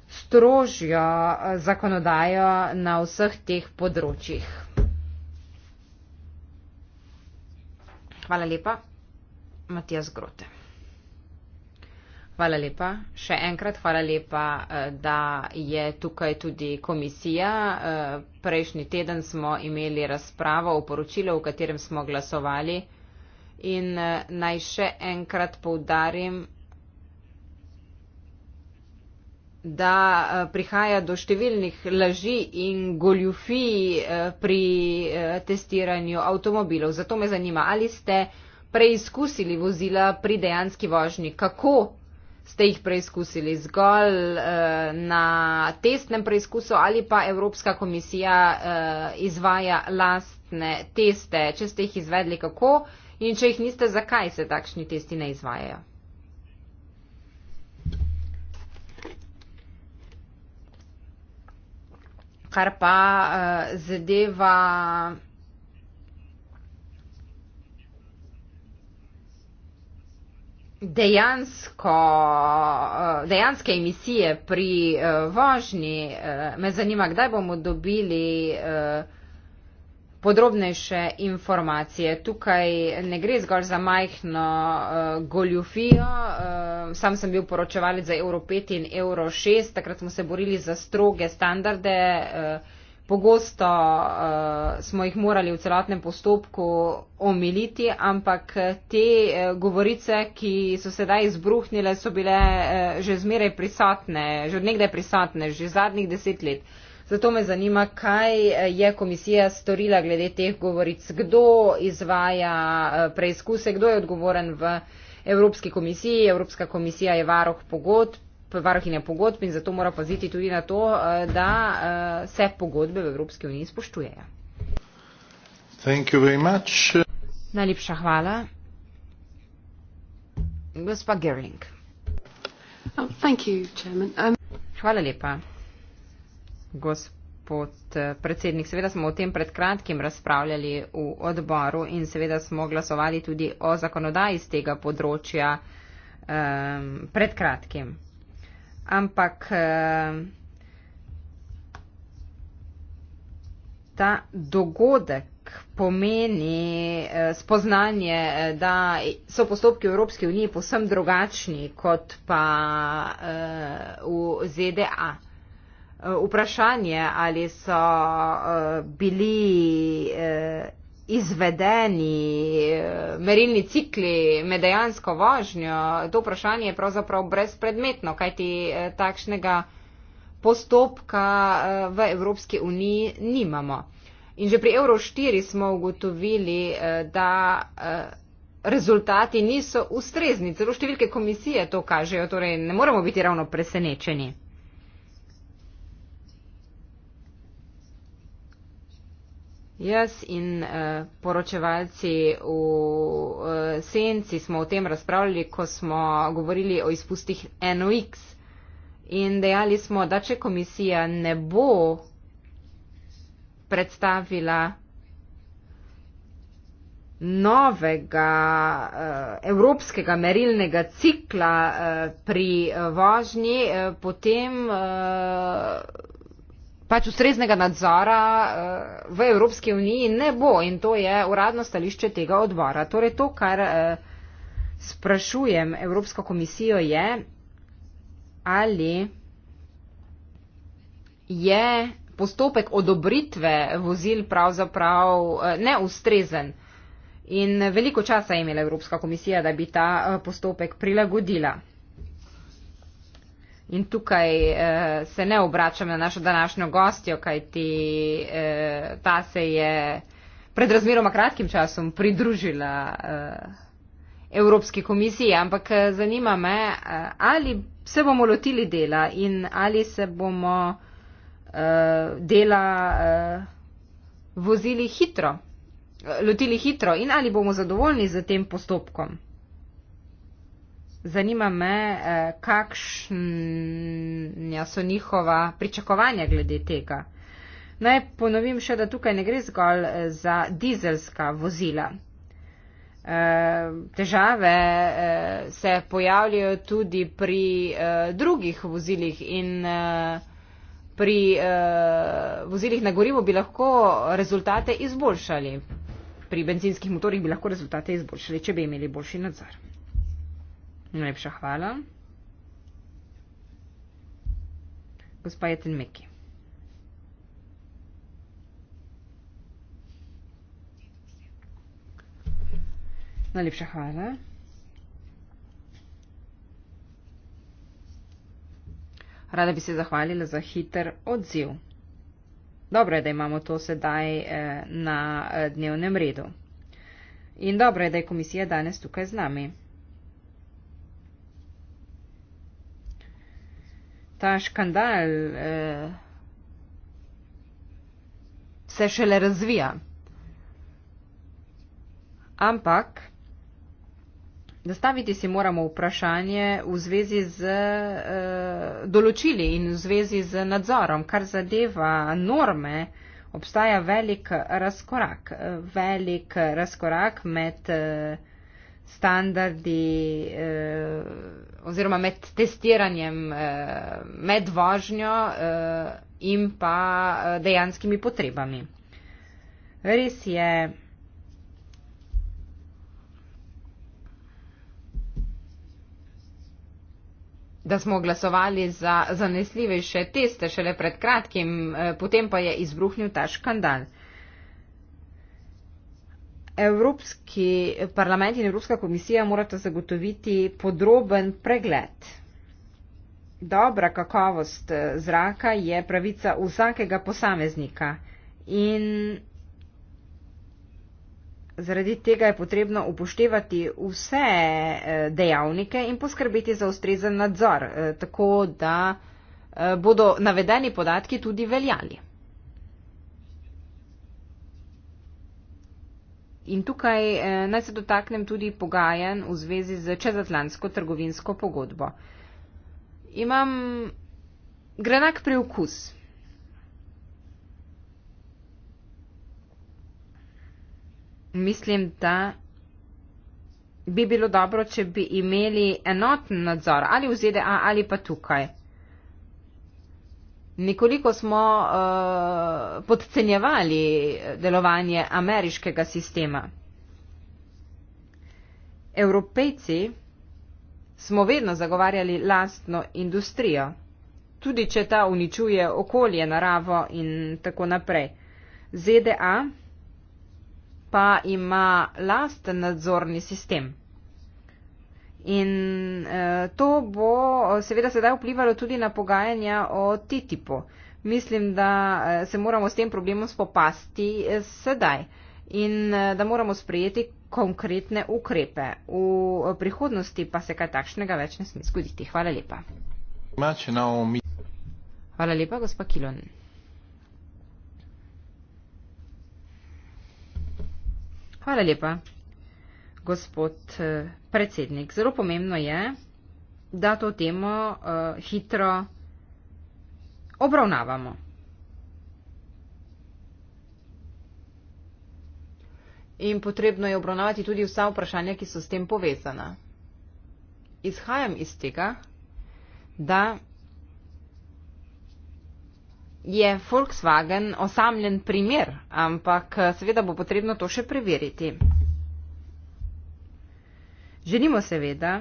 strožjo zakonodajo na vseh teh področjih. Hvala lepa. Matijas Grote. Hvala lepa. Še enkrat hvala lepa, eh, da je tukaj tudi komisija. Eh, prejšnji teden smo imeli razpravo o poročilu, v katerem smo glasovali. In eh, naj še enkrat poudarim, da prihaja do številnih laži in goljufij pri testiranju avtomobilov. Zato me zanima, ali ste preizkusili vozila pri dejanski vožnji? Kako ste jih preizkusili? Zgolj eh, na testnem preizkusu ali pa Evropska komisija eh, izvaja lastne teste? Če ste jih izvedli, kako in če jih niste, zakaj se takšni testi ne izvajajo? Kar pa uh, zadeva dejansko, eh, dejanske emisije pri eh, vožnji. Eh, me zanima, kdaj bomo dobili podrobnejše informacije. Tukaj ne gre zgolj za majhno goljufijo. Sam sem bil poročevalec za Euro 5 in Euro 6, takrat smo se borili za stroge standarde pogosto uh, smo jih morali v celotnem postopku omiliti, ampak te uh, govorice, ki so sedaj izbruhnile, so bile uh, že zmeraj prisotne, že odnegdaj prisotne, že zadnjih deset let. Zato me zanima, kaj je komisija storila glede teh govoric, kdo izvaja preizkuse, kdo je odgovoren v Evropski komisiji. Evropska komisija je varoh pogodb, varuhinja pogodb in zato mora paziti tudi na to, eh, da eh, se pogodbe v Evropski uniji spoštujejo. Najlepša hvala. Gospa Gerling. Oh, you, um... Hvala lepa. Gospod eh, predsednik, seveda smo o tem pred kratkim razpravljali v odboru in seveda smo glasovali tudi o zakonodaji z tega področja um, pred kratkim ampak eh, ta dogodek pomeni eh, spoznanje, eh, da so postopki v Evropski uniji posem drugačni kot pa v ZDA. Vprašanje, ali so bili izvedeni eh, merilni cikli med dejansko vožnjo, to vprašanje je pravzaprav brezpredmetno, kajti eh, takšnega postopka eh, v Evropski uniji nimamo. In že pri Euro 4 smo ugotovili, da rezultati niso ustrezni. Celo številke komisije to kažejo, torej ne moremo biti ravno presenečeni. Jaz in uh, poročevalci v uh, senci smo o tem razpravljali, ko smo govorili o izpustih NOx in dejali smo, da če komisija ne bo predstavila novega uh, evropskega merilnega cikla uh, pri uh, vožnji, uh, potem. Uh, pač ustreznega nadzora uh, v Evropski uniji ne bo in to je uradno stališče tega odbora. Torej to, kar uh, sprašujem Evropsko komisijo je, ali je postopek odobritve vozil pravzaprav uh, neustrezen. In veliko časa je imela Evropska komisija, da bi ta uh, postopek prilagodila. In tukaj eh, se ne obračam na našo današnjo gostjo, kajti eh, ta se je pred razmeroma kratkim časom pridružila eh, Evropski komisiji, ampak eh, zanima me, eh, ali se bomo lotili dela in ali se bomo eh, dela eh, vozili hitro, lotili hitro in ali bomo zadovoljni z tem postopkom. Zanima me, eh, kakšna so njihova pričakovanja glede tega. Naj ponovim še, da tukaj ne gre zgolj eh, za dizelska vozila. Eh, težave se pojavljajo tudi pri drugih vozilih in pri vozilih na gorivo bi lahko rezultate izboljšali. Pri benzinskih motorjih bi lahko rezultate izboljšali, če bi imeli boljši nadzor. Najlepša hvala. Gospa Jeten Meki. Najlepša hvala. Rada bi se zahvalila za hiter odziv. Dobro je, da imamo to sedaj eh, na eh, dnevnem redu. In dobro je, da je komisija danes tukaj z nami. ta škandal eh, se šele razvija. Ampak, zastaviti si moramo vprašanje v zvezi z eh, določili in v zvezi z nadzorom, kar zadeva norme. Obstaja velik razkorak, velik razkorak med eh, standardi eh, oziroma med testiranjem, eh, med vožnjo eh, in pa eh, dejanskimi potrebami. Res je. da smo glasovali za zanesljivejše teste šele pred kratkim, potem pa je izbruhnil ta škandal. Evropski parlament in Evropska komisija morata zagotoviti podroben pregled. Dobra kakovost eh, zraka je pravica vsakega posameznika in zaradi tega je potrebno upoštevati vse eh, dejavnike in poskrbeti za ustrezen nadzor, eh, tako da bodo navedeni podatki tudi veljali. In tukaj eh, naj se dotaknem tudi pogajanj v zvezi z čezatlantsko trgovinsko pogodbo. Imam grenak preukus. Mislim, da bi bilo dobro, če bi imeli enoten nadzor ali v ZDA ali pa tukaj nekoliko smo uh, podcenjevali delovanje ameriškega sistema. Evropejci smo vedno zagovarjali lastno industrijo, tudi če ta uničuje okolje, naravo in tako naprej. ZDA pa ima lasten nadzorni sistem. In uh, to bo eh, seveda sedaj vplivalo tudi na pogajanja o TTIP-u. Mislim, da eh, se moramo s tem problemom spopasti sedaj in da moramo sprejeti konkretne ukrepe. V prihodnosti pa se kaj takšnega več ne sme zgoditi. Hvala lepa. Hvala lepa, gospa Kilon. Hvala lepa gospod eh, predsednik. Zelo pomembno je, da to temo uh, hitro obravnavamo. In potrebno je obravnavati tudi vsa vprašanja, ki so s tem povezana. Izhajam iz tega, da je Volkswagen osamljen primer, ampak eh, seveda bo potrebno to še preveriti. Želimo seveda,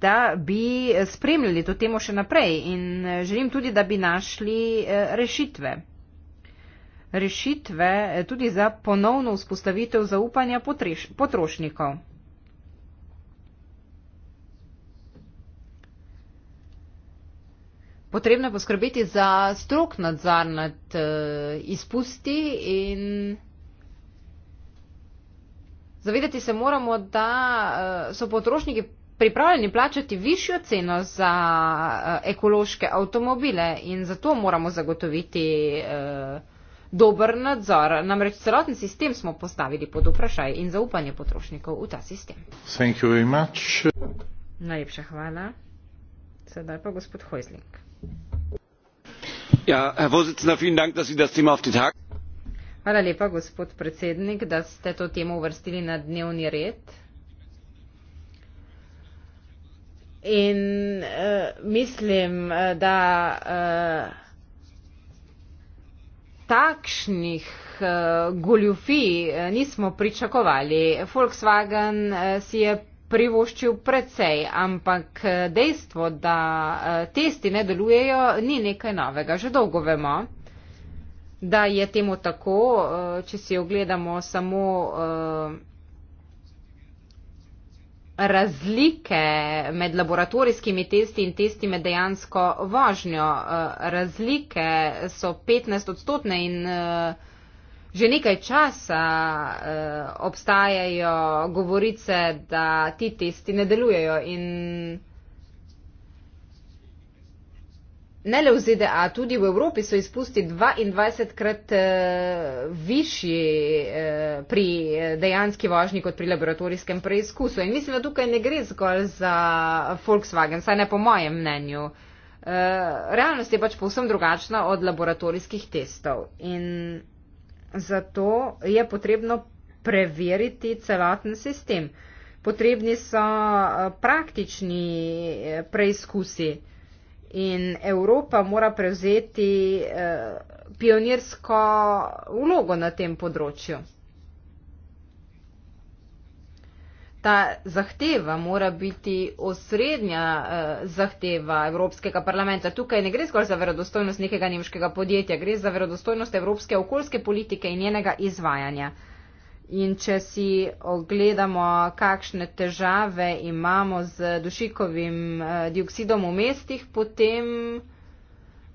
da bi spremljali to temo še naprej in eh, želim tudi, da bi našli eh, rešitve. Rešitve eh, tudi za ponovno vzpostavitev zaupanja potrošnikov. Potrebno je poskrbeti za strok nadzor nad izpusti in Zavedati se moramo, da eh, so potrošniki pripravljeni plačati višjo ceno za eh, ekološke avtomobile in zato moramo zagotoviti eh, dober nadzor. Namreč celoten sistem smo postavili pod vprašaj in zaupanje potrošnikov v ta sistem. Najlepša hvala. Sedaj pa gospod Hojzling. Ja, herr Vorsitzender, vielen Dank, dass Sie das Thema auf die Tag. Hvala lepa, gospod predsednik, da ste to temo uvrstili na dnevni red. In uh, mislim, da uh, takšnih uh, goljufij nismo pričakovali. Volkswagen uh, si je privoščil precej, ampak dejstvo, da uh, testi ne delujejo, ni nekaj novega. Že dolgo vemo da je temu tako, eh, če si ogledamo samo eh, razlike med laboratorijskimi testi in testi med dejansko vožnjo. Eh, razlike so 15 odstotne in že nekaj časa obstajajo govorice, da ti testi ne delujejo in Ne le v ZDA, tudi v Evropi so izpusti 22 krat uh, višji uh, pri eh, dejanski vožnji kot pri laboratorijskem preizkusu. In mislim, da tukaj ne gre zgolj za Volkswagen, saj ne po mojem mnenju. Uh, realnost je pač povsem drugačna od laboratorijskih testov. In zato je potrebno preveriti celoten sistem. Potrebni so praktični preizkusi. Uh, in Evropa mora prevzeti eh, pionirsko vlogo na tem področju. Ta zahteva mora biti osrednja eh, zahteva Evropskega parlamenta. Tukaj ne gre zgolj za verodostojnost nekega nemškega podjetja, gre za verodostojnost evropske okoljske politike in njenega izvajanja. Eh, In če si ogledamo, kakšne težave imamo z dušikovim eh, dioksidom v mestih, potem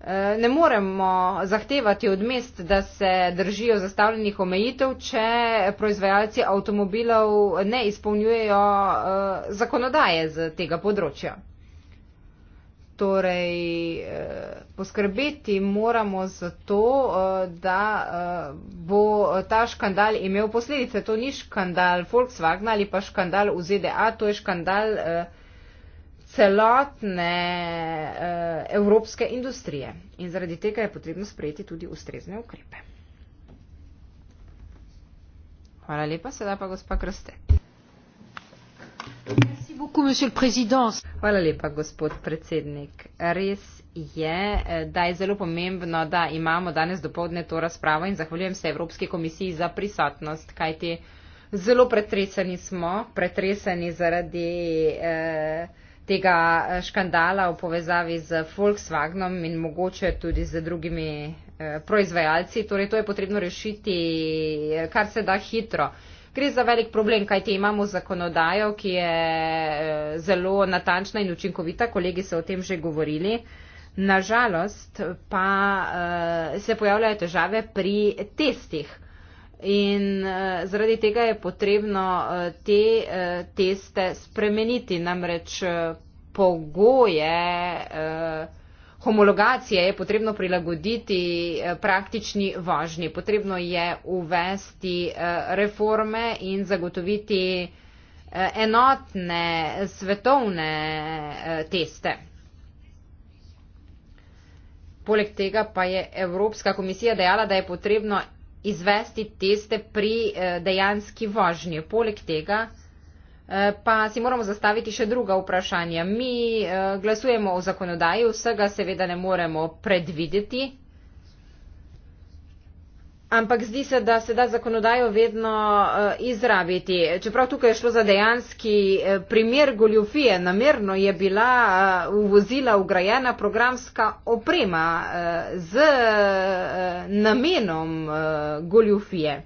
eh, ne moremo zahtevati od mest, da se držijo zastavljenih omejitev, če proizvajalci avtomobilov ne izpolnjujejo eh, zakonodaje z tega področja torej eh, poskrbeti moramo za to, eh, da eh, bo ta škandal imel posledice. To ni škandal Volkswagen ali pa škandal v ZDA, to je škandal celotne evropske industrije. In zaradi tega je potrebno sprejeti tudi ustrezne ukrepe. Hvala lepa, sedaj pa gospa Krstet res je eh, da je zelo pomembno da imamo danes dopoldne to razpravo in zahvaljujem se evropski komisiji za prisotnost kajti zelo pretreseni smo pretreseni zaradi eh, tega eh, škandala v povezavi z Volkswagenom in mogoče tudi z drugimi eh, proizvajalci torej to je potrebno rešiti eh, kar se da hitro eh, Gre za velik problem, kaj ti imamo zakonodajo, ki je eh, zelo natančna in učinkovita, kolegi so o tem že govorili. Nažalost pa uh, se pojavljajo težave pri testih in uh, zaradi tega je potrebno uh, te uh, teste spremeniti, namreč uh, pogoje. Uh, homologacije je potrebno prilagoditi eh, praktični važni. Potrebno je uvesti eh, reforme in zagotoviti eh, enotne svetovne teste. Poleg tega pa je Evropska komisija dejala, da je potrebno izvesti teste pri dejanski važnje. Poleg tega Eh, pa si moramo zastaviti še druga vprašanja. Mi eh, glasujemo o zakonodaji, vsega seveda ne moremo predvideti. Ampak zdi se, da se da zakonodajo vedno eh, izrabiti. Čeprav tukaj je šlo za dejanski primer goljofije, namerno je bila v vozila ugrajena programska oprema z namenom goljofije.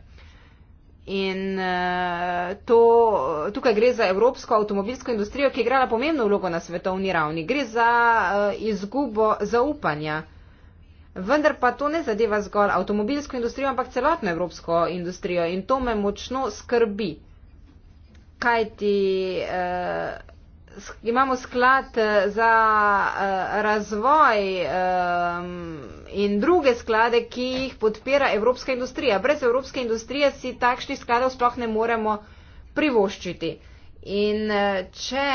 In eh, to, tukaj gre za evropsko avtomobilsko industrijo, ki je igrala pomembno vlogo na svetovni ravni. Gre za eh, izgubo zaupanja. Vendar pa to ne zadeva zgolj avtomobilsko industrijo, ampak celotno evropsko industrijo. In to me močno skrbi. Kaj ti eh, imamo sklad eh, za eh, razvoj. Eh, in druge sklade, ki jih podpira evropska industrija. Brez evropske industrije si takšnih skladov sploh ne moremo privoščiti. In eh, če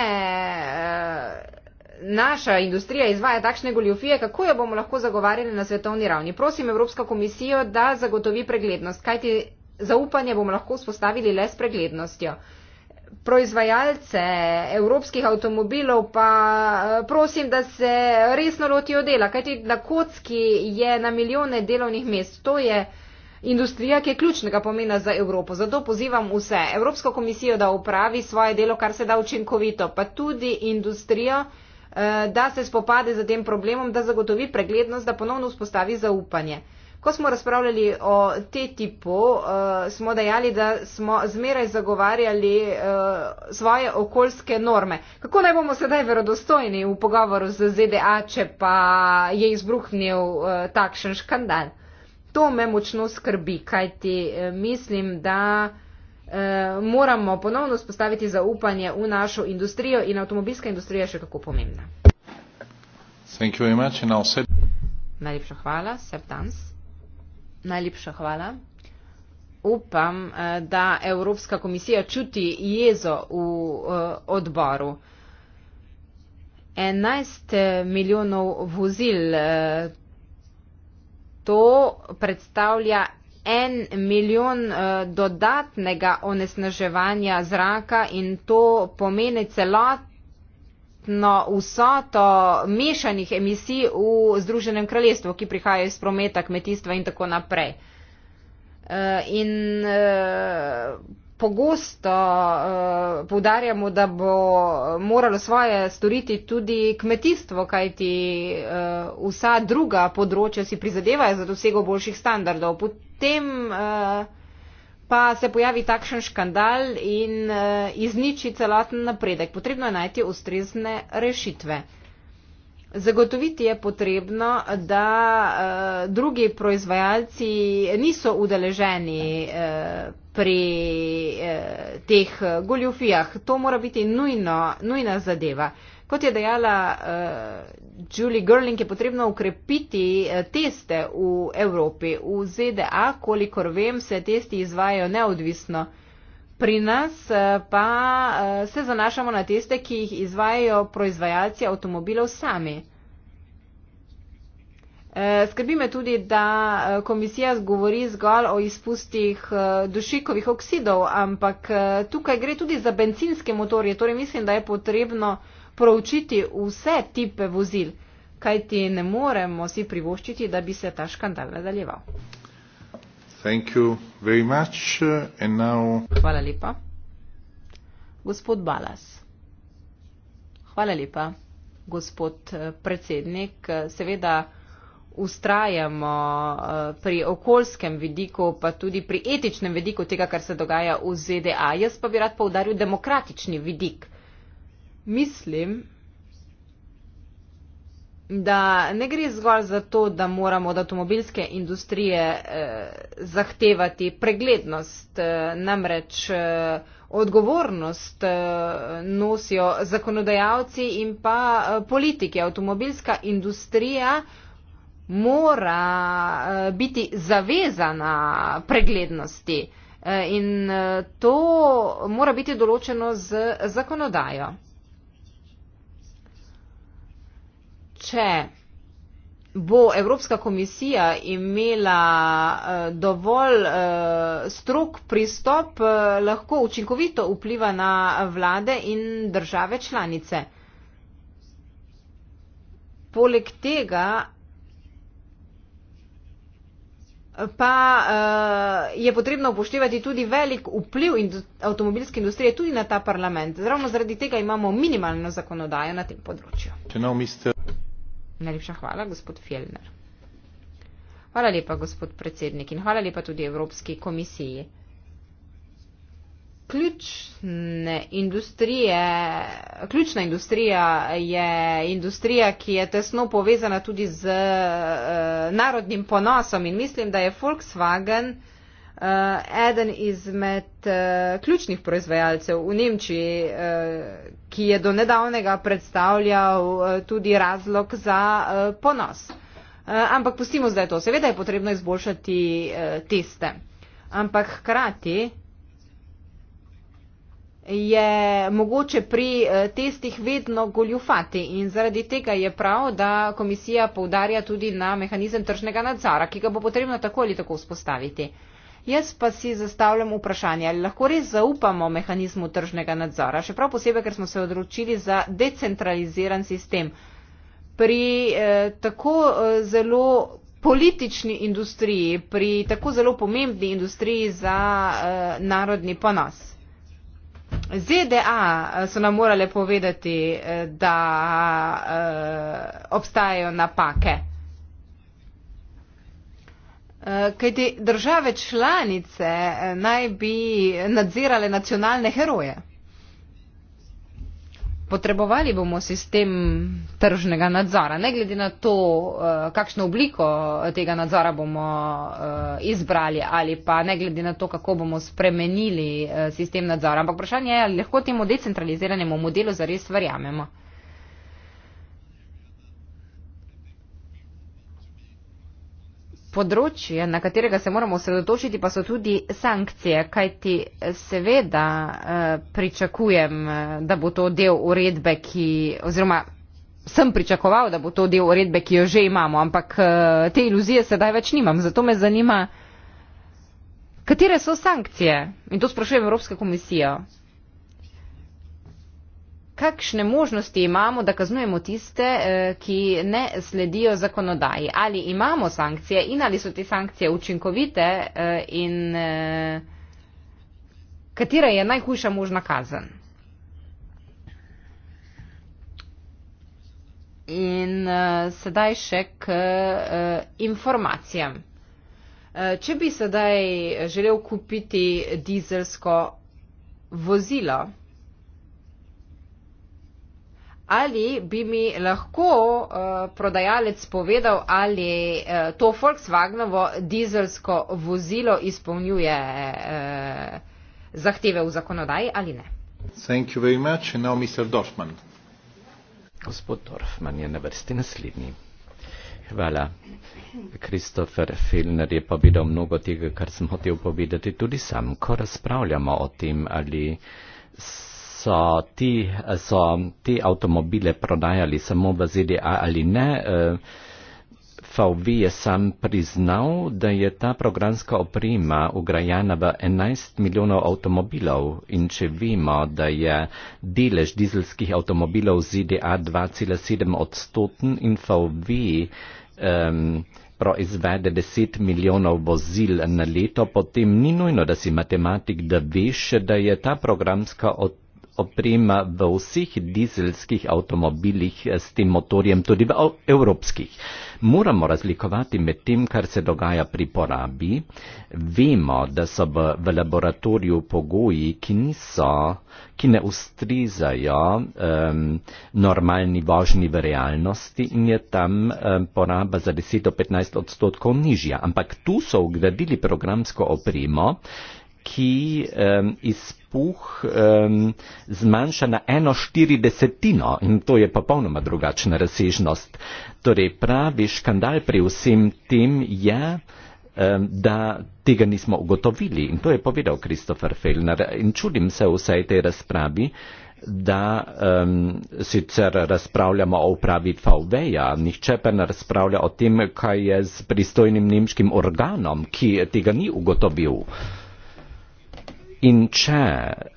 eh, naša industrija izvaja takšne goljofije, kako jo bomo lahko zagovarjali na svetovni ravni? Prosim Evropsko komisijo, da zagotovi preglednost, kajti zaupanje bomo lahko vzpostavili le s preglednostjo proizvajalce evropskih avtomobilov pa eh, prosim, da se resno lotijo dela, kajti na kocki je na milijone delovnih mest. To je industrija, ki je ključnega pomena za Evropo. Zato pozivam vse, Evropsko komisijo, da upravi svoje delo, kar se da učinkovito, pa tudi industrijo, eh, da se spopade z tem problemom, da zagotovi preglednost, da ponovno vzpostavi zaupanje. Ko smo razpravljali o TTIP-u, uh, smo dejali, da smo zmeraj zagovarjali uh, svoje okoljske norme. Kako naj bomo sedaj verodostojni v pogovoru z ZDA, če pa je izbruhnil uh, takšen škandal? To me močno skrbi, kajti mislim, da moramo ponovno spostaviti zaupanje v našo industrijo in avtomobilska industrija je še kako pomembna. Najlepša hvala, Sebdans. Najlepša hvala. Upam, eh, da Evropska komisija čuti jezo v eh, odboru. 11 eh, milijonov vozil, to predstavlja en milijon dodatnega onesnaževanja zraka in to pomeni celot trenutno vsoto mešanih emisij v Združenem kraljestvu, ki prihajajo iz prometa, kmetijstva in tako naprej. Eh, in eh, pogosto eh, povdarjamo, da bo moralo svoje storiti tudi kmetijstvo, kajti vsa druga področja si prizadevajo za dosego boljših standardov. Potem pa se pojavi takšen škandal in uh, izniči celoten napredek. Potrebno je najti ustrezne rešitve. Zagotoviti je potrebno, da uh, drugi proizvajalci niso udeleženi uh, pri uh, teh goljufijah. To mora biti nujno, nujna zadeva. Uh, Kot je dejala uh, Julie Girling, je potrebno ukrepiti eh, teste v Evropi. V ZDA, kolikor vem, se testi izvajajo neodvisno. Pri nas eh, pa uh, se zanašamo na teste, ki jih izvajajo proizvajalci avtomobilov sami. Skrbi me tudi, da komisija govori zgolj o izpustih dušikovih oksidov, ampak tukaj gre tudi za benzinske motorje, torej mislim, da je potrebno uh, proučiti vse tipe vozil, kaj ti ne moremo si privoščiti, da bi se ta škandal nadaljeval. Much, now... Hvala lepa. Gospod Balas. Hvala lepa, gospod eh, predsednik. Seveda ustrajamo eh, pri okoljskem vidiku, pa tudi pri etičnem vidiku tega, kar se dogaja v ZDA. Jaz pa bi rad povdaril demokratični vidik mislim, da ne gre zgolj za to, da moramo od avtomobilske industrije eh, zahtevati preglednost, eh, namreč eh, odgovornost eh, nosijo zakonodajalci in pa eh, politiki. Avtomobilska industrija mora eh, biti zavezana preglednosti eh, in eh, to mora biti določeno z zakonodajo. če bo Evropska komisija imela eh, dovolj eh, strok pristop, eh, lahko učinkovito vpliva na vlade in države članice. Poleg tega pa je potrebno upoštevati tudi velik vpliv avtomobilske industrije tudi na ta parlament. Ravno zaradi tega imamo minimalno zakonodajo na tem področju. Najlepša hvala, gospod Fjellner. Hvala lepa, gospod predsednik, in hvala lepa tudi Evropski komisiji. Ključne industrije, ključna industrija je industrija, ki je tesno povezana tudi z uh, narodnim ponosom in mislim, da je Volkswagen uh, eden izmed uh, ključnih proizvajalcev v Nemčiji. Uh, ki je do nedavnega predstavljal eh, tudi razlog za eh, ponos. Eh, ampak pustimo zdaj to. Seveda je potrebno izboljšati teste. Ampak hkrati je mogoče pri testih vedno goljufati in zaradi tega je prav, da komisija poudarja tudi na mehanizem tržnega nadzora, ki ga bo potrebno tako ali tako vzpostaviti. Jaz pa si zastavljam vprašanje, ali lahko res zaupamo mehanizmu tržnega nadzora, še prav posebej, ker smo se odločili za decentraliziran sistem. Pri eh, tako eh, zelo politični industriji, pri tako zelo pomembni industriji za eh, narodni ponos. ZDA eh, so nam morale povedati, eh, da eh, obstajajo napake. Eh, Kaj te države članice eh, naj bi nadzirale nacionalne heroje? Potrebovali bomo sistem tržnega nadzora, ne glede na to, eh, kakšno obliko tega nadzora bomo izbrali ali pa ne glede na to, kako bomo spremenili sistem nadzora. Ampak vprašanje je, ali lahko temu decentraliziranemu modelu zares verjamemo. področje, na katerega se moramo osredotočiti, pa so tudi sankcije, kajti seveda eh, pričakujem, eh, da bo to del uredbe, ki oziroma. Sem pričakoval, da bo to del uredbe, ki jo že imamo, ampak eh, te iluzije sedaj več nimam. Zato me zanima, katere so sankcije. In to sprašujem Evropska komisija kakšne možnosti imamo, da kaznujemo tiste, eh, ki ne sledijo zakonodaji? Ali imamo sankcije in ali so te sankcije učinkovite eh, in eh, katera je najhujša možna kazen? In uh, sedaj še k uh, informacijam. Uh, če bi sedaj želel kupiti dizelsko vozilo, ali bi mi lahko uh, prodajalec povedal, ali uh, to Volkswagenovo dizelsko vozilo izpolnjuje uh, zahteve v zakonodaji ali ne. Thank you very much. And now Mr. Dorfman. Gospod Dorfman je na vrsti naslednji. Hvala. Kristofer Filner je povedal mnogo tega, kar sem hotel povedati tudi sam, ko razpravljamo o tem, ali so ti, so ti avtomobile prodajali samo v ZDA ali ne. VV eh, je sam priznal, da je ta programska oprema ugrajena v 11 milijonov avtomobilov in če vemo, da je delež dizelskih avtomobilov ZDA 2,7 odstoten in VV um, proizvede 10 milijonov vozil na leto, potem ni nujno, da si matematik, da veš, da je ta programska oprema oprema v vseh dizelskih avtomobilih s tem motorjem, tudi v evropskih. Moramo razlikovati med tem, kar se dogaja pri porabi. Vemo, da so v, v laboratoriju pogoji, ki, niso, ki ne ustrizajo um, normalni vožnji v realnosti in je tam um, poraba za 10-15 odstotkov nižja. Ampak tu so ugradili programsko opremo, ki um, izpuh um, zmanjša na eno štiridesetino in to je popolnoma drugačna razsežnost. Torej pravi škandal pri vsem tem je, um, da tega nismo ugotovili in to je povedal Kristofer Fellner in čudim se vsej tej razpravi da um, sicer razpravljamo o upravi VV-ja, nihče pa ne razpravlja o tem, kaj je z pristojnim nemškim organom, ki tega ni ugotovil. Uh, In če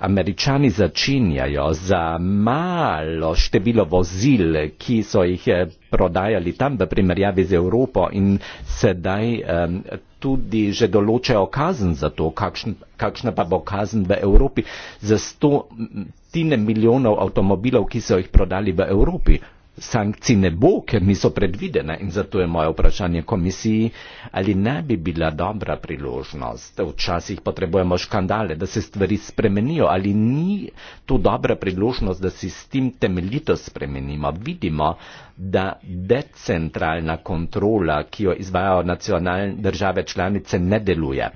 američani začenjajo za malo število vozil, ki so jih eh, prodajali tam v primerjavi z Evropo in sedaj um, tudi že določajo kazen za to, kakšen, kakšna pa bo kazen v Evropi za stotine milijonov avtomobilov, ki so jih prodali v Evropi, sankcij ne bo, ker niso predvidene in zato je moje vprašanje komisiji, ali ne bi bila dobra priložnost. Včasih potrebujemo škandale, da se stvari spremenijo, ali ni to dobra priložnost, da si s tem temeljito spremenimo. Vidimo, da decentralna kontrola, ki jo izvajajo nacionalne države članice, ne deluje.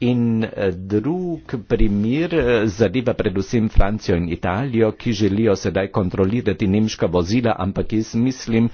In eh, drug primer eh, zadeva predvsem Francijo in Italijo, ki želijo sedaj kontrolirati nemška vozila, ampak jaz mislim,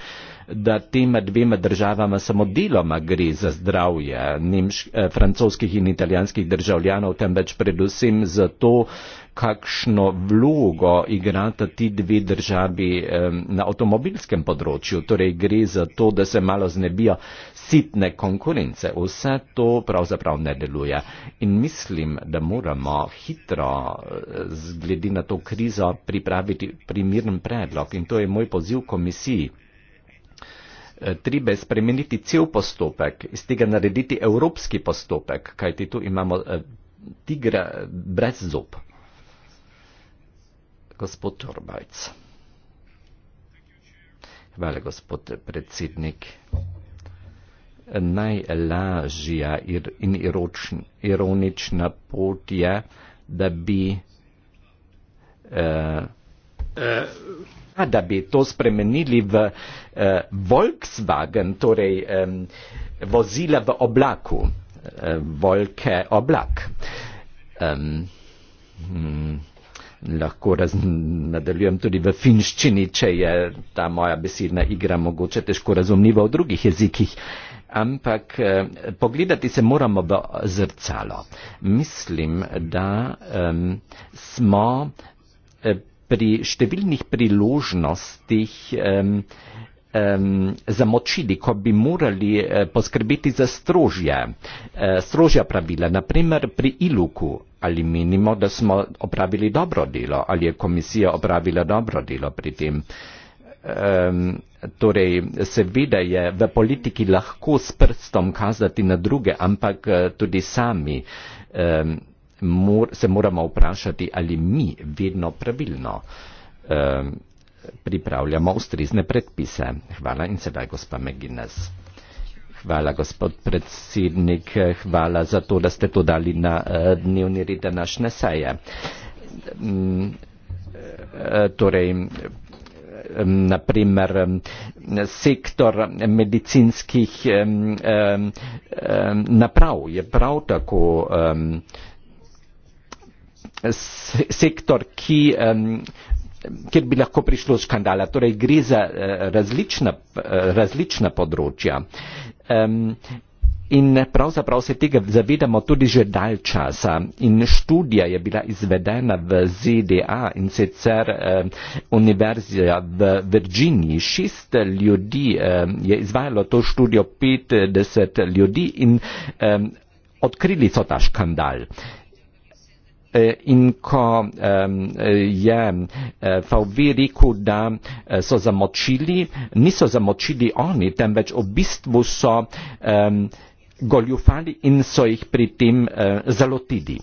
da tem dvema državama samo deloma gre za zdravje nemš, eh, francoskih in italijanskih državljanov, temveč predvsem za to, kakšno vlogo igrata ti dve državi eh, na avtomobilskem področju. Torej gre za to, da se malo znebijo sitne konkurence. Vse to pravzaprav ne deluje. In mislim, da moramo hitro, eh, glede na to krizo, pripraviti primiren predlog. In to je moj poziv komisiji. Eh, treba je spremeniti cel postopek, iz tega narediti evropski postopek, kajti tu imamo eh, tigra brez zob. Gospod Torbajc. Hvala, gospod predsednik. Najlažja in iročn, ironična pot je, da bi. Eh, eh, ta, da bi to spremenili v eh, Volkswagen, torej eh, vozila v oblaku, eh, volke oblak. Eh, hm, lahko nadaljujem tudi v finščini, če je ta moja besedna igra mogoče težko razumljiva v drugih jezikih. Ampak eh, pogledati se moramo v zrcalo. Mislim, da eh, smo. Eh, pri številnih priložnostih um, um, zamočili, ko bi morali eh, poskrbeti za strožje, eh, strožja pravila, naprimer pri iluku. Ali menimo, da smo opravili dobro delo, ali je komisija opravila dobro delo pri tem. Um, torej, seveda je v politiki lahko s prstom kazati na druge, ampak eh, tudi sami um, mor, se moramo vprašati, ali mi vedno pravilno um, pripravljamo ustrezne predpise. Hvala in sedaj gospa McGuinness. Hvala, gospod predsednik, hvala za to, da ste to dali na uh, dnevni red današnje seje. Um, torej, um, naprimer, um, sektor medicinskih um, um, naprav je prav tako um, sektor, ki, kjer bi lahko prišlo škandala. Torej gre za eh, različna, eh, različna področja. In pravzaprav se tega zavedamo tudi že dal časa. In študija je bila izvedena v ZDA in sicer eh, univerzija v Virginiji. Šest ljudi eh, je izvajalo to študijo, 50 ljudi in eh, odkrili so ta škandal. Eh, Eh, in ko eh, je eh, VV rekel, da so zamočili, niso zamočili oni, temveč v bistvu so goljufali in so jih pri tem zalotili.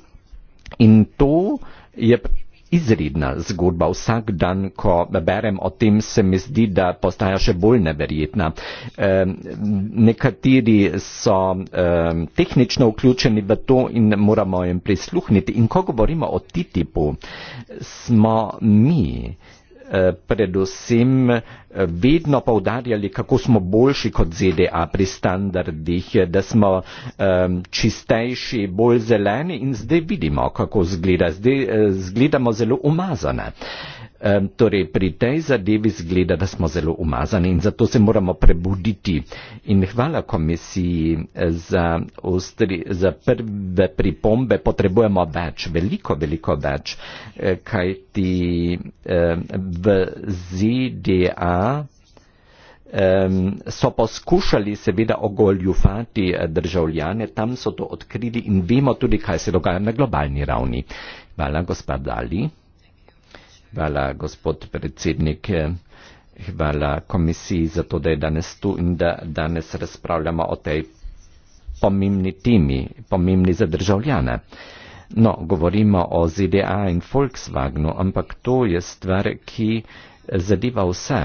In to je izredna zgodba. Vsak dan, ko berem o tem, se mi zdi, da postaja še bolj neverjetna. E, nekateri so e, tehnično vključeni v to in moramo jim prisluhniti. In ko govorimo o TTIP-u, smo mi predvsem eh, vedno povdarjali, kako smo boljši kot ZDA pri standardih, da smo um, čistejši, bolj zeleni in zdaj vidimo, kako zgleda. Zdaj eh, zgledamo zelo umazane. Uh, Torej, pri tej zadevi zgleda, da smo zelo umazani in zato se moramo prebuditi. In hvala komisiji eh, za, ostri, za prve pripombe. Potrebujemo več, veliko, veliko več, eh, kajti v ZDA so poskušali seveda ogoljufati eh, državljane, tam so to odkrili in vemo tudi, kaj se dogaja na globalni ravni. Hvala, gospod Dali. Hvala, gospod predsednik. Hvala komisiji za to, da je danes tu in da danes razpravljamo o tej pomembni temi, pomembni za državljane. No, govorimo o ZDA in Volkswagenu, ampak to je stvar, ki zadeva vse.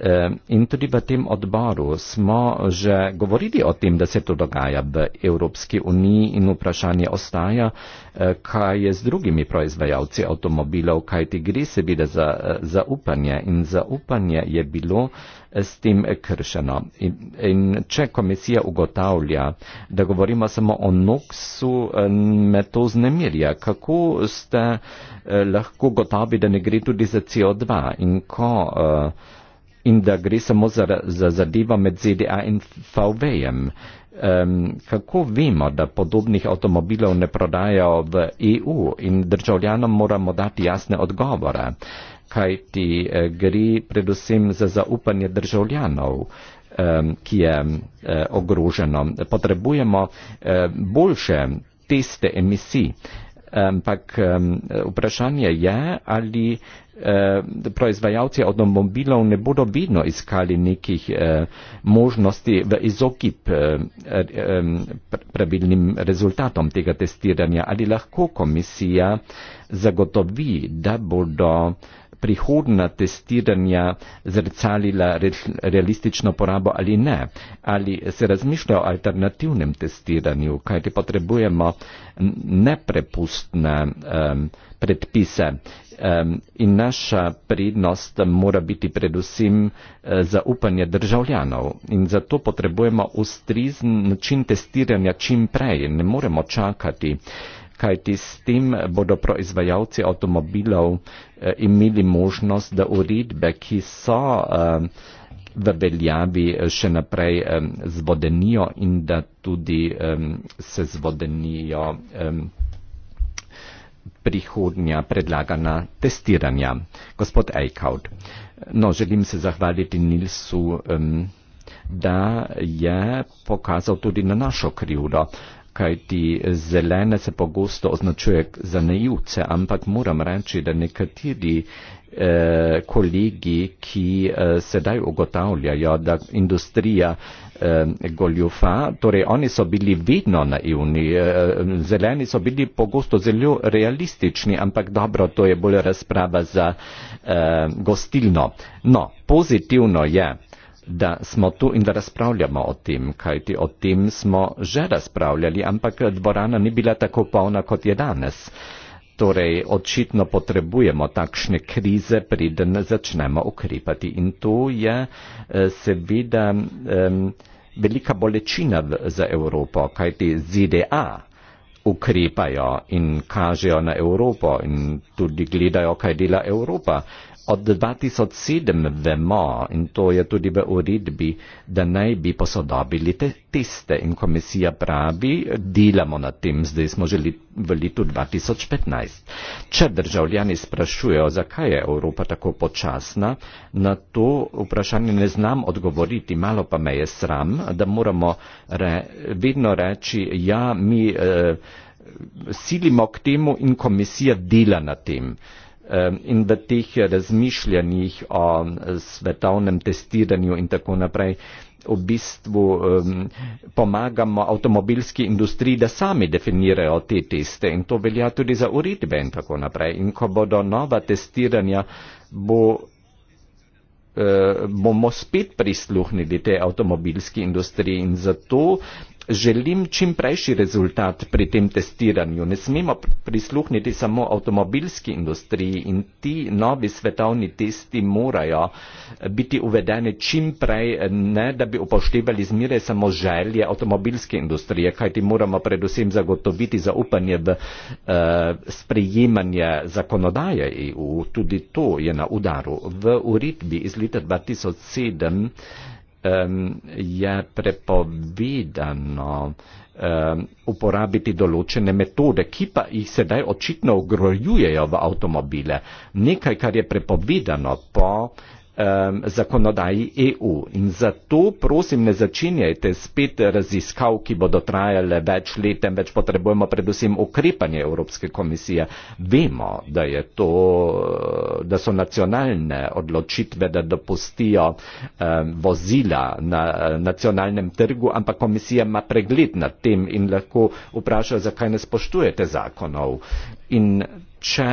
Ehm, in tudi v tem odboru smo že govorili o tem, da se to dogaja v Evropski uniji in vprašanje ostaja, eh, kaj je z drugimi proizvajalci avtomobilov, kaj ti gre seveda za eh, zaupanje in zaupanje je bilo eh, s tem kršeno. In, in če komisija ugotavlja, da govorimo samo o NOX-u, me to znemirja. Kako ste lahko gotovi, da ne gre tudi za CO2 in ko uh, in da gre samo za, za zadeva med ZDA in VW-jem. Um, kako vemo, da podobnih avtomobilov ne prodajo v EU in državljanom moramo dati jasne odgovore, kaj ti eh, gre predvsem za zaupanje državljanov, um, ki je um, ogroženo. Potrebujemo um, boljše teste emisij, ampak um, vprašanje je, ali eh, proizvajalci avtomobilov ne bodo vedno iskali nekih eh, možnosti v izogib eh, eh, pravilnim rezultatom tega testiranja. Ali lahko komisija zagotovi, da bodo prihodna testiranja zrcalila realistično porabo ali ne, ali se razmišlja o alternativnem testiranju, kajti potrebujemo neprepustne um, predpise um, in naša prednost mora biti predvsem e, zaupanje državljanov in zato potrebujemo ustrezen način testiranja čim prej, ne moremo čakati. Uh, kaj ti s tem bodo proizvajalci avtomobilov eh, imeli možnost, da uredbe, ki so eh, v veljavi eh, še naprej zvodenijo in da tudi se zvodenijo prihodnja predlagana testiranja. Gospod Eichhout, no, želim se zahvaliti Nilsu, da je pokazal tudi na našo krivdo kajti zelene se pogosto označuje za naivce, ampak moram reči, da nekateri eh, kolegi, ki eh, sedaj ugotavljajo, da industrija eh, goljufa, torej oni so bili vedno naivni, eh, zeleni so bili pogosto zelo realistični, ampak dobro, to je bolj razprava za eh, gostilno. No, pozitivno je, da smo tu in da razpravljamo o tem, kajti o tem smo že razpravljali, ampak dvorana ni bila tako polna, kot je danes. Torej, očitno potrebujemo takšne krize, preden začnemo ukrepati. In to je eh, seveda um, velika bolečina za Evropo, kajti ZDA ukrepajo in kažejo na Evropo in tudi gledajo, kaj dela Evropa od 2007 vemo, in to je tudi v uredbi, da naj bi posodobili te teste in komisija pravi, delamo na tem, zdaj smo že v letu 2015. Če državljani sprašujejo, zakaj je Evropa tako počasna, na to vprašanje ne znam odgovoriti, malo pa me je sram, da moramo re, vedno reči, ja, mi eh, silimo k temu in komisija dela na tem. Eh, in v teh eh, razmišljanjih o eh, svetovnem testiranju in tako naprej v bistvu um, pomagamo avtomobilski industriji, da sami definirajo te teste in to velja tudi za uredbe in tako naprej. In ko bodo nova testiranja, bo, uh, bomo spet prisluhnili te avtomobilski industriji in zato želim čim prejši rezultat pri tem testiranju. Ne smemo prisluhniti samo avtomobilski industriji in ti novi svetovni testi morajo eh, biti uvedeni čim prej, eh, ne da bi upoštevali zmire samo želje avtomobilske industrije, kajti moramo predvsem zagotoviti zaupanje v uh, sprejemanje zakonodaje EU. Tudi to je na udaru. V uritbi iz leta 2007 je prepovedano uporabiti določene metode, ki pa jih sedaj očitno ogrojujejo v avtomobile. Nekaj, kar je prepovedano po zakonodaji EU. In zato prosim, ne začenjajte spet raziskav, ki bodo trajale več let, temveč potrebujemo predvsem ukrepanje Evropske komisije. Vemo, da, to, da so nacionalne odločitve, da dopustijo eh, vozila na nacionalnem trgu, ampak komisija ima pregled nad tem in lahko vpraša, zakaj ne spoštujete zakonov. In če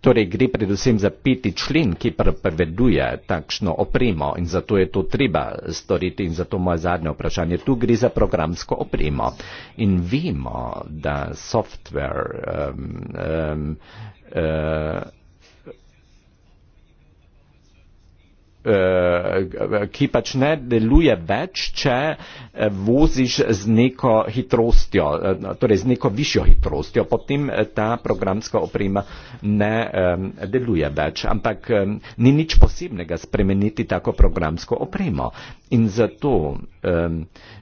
Torej gre predvsem za peti člen, ki prepoveduje takšno opremo in zato je to treba storiti in zato moje zadnje vprašanje. Tu gre za programsko opremo in vemo, da software. Um, um, Eh, ki pač ne deluje več, če eh, voziš z neko hitrostjo, eh, torej z neko višjo hitrostjo, potem ta programska oprema ne deluje več. Ampak ni nič posebnega spremeniti tako programsko opremo. In zato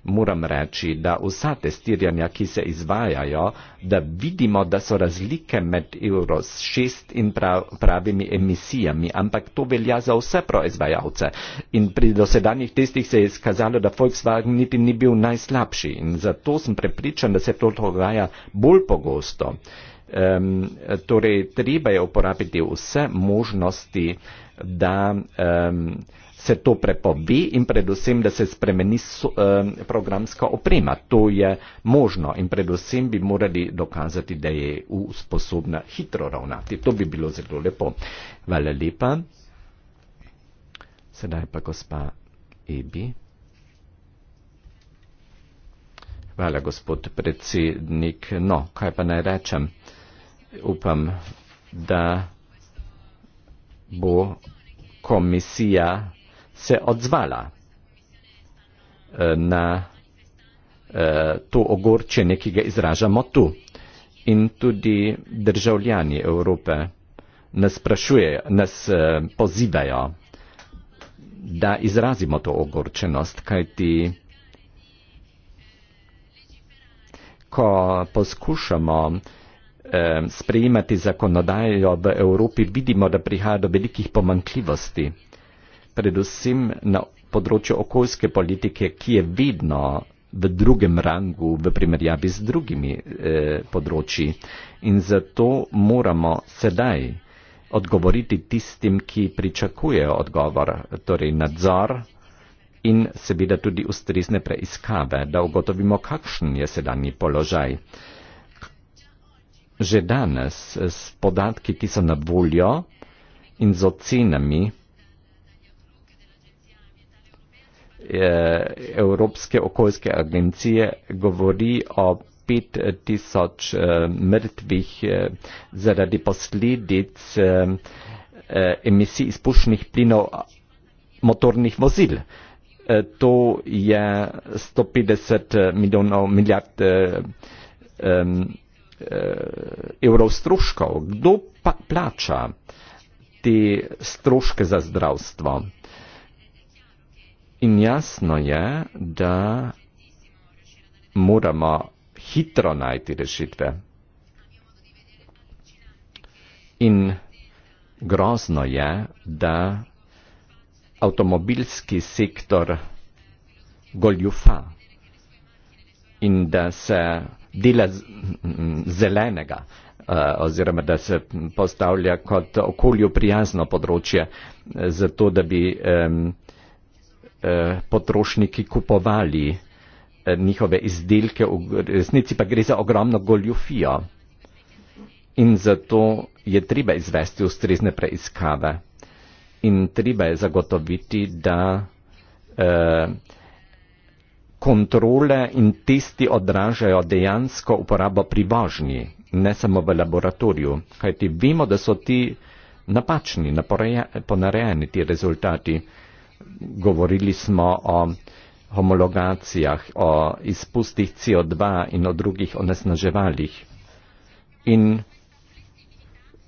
moram reči, da vsa testiranja, ki se izvajajo, da vidimo, da so razlike med Euro 6 in pravimi emisijami, ampak to velja za vse proizvaja delavce. In pri dosedanjih testih se je izkazalo, da Volkswagen niti ni bil najslabši. In zato sem prepričan, da se to dogaja bolj pogosto. Um, torej, treba je uporabiti vse možnosti, da um, se to prepovi in predvsem, da se spremeni so, um, programska oprema. To je možno in predvsem bi morali dokazati, da je usposobna hitro ravnati. To bi bilo zelo lepo. Hvala lepa. Sedaj pa gospa Ebi. Hvala, gospod predsednik. No, kaj pa naj rečem? Upam, da bo komisija se odzvala eh, na eh, to ogorčenje, ki ga izražamo tu. In tudi državljani Evrope nas, nas eh, pozivajo, da izrazimo to ogorčenost, kajti ko poskušamo eh, sprejemati zakonodajo v Evropi, vidimo, da prihaja do velikih pomankljivosti, predvsem na področju okoljske politike, ki je vedno v drugem rangu v primerjavi z drugimi eh, področji. In zato moramo sedaj odgovoriti tistim, ki pričakujejo odgovor, torej nadzor in seveda tudi ustrezne preiskave, da ugotovimo, kakšen je sedanji položaj. Že danes s podatki, ki so na voljo in z ocenami eh, Evropske okoljske agencije govori o 5 tisoč uh, eh, mrtvih uh, zaradi posledic uh, uh, emisij izpušnih plinov motornih vozil. Uh, to je 150 milijonov milijard uh, um, uh, evrov stroškov. Kdo pa plača te stroške za zdravstvo? In jasno je, da moramo hitro najti rešitve. In grozno je, da avtomobilski sektor goljufa in da se dela zelenega eh, oziroma da se postavlja kot okolju prijazno področje, eh, zato da bi eh, potrošniki kupovali njihove izdelke, v resnici pa gre za ogromno goljofijo. In zato je treba izvesti ustrezne preiskave in treba je zagotoviti, da eh, kontrole in testi odražajo dejansko uporabo pri vožnji, ne samo v laboratoriju, kajti vemo, da so ti napačni, naporeja, ponarejeni ti rezultati. Govorili smo o homologacijah, o izpustih CO2 in o drugih onesnaževalih. In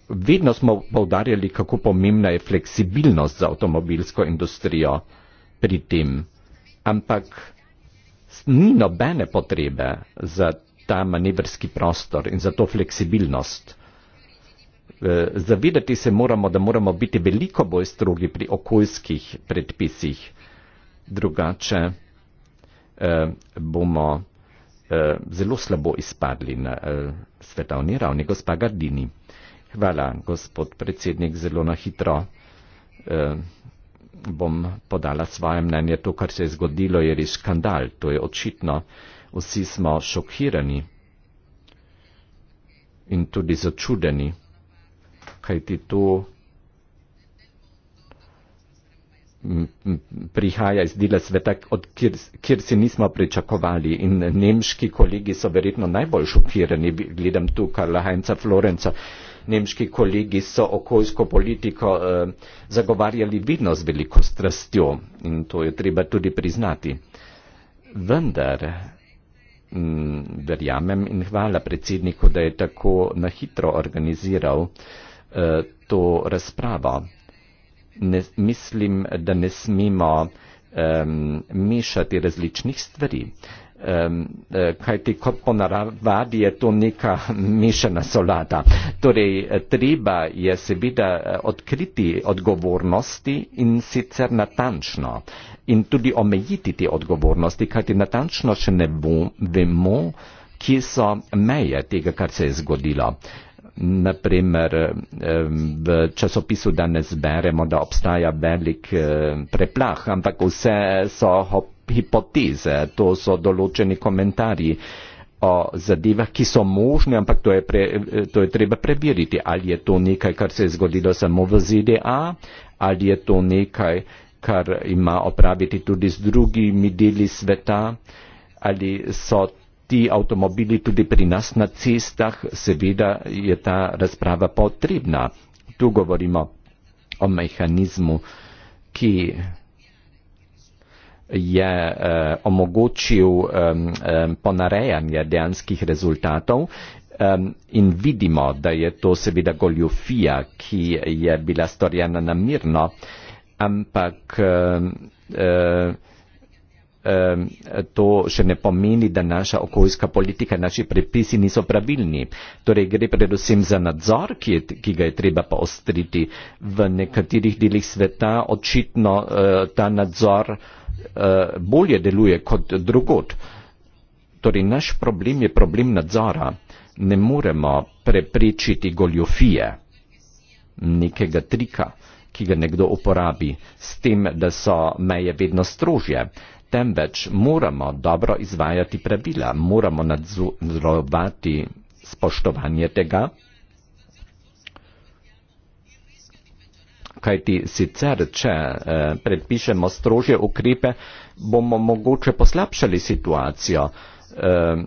vedno smo povdarjali, kako pomembna je fleksibilnost za avtomobilsko industrijo pri tem. Ampak ni nobene potrebe za ta manevrski prostor in za to fleksibilnost. E, zavedati se moramo, da moramo biti veliko bolj strogi pri okoljskih predpisih. Drugače, eh, bomo eh, zelo slabo izpadli na eh, svetovni ravni, gospa Gardini. Hvala, gospod predsednik, zelo na hitro eh, bom podala svoje mnenje. To, kar se je zgodilo, je res škandal, to je očitno. Vsi smo šokirani in tudi začudeni, kajti to prihaja iz dela sveta, od kjer, kjer si nismo pričakovali. In nemški kolegi so verjetno najbolj šokirani, gledam tu Karla Heinza Florenca, nemški kolegi so okoljsko politiko eh, zagovarjali vidno z veliko strastjo in to je treba tudi priznati. Vendar verjamem in hvala predsedniku, da je tako na hitro organiziral eh, to razpravo ne, mislim, da ne smemo um, mešati različnih stvari. Um, kajti kot po naravadi je to neka mešana solata. Torej, treba je seveda e, odkriti odgovornosti in sicer natančno in tudi omejiti te odgovornosti, kajti natančno še ne bo, vemo, kje so meje tega, kar se je zgodilo. Uh, naprimer v časopisu danes beremo, da obstaja velik preplah, ampak vse so hipoteze, to so določeni komentarji o zadevah, ki so možne, ampak to je, pre, to je treba preveriti, ali je to nekaj, kar se je zgodilo samo v ZDA, ali je to nekaj, kar ima opraviti tudi z drugimi deli sveta, ali so ti avtomobili tudi pri nas na cestah, seveda je ta razprava potrebna. Tu govorimo o mehanizmu, ki je eh, omogočil eh, ponarejanje dejanskih rezultatov eh, in vidimo, da je to seveda goljofija, ki je bila storjena namirno, ampak eh, to še ne pomeni, da naša okoljska politika, naši predpisi niso pravilni. Torej gre predvsem za nadzor, ki, je, ki ga je treba poostriti. V nekaterih delih sveta očitno uh, ta nadzor uh, bolje deluje kot drugot. Torej naš problem je problem nadzora. Ne moremo preprečiti goljofije, nekega trika, ki ga nekdo uporabi, s tem, da so meje vedno strožje temveč moramo dobro izvajati pravila, moramo nadzorovati spoštovanje tega, kajti sicer, če eh, predpišemo strožje ukrepe, bomo mogoče poslabšali situacijo, eh,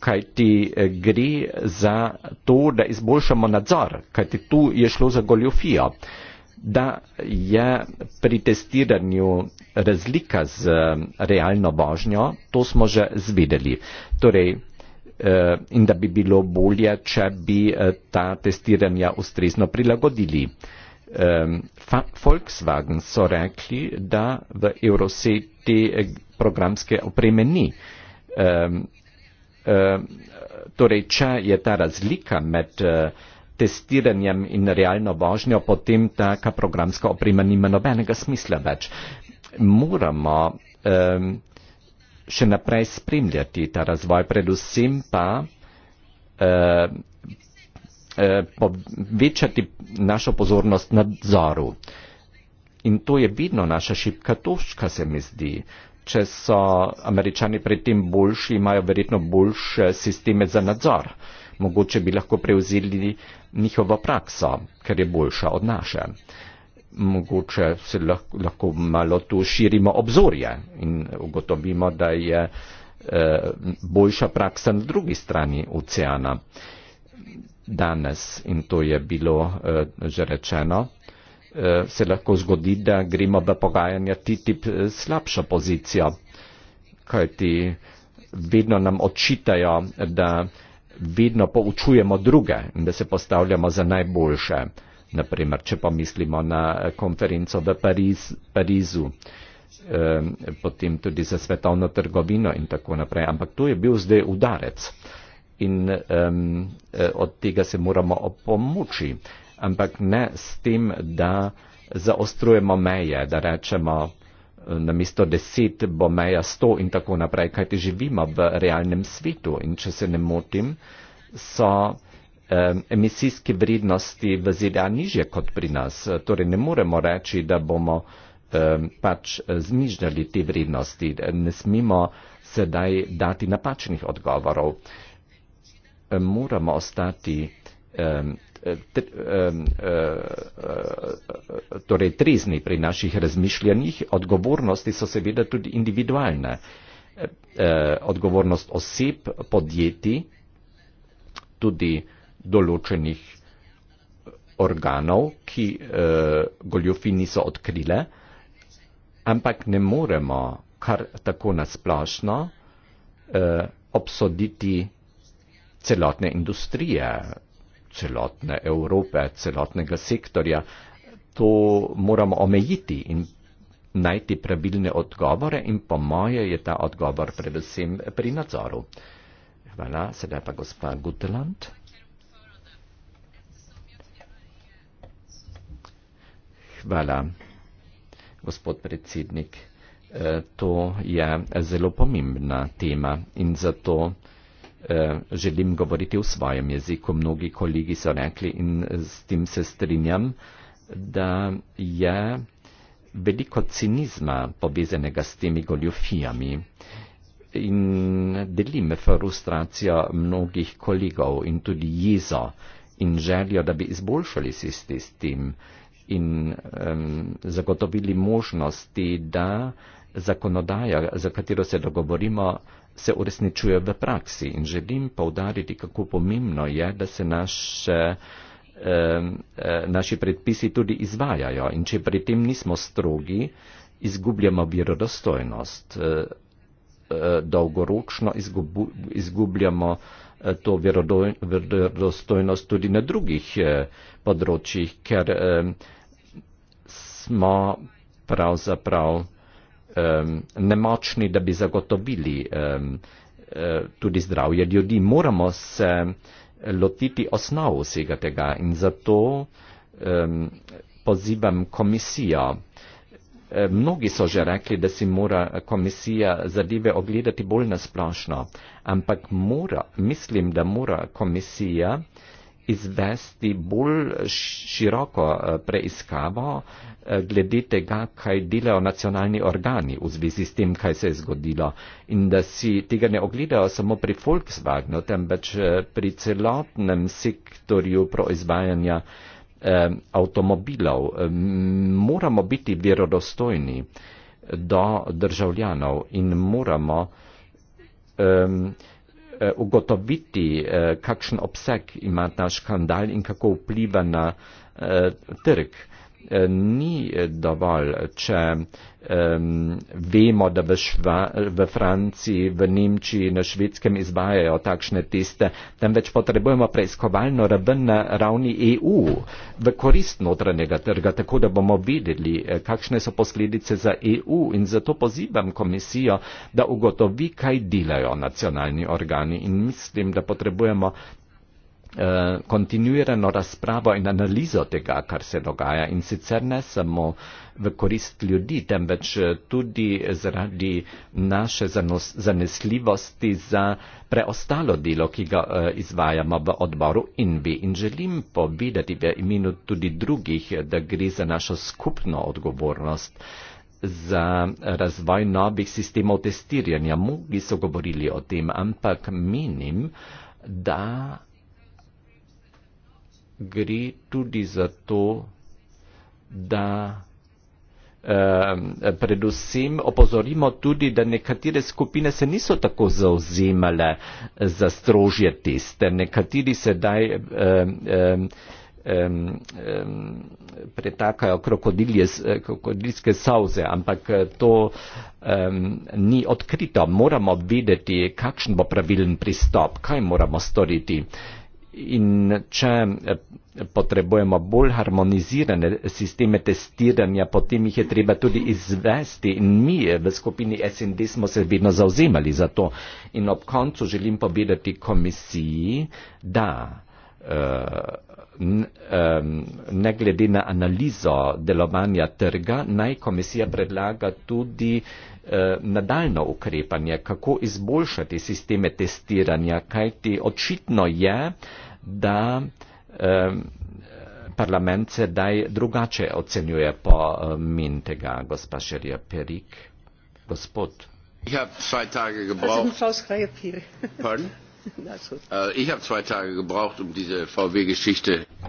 kajti eh, gre za to, da izboljšamo nadzor, kajti tu je šlo za goljofijo. Eh, da je pri testiranju razlika z eh, realno vožnjo, to smo že zvedeli. Torej, eh, in da bi bilo bolje, če bi eh, ta testiranja ustrezno prilagodili. Ehm, Volkswagen so rekli, da v Eurosej te programske opreme ni. Ehm, ehm, torej, če je ta razlika med uh, testiranjem in realno vožnjo, potem taka programska oprema nima nobenega smisla več. Moramo um, še naprej spremljati ta razvoj, predvsem pa uh, povečati našo pozornost nadzoru. In to je vidno naša šipka točka, se mi zdi. Če so američani predtem boljši, imajo verjetno boljše sisteme za nadzor. Uh, mogoče bi lahko prevzeli njihovo prakso, ker je boljša od naše. Mogoče se lahko, lahko malo tu širimo obzorje in ugotovimo, da je eh, boljša praksa na drugi strani oceana danes in to je bilo eh, že rečeno, eh, se lahko zgodi, da gremo v pogajanja TTIP slabšo pozicijo, kajti vedno nam očitajo, da vedno poučujemo druge in da se postavljamo za najboljše. Naprimer, če pa mislimo na eh, konferenco v Pariz, Parizu, eh, potem tudi za svetovno trgovino in tako naprej. Ampak to je bil zdaj udarec in eh, od tega se moramo opomoči. Ampak ne s tem, da zaostrujemo meje, da rečemo, Eh, na mesto deset bo meja sto in tako naprej, kajti živimo v realnem svetu in če se ne motim, so emisijske vrednosti v ZDA nižje kot pri nas. Eh, torej ne moremo reči, da bomo pač eh, znižali te vrednosti. Ne smemo sedaj dati napačnih odgovorov. Moramo ostati Eh, eh, eh, torej trezni pri naših razmišljanjih, odgovornosti so seveda tudi individualne. Odgovornost oseb, podjetij, tudi določenih organov, ki goljofi niso odkrile, ampak ne moremo kar tako nasplošno obsoditi celotne industrije, celotne Evrope, celotnega sektorja. To moramo omejiti in najti pravilne odgovore in po moje je ta odgovor predvsem pri nadzoru. Hvala, sedaj pa gospa Guteland. Hvala, gospod predsednik. E, to je zelo pomembna tema in zato. Eh, želim govoriti v svojem jeziku. Mnogi kolegi so rekli in s tem se strinjam, da je veliko cinizma povezanega s temi goljofijami. In delim frustracijo mnogih kolegov in tudi jezo in željo, da bi izboljšali sistem s tem in um, zagotovili možnosti, da zakonodaja, za katero se dogovorimo, se uresničuje v praksi in želim povdariti, kako pomembno je, da se naše e, naši predpisi tudi izvajajo in če pri tem nismo strogi, izgubljamo verodostojnost. E, e, dolgoročno izgubljamo to verodostojnost tudi na drugih področjih, ker smo pravzaprav eh, nemočni, da bi zagotovili eh, tudi zdravje ljudi. Moramo se lotiti osnov vsega tega in zato eh, pozivam komisijo. Eh, mnogi so že rekli, da si mora komisija zadeve ogledati bolj nasplošno, ampak mora, mislim, da mora komisija eh, izvesti bolj široko eh, preiskavo eh, glede tega, kaj delajo nacionalni organi v zvezi s tem, kaj se je zgodilo in da si tega ne ogledajo samo pri Volkswagenu, temveč eh, pri celotnem sektorju proizvajanja avtomobilov. Moramo biti verodostojni do državljanov in moramo um, Eh, ugotoviti, eh, kakšen obseg ima ta škandal in kako vpliva na eh, trg. Eh, ni eh, dovolj, če um, vemo, da v, Šva, v Franciji, v Nemčiji, na švedskem izvajajo takšne teste, temveč potrebujemo preiskovalno raven na ravni EU v korist notranjega trga, tako da bomo videli, eh, kakšne so posledice za EU in zato pozivam komisijo, da ugotovi, kaj delajo nacionalni organi in mislim, da potrebujemo eh, kontinuirano razpravo in analizo tega, kar se dogaja in sicer ne samo v korist ljudi, temveč eh, tudi zaradi naše zanos, zanesljivosti za preostalo delo, ki ga eh, izvajamo v odboru in bi. In želim povedati v imenu tudi drugih, eh, da gre za našo skupno odgovornost za razvoj novih sistemov testiranja. Mnogi so govorili o tem, ampak menim, da gre tudi za to, da eh, predvsem opozorimo tudi, da nekatere skupine se niso tako zauzemale za strožje teste. Nekateri sedaj eh, eh, eh, eh, pretakajo eh, krokodilske sauze, ampak eh, to eh, ni odkrito. Moramo vedeti, kakšen bo pravilen pristop, kaj moramo storiti. Eh, in če eh, potrebujemo bolj harmonizirane sisteme testiranja, potem jih je treba tudi izvesti in mi v skupini SND smo se vedno zauzemali za to. In ob koncu želim povedati komisiji, da uh, ne glede na analizo delovanja trga, naj komisija predlaga tudi eh, nadaljno ukrepanje, kako izboljšati sisteme testiranja, kajti očitno je, da parlament se daj drugače ocenjuje po min tega, gospa Šerija Perik. Gospod. Ich habe zwei Tage gebraucht. Frau Schreier-Pierre. Pardon? Äh, um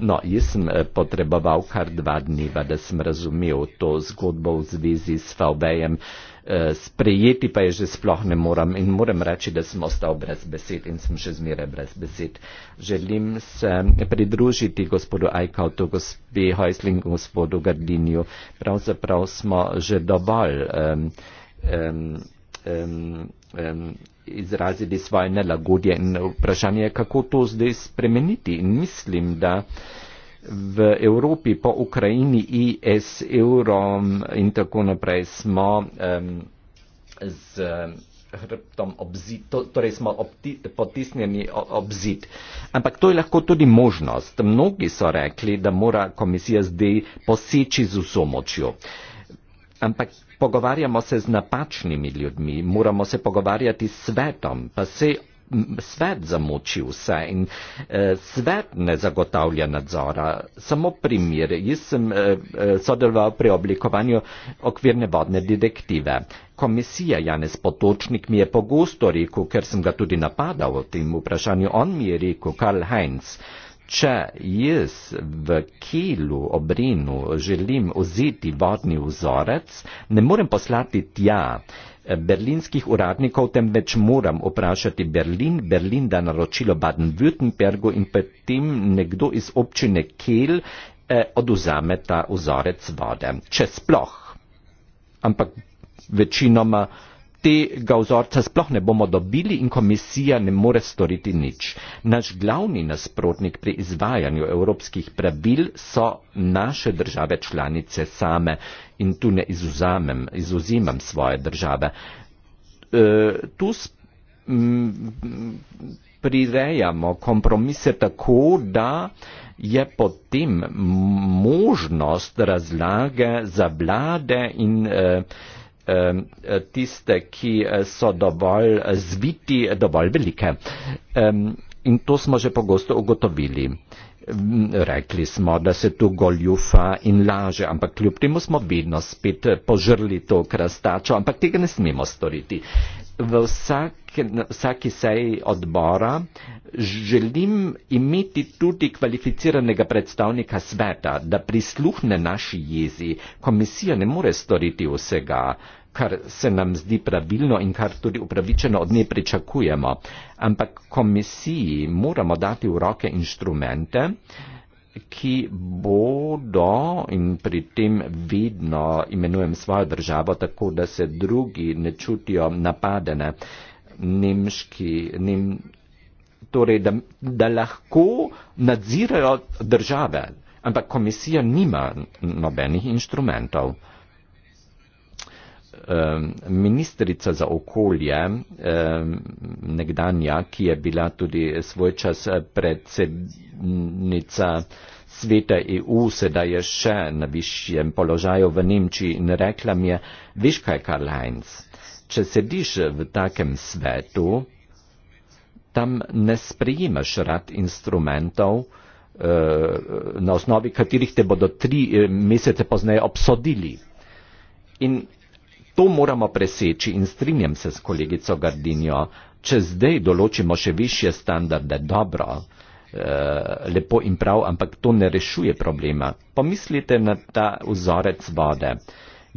no, jaz sem äh, potreboval kar dva dneva, da sem razumel to zgodbo v zvezi s VW-jem. Äh, sprejeti pa je že sploh ne moram in moram reči, da sem ostal brez besed in sem še zmeraj brez besed. Želim se eh, pridružiti gospodu Aikautu, gospi Heusling, gospodu Gardinju. Pravzaprav smo že dovolj. Um, um, um, um, izrazili svoje nelagodje in vprašanje je, kako to zdaj spremeniti. Mislim, da v Evropi po Ukrajini IS, Eurom in tako naprej smo um, z hrbtom obzid, to, torej smo obti, potisnjeni obzid. Ampak to je lahko tudi možnost. Mnogi so rekli, da mora komisija zdaj poseči z vso močjo. Uh, Ampak pogovarjamo se z napačnimi ljudmi, moramo se pogovarjati s svetom, pa se svet zamoči vse in eh, svet ne zagotavlja nadzora. Samo primer, jaz sem eh, eh, sodeloval pri oblikovanju okvirne vodne direktive. Komisija Janez Potočnik mi je pogosto rekel, ker sem ga tudi napadal v tem vprašanju, on mi je rekel, Karl Heinz, eh, Če jaz v kilu obrinu želim vzeti vodni vzorec, ne morem poslati tja eh, berlinskih uradnikov, temveč moram vprašati Berlin, Berlin da naročilo Baden-Württembergu in potem nekdo iz občine Kiel eh, oduzame ta vzorec vode. Če sploh. Ampak večinoma tega vzorca sploh ne bomo dobili in komisija ne more storiti nič. Naš glavni nasprotnik pri izvajanju evropskih pravil so naše države članice same in tu ne izuzamem, izuzimam svoje države. E, tu prirejamo kompromise tako, da je potem možnost razlage za vlade in e, tiste, ki eh, so dovolj eh, zviti, eh, dovolj velike. In to smo že pogosto ugotovili. Rekli smo, da se tu goljufa in laže, ampak kljub temu smo vedno spet požrli to krastačo, ampak tega ne smemo storiti v vsak, vsaki seji odbora želim imeti tudi kvalificiranega predstavnika sveta, da prisluhne naši jezi. Komisija ne more storiti vsega, kar se nam zdi pravilno in kar tudi upravičeno od nje pričakujemo. Ampak komisiji moramo dati v roke inštrumente, uh, ki bodo in pri tem vidno imenujem svojo državo tako, da se drugi ne čutijo napadene. Nemški, nem, torej, da, da lahko nadzirajo države, ampak komisija nima nobenih inštrumentov ministrica za okolje, nekdanja, ki je bila tudi svoj čas eh, predsednica sveta EU, sedaj je še na višjem položaju v Nemčiji in rekla mi je, veš kaj, Karl Heinz, če sediš v takem svetu, tam ne sprejimaš rad instrumentov, eh, na osnovi katerih te bodo tri eh, mesece pozneje obsodili. In To moramo preseči in strinjam se s kolegico Gardinjo, če zdaj določimo še više standarde, dobro, eh, lepo in prav, ampak to ne rešuje problema. Pomislite na ta vzorec vode.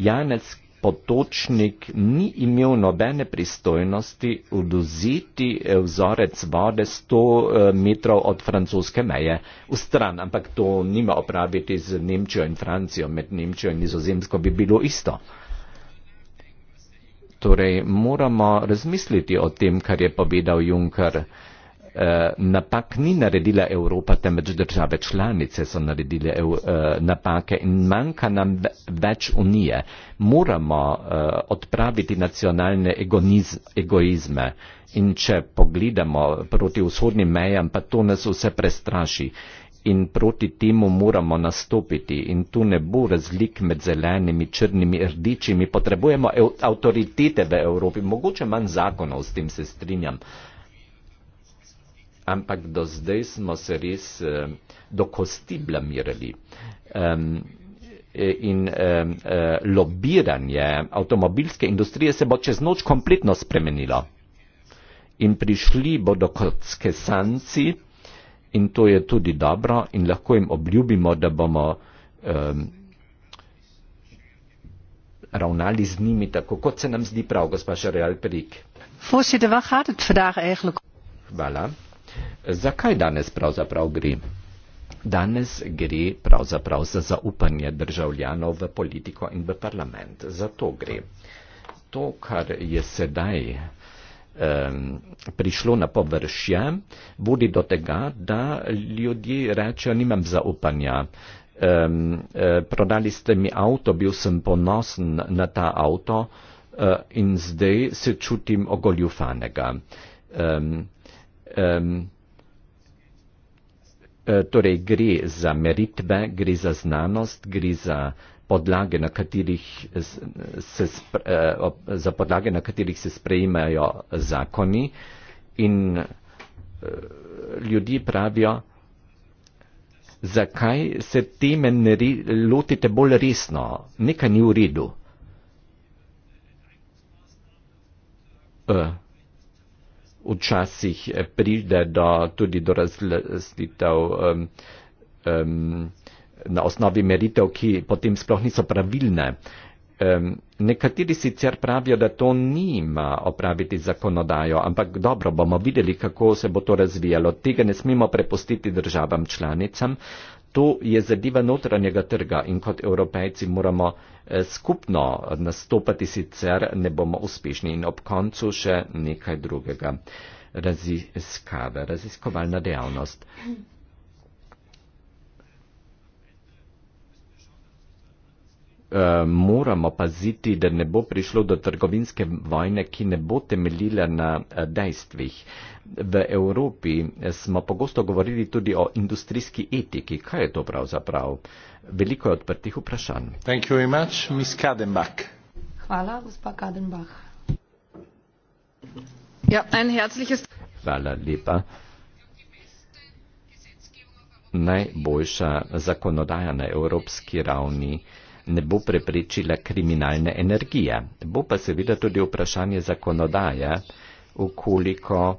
Janec Potočnik ni imel nobene pristojnosti oduziti eh, vzorec vode 100 eh, metrov od francoske meje v stran, ampak to nima opraviti z Nemčijo in Francijo, med Nemčijo in Nizozemsko bi bilo isto. Torej, moramo razmisliti o tem, kar je povedal Juncker. Eh, napak ni naredila Evropa, temveč države članice so naredile eh, napake in manjka nam več unije. Moramo eh, odpraviti nacionalne egoizme in če pogledamo proti vzhodnim mejam, pa to nas vse prestraši in proti temu moramo nastopiti in tu ne bo razlik med zelenimi, črnimi, rdečimi. Potrebujemo avtoritete v Evropi, mogoče manj zakonov, s tem se strinjam. Ampak do zdaj smo se res eh, do kosti blamirali. Um, in um, lobiranje avtomobilske industrije se bo čez noč kompletno spremenilo. In prišli bodo kot skesanci, in to je tudi dobro in lahko jim obljubimo, da bomo um, ravnali z njimi tako, kot se nam zdi prav, gospa Šarjal Perik. Hvala. Zakaj danes pravzaprav gre? Danes gre pravzaprav za zaupanje državljanov v politiko in v parlament. Za to gre. To, kar je sedaj Ehm, prišlo na površje, vodi do tega, da ljudje rečejo, nimam zaupanja. Ehm, e, prodali ste mi avto, bil sem ponosen na ta avto e, in zdaj se čutim ogoljufanega. Ehm, e, torej gre za meritve, gre za znanost, gre za podlage, na katerih se, spre, eh, za podlage, na katerih se sprejmejo zakoni in eh, ljudi pravijo, zakaj se teme ne lotite bolj resno, nekaj ni v redu. Eh, včasih pride do, tudi do razlastitev um, um, na osnovi meritev, ki potem sploh niso pravilne. Nekateri sicer pravijo, da to nima opraviti zakonodajo, ampak dobro bomo videli, kako se bo to razvijalo. Tega ne smemo prepustiti državam članicam. To je zadeva notranjega trga in kot evropejci moramo eh, skupno nastopati, sicer ne bomo uspešni. In ob koncu še nekaj drugega. Raziskave, raziskovalna dejavnost. Eh, moramo paziti, da ne bo prišlo do trgovinske vojne, ki ne bo temeljila na eh, dejstvih. V Evropi eh, smo pogosto govorili tudi o industrijski etiki. Kaj je to pravzaprav? Veliko je odprtih vprašanj. Much, Hvala, gospa Kadenbach. Ja, en herzliches. Hvala lepa. Najboljša zakonodaja na evropski ravni ne bo preprečila kriminalne energije. Bo pa seveda tudi vprašanje zakonodaje, ukoliko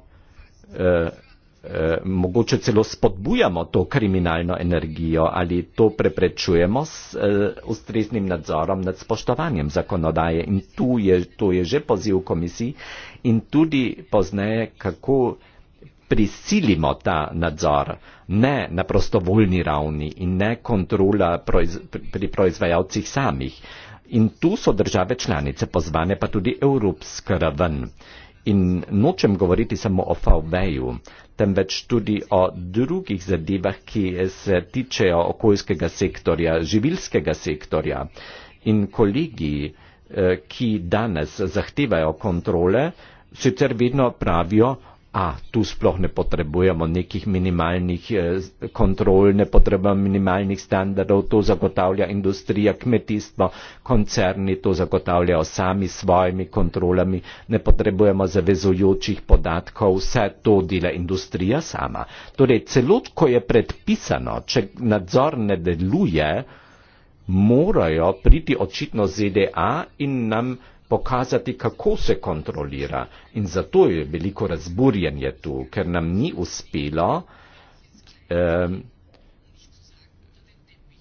eh, eh, mogoče celo spodbujamo to kriminalno energijo ali to preprečujemo s eh, ustreznim nadzorom nad spoštovanjem zakonodaje. In tu je, tu je že poziv komisiji in tudi pozneje, kako prisilimo ta nadzor, ne na prostovoljni ravni in ne kontrola proiz pri proizvajalcih samih. In tu so države članice pozvane, pa tudi evropska raven. In nočem govoriti samo o FAV-ju, temveč tudi o drugih zadevah, ki se tičejo okoljskega sektorja, živilskega sektorja. In kolegi, eh, ki danes zahtevajo kontrole, sicer vedno pravijo, a tu sploh ne potrebujemo nekih minimalnih eh, kontrol, ne potrebujemo minimalnih standardov, to zagotavlja industrija, kmetijstvo, koncerni to zagotavljajo sami s svojimi kontrolami, ne potrebujemo zavezujočih podatkov, vse to dela industrija sama. Torej, celot, ko je predpisano, če nadzor ne deluje, morajo priti očitno ZDA in nam pokazati, kako se kontrolira. In zato je veliko razburjenje tu, ker nam ni uspelo eh,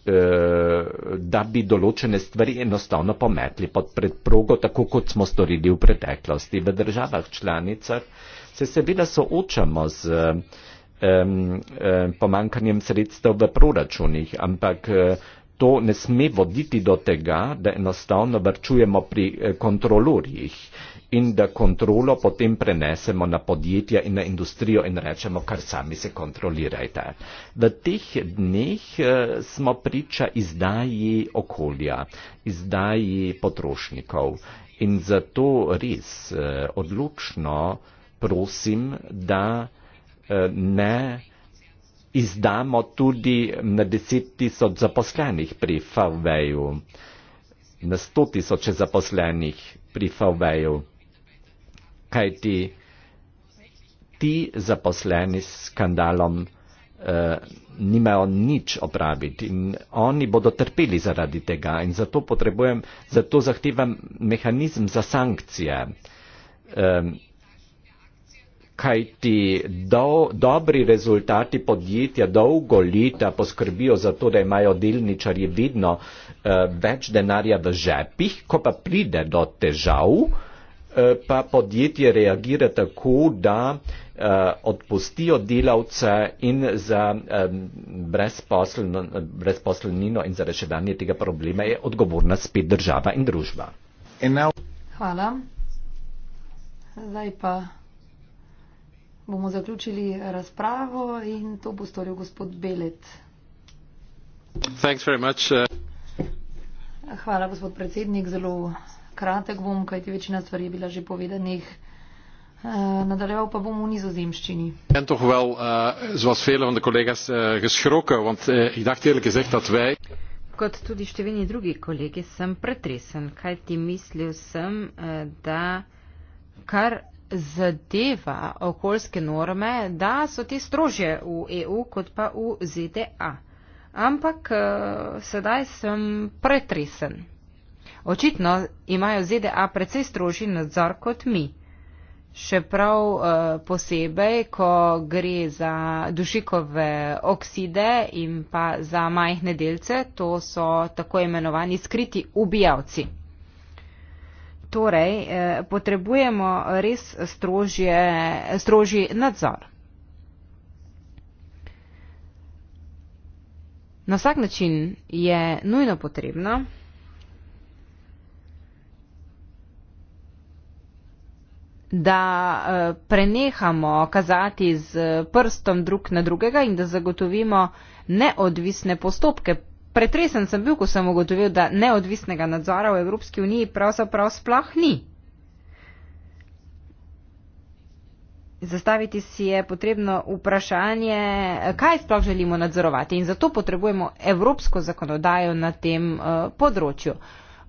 eh, da bi določene stvari enostavno pometli pod predprogo, tako kot smo storili v preteklosti v državah članicah. Se seveda soočamo z eh, eh, pomankanjem sredstev v proračunih, ampak eh, to ne sme voditi do tega, da enostavno vrčujemo pri eh, kontrolorjih in da kontrolo potem prenesemo na podjetja in na industrijo in rečemo, kar sami se kontrolirajte. V teh dneh eh, smo priča izdaji okolja, izdaji potrošnikov in zato res eh, odločno prosim, da ne izdamo tudi na deset tisoč zaposlenih pri Huawei-u, na sto tisoč zaposlenih pri Huawei-u, kajti ti zaposleni s skandalom eh, nimajo nič opraviti in oni bodo trpeli zaradi tega in zato potrebujem, zato zahtevam mehanizem za sankcije. Eh, kaj ti do, dobri rezultati podjetja dolgo leta poskrbijo za to, da imajo delničarje vedno eh, več denarja v žepih, ko pa pride do težav, eh, pa podjetje reagira tako, da eh, odpustijo delavce in za eh, brezposlno, brezposlnino in za reševanje tega problema je odgovorna spet država in družba. Hvala. Zdaj pa bomo zaključili razpravo in to bo storil gospod Belet. Much, uh... Hvala, gospod predsednik, zelo kratek bom, kajti večina stvari je bila že povedanih. Uh, nadaljeval pa bom v nizozemščini. Uh, uh, Kot tudi številni drugi kolegi sem pretresen, kajti mislil sem, da kar zadeva okoljske norme, da so te strožje v EU kot pa v ZDA. Ampak eh, sedaj sem pretresen. Očitno imajo ZDA precej strožji nadzor kot mi. Še prav eh, posebej, ko gre za dušikove okside in pa za majhne delce, to so tako imenovani skriti ubijavci. Torej, eh, potrebujemo res strožje, strožji nadzor. Na vsak način je nujno potrebno, da eh, prenehamo kazati z prstom drug na drugega in da zagotovimo neodvisne postopke pretresen sem bil, ko sem ugotovil, da neodvisnega nadzora v Evropski uniji pravzaprav sploh ni. Zastaviti si je potrebno vprašanje, kaj sploh želimo nadzorovati in zato potrebujemo evropsko zakonodajo na tem eh, področju.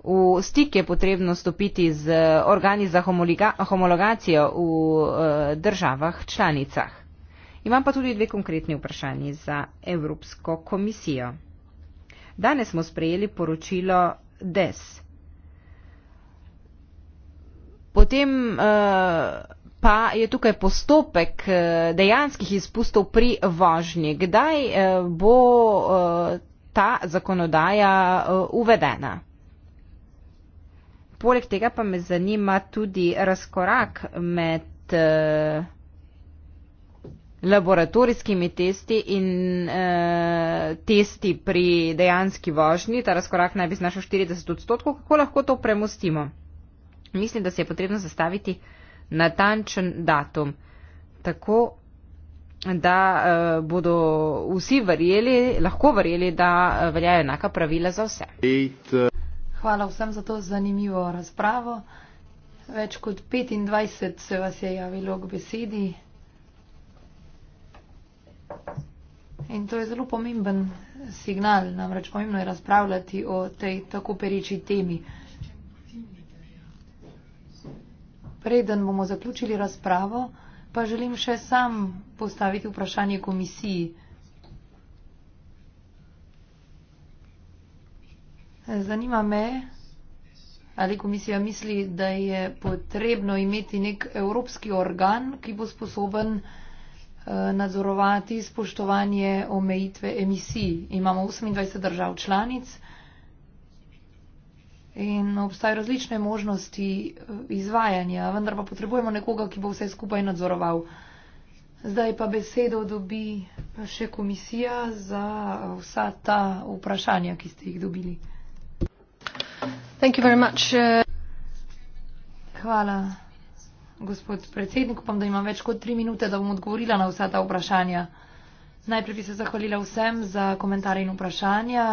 V stik je potrebno stopiti z organi za homologacijo v eh, državah članicah. Imam pa tudi dve konkretni vprašanji za Evropsko komisijo. Danes smo sprejeli poročilo DES. Potem uh, pa je tukaj postopek uh, dejanskih izpustov pri vožnji. Kdaj uh, bo uh, ta zakonodaja uh, uvedena? Poleg tega pa me zanima tudi razkorak med. Uh, laboratorijskimi testi in e, testi pri dejanski vožnji. Ta razkorak naj bi znašel 40 odstotkov. Kako lahko to premustimo? Mislim, da se je potrebno zastaviti natančen datum. Tako da e, bodo vsi verjeli, lahko verjeli, da eh, veljajo enaka pravila za vse. Hvala vsem za to zanimivo razpravo. Več kot 25 se vas je javilo k besedi. In to je zelo pomemben signal, namreč pomembno je razpravljati o tej tako pereči temi. Preden bomo zaključili razpravo, pa želim še sam postaviti vprašanje komisiji. Zanima me, ali komisija misli, da je potrebno imeti nek evropski organ, ki bo sposoben Eh, nadzorovati spoštovanje omejitve emisij. Imamo 28 držav članic in obstajajo različne možnosti eh, izvajanja, vendar pa potrebujemo nekoga, ki bo vse skupaj nadzoroval. Zdaj pa besedo dobi še komisija za eh, vsa ta vprašanja, ki ste jih dobili. Hvala gospod predsednik, upam, da imam več kot tri minute, da bom odgovorila na vsa ta vprašanja. Najprej bi se zahvalila vsem za komentarje in vprašanja.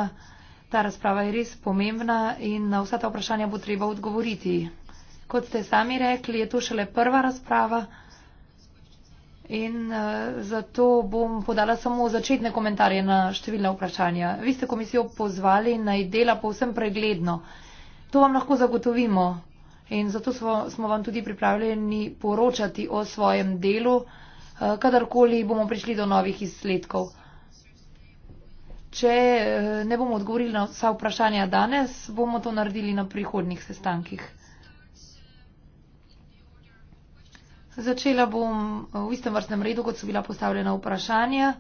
Ta razprava je res pomembna in na vsa ta vprašanja bo treba odgovoriti. Kot ste sami rekli, je to šele prva razprava in uh, zato bom podala samo začetne komentarje na številna vprašanja. Vi ste komisijo pozvali naj dela povsem pregledno. To vam lahko zagotovimo, in zato smo, smo vam tudi pripravljeni poročati o svojem delu, eh, kadarkoli bomo prišli do novih izsledkov. Če eh, ne bomo odgovorili na vsa vprašanja danes, bomo to naredili na prihodnih sestankih. Začela bom eh, v istem vrstnem redu, kot so bila postavljena vprašanja.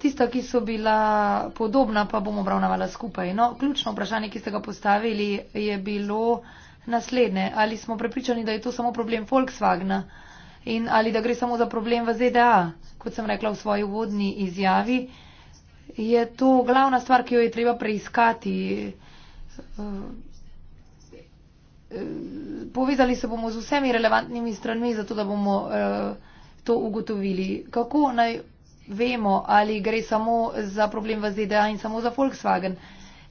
Tista, ki so bila podobna, pa bomo obravnavala skupaj. No, ključno vprašanje, ki ste ga postavili, je bilo, naslednje. Ali smo prepričani, da je to samo problem Volkswagna in ali da gre samo za problem v ZDA, kot sem rekla v svoji vodni izjavi, je to glavna stvar, ki jo je treba preiskati. Povezali se bomo z vsemi relevantnimi stranmi, zato da bomo eh, to ugotovili. Kako naj vemo, ali gre samo za problem v ZDA in samo za Volkswagen?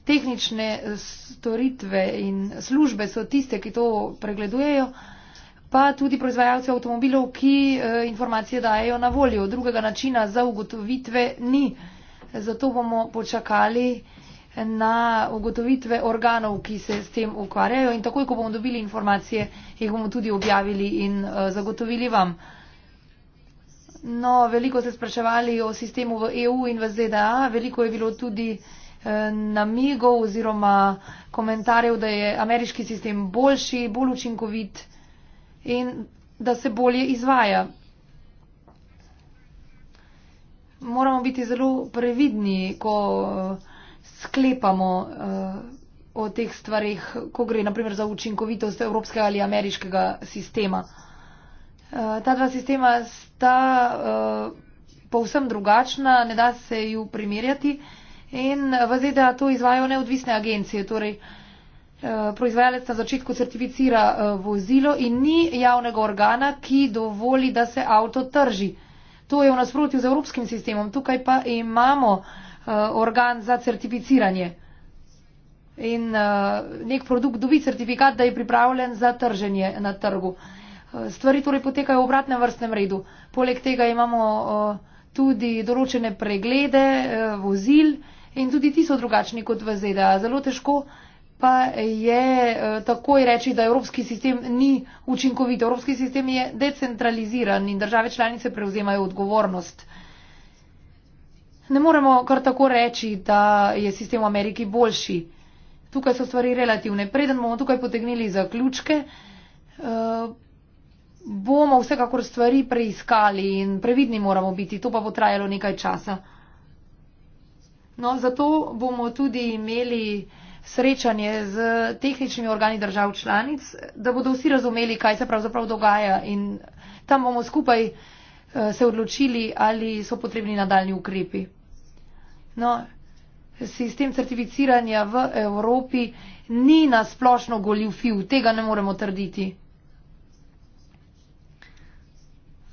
tehnične eh, storitve in službe so tiste, ki to pregledujejo, pa tudi proizvajalci avtomobilov, ki eh, informacije dajo na voljo. Drugega načina za ugotovitve ni. Zato bomo počakali na ugotovitve organov, ki se s tem ukvarjajo in takoj, ko bomo dobili informacije, jih bomo tudi objavili in eh, zagotovili vam. No, veliko ste spraševali o sistemu v EU in v ZDA, veliko je bilo tudi Eh, namigov oziroma komentarjev, da je ameriški sistem boljši, bolj učinkovit in da se bolje izvaja. Moramo biti zelo previdni, ko eh, sklepamo uh, o teh stvarih, ko gre naprimer za učinkovitost evropskega ali ameriškega sistema. Ta dva sistema sta uh, povsem drugačna, ne da se ju primerjati, uh, In v ZDA to izvajo neodvisne agencije, torej eh, proizvajalec na začetku certificira eh, vozilo in ni javnega organa, ki dovoli, da se avto trži. To je v nasprotju z evropskim sistemom, tukaj pa imamo eh, organ za certificiranje. In nek produkt dobi certifikat, da je pripravljen za trženje na trgu. Stvari torej potekajo v obratnem vrstnem redu. Poleg tega imamo tudi določene preglede vozil, in tudi ti so drugačni kot v ZDA. Zelo težko pa je eh, takoj reči, da evropski sistem ni učinkovit. Evropski sistem je decentraliziran in države članice prevzemajo odgovornost. Ne moremo kar tako reči, da je sistem v Ameriki boljši. Tukaj so stvari relativne. Preden bomo tukaj potegnili zaključke, eh, bomo vsekakor stvari preiskali in previdni moramo biti. To pa bo trajalo nekaj časa. No, zato bomo tudi imeli srečanje z tehničnimi organi držav članic, da bodo vsi razumeli, kaj se pravzaprav dogaja in tam bomo skupaj eh, se odločili, ali so potrebni nadaljni ukrepi. No, sistem certificiranja v Evropi ni na splošno goljufil, tega ne moremo trditi.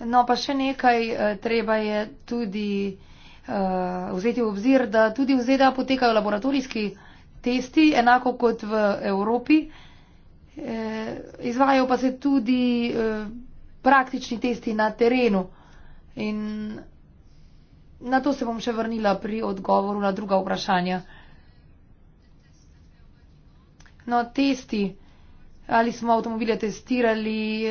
No, pa še nekaj eh, treba je tudi. Eh, vzeti v obzir, da tudi v ZDA potekajo laboratorijski testi, enako kot v Evropi. Eh, izvajajo pa se tudi eh, praktični testi na terenu. In na to se bom še vrnila pri odgovoru na druga vprašanja. No, testi, ali smo avtomobile testirali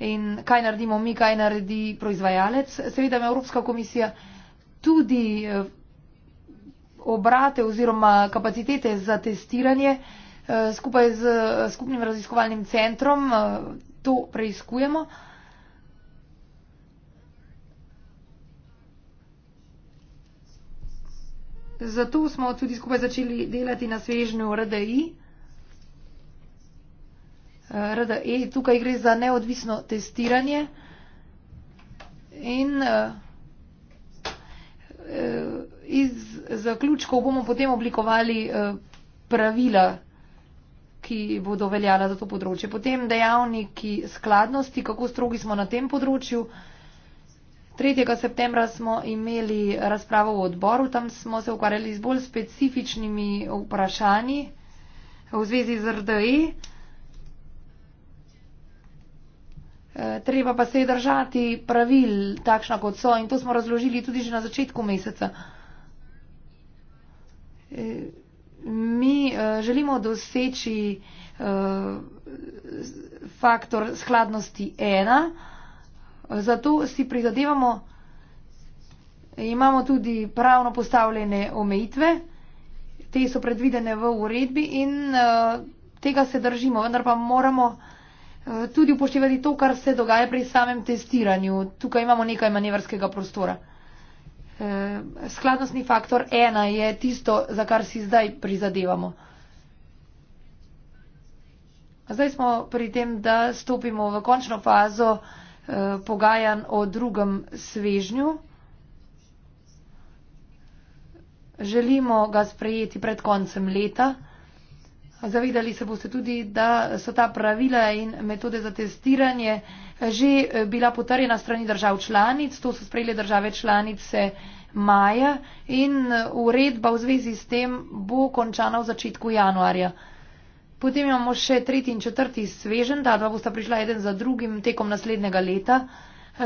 in kaj naredimo mi, kaj naredi proizvajalec. Seveda me Evropska komisija tudi eh, obrate oziroma kapacitete za testiranje. Eh, skupaj z eh, skupnim raziskovalnim centrom to preizkujemo. Zato smo tudi skupaj začeli delati na svežnju RDI. RDE, tukaj gre za neodvisno testiranje. In uh, Eh, iz zaključkov bomo potem oblikovali eh, pravila, ki bodo veljala za to področje. Potem dejavniki skladnosti, kako strogi smo na tem področju. 3. septembra smo imeli razpravo v odboru, tam smo se ukvarjali z bolj specifičnimi vprašanji v zvezi z RDE. Eh, treba pa se je držati pravil, takšna kot so, in to smo razložili tudi že na začetku meseca. Eh, mi eh, želimo doseči faktor skladnosti ena, zato si prizadevamo, imamo tudi pravno postavljene omejitve, te so predvidene v uredbi in tega se držimo, vendar pa moramo Eh, tudi upoštevati to, kar se dogaja pri samem testiranju. Tukaj imamo nekaj manevrskega prostora. Eh, skladnostni faktor ena je tisto, za kar si zdaj prizadevamo. Zdaj smo pri tem, da stopimo v končno fazo eh, pogajanj o drugem svežnju. Želimo ga sprejeti pred koncem leta. Zavedali se boste tudi, da so ta pravila in metode za testiranje eh, že eh, bila potrjena strani držav članic, to so sprejeli države članice maja in eh, uredba v zvezi s tem bo končana v začetku januarja. Potem imamo še tretji in četrti svežen, ta dva bosta prišla eden za drugim tekom naslednjega leta.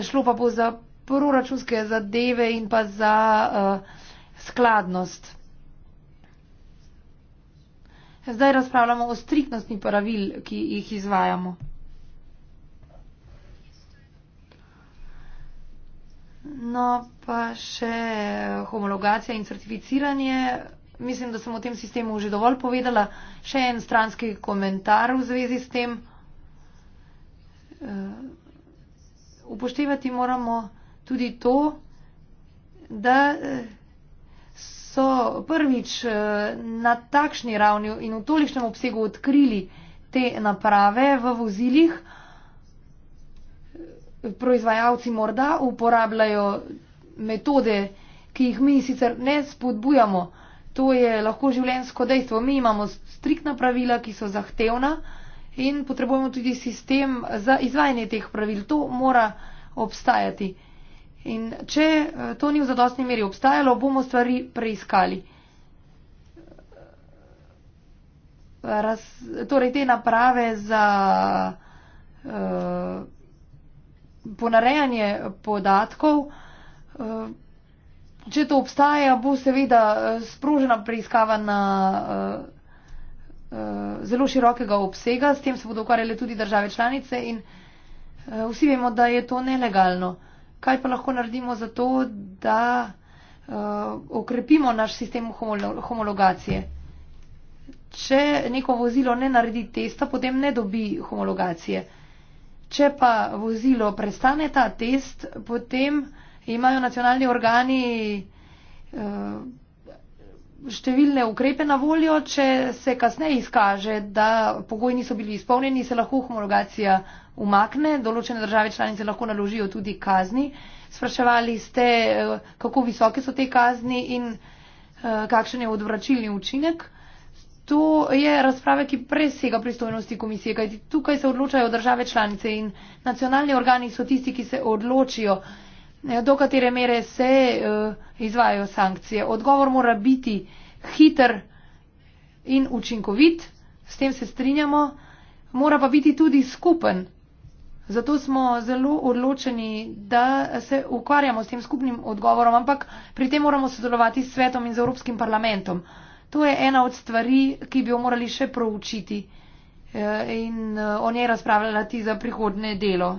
Šlo pa bo za proračunske zadeve in pa za uh, skladnost. Zdaj razpravljamo o striktnosti pravil, ki jih izvajamo. No, pa še homologacija in certificiranje. Mislim, da sem o tem sistemu že dovolj povedala. Še en stranski komentar v zvezi s tem. Upoštevati moramo tudi to, da so prvič eh, na takšni ravni in v tolikšnem obsegu odkrili te naprave v vozilih. Proizvajalci morda uporabljajo metode, ki jih mi sicer ne spodbujamo. To je lahko življensko dejstvo. Mi imamo striktna pravila, ki so zahtevna in potrebujemo tudi sistem za izvajanje teh pravil. To mora obstajati. In če eh, to ni v zadostni meri obstajalo, bomo stvari preiskali. Raz, torej te naprave za uh, ponarejanje podatkov, uh, če to obstaja, bo seveda sprožena preiskava na uh, uh, zelo širokega obsega, s tem se bodo ukvarjale tudi države članice in uh, vsi vemo, da je to nelegalno. Uh, kaj pa lahko naredimo za to, da uh, okrepimo naš sistem homologacije. Če neko vozilo ne naredi testa, potem ne dobi homologacije. Če pa vozilo prestane ta test, potem imajo nacionalni organi eh, številne ukrepe na voljo. Če se kasneje izkaže, da pogoji niso bili izpolnjeni, se lahko homologacija umakne. Določene države članice lahko naložijo tudi kazni. Spraševali ste, eh, kako visoke so te kazni in eh, kakšen je odvračilni učinek. To je razprave, ki presega pristojnosti komisije, kajti tukaj se odločajo države članice in nacionalni organi so tisti, ki se odločijo, eh, do katere mere se izvajo sankcije. Odgovor mora biti hiter in učinkovit, s tem se strinjamo, mora pa biti tudi skupen. Zato smo zelo odločeni, da se ukvarjamo s tem skupnim odgovorom, ampak pri tem moramo sodelovati s svetom in z Evropskim parlamentom. To je ena od stvari, ki bi jo morali še proučiti eh, in eh, o njej razpravljati za prihodne delo.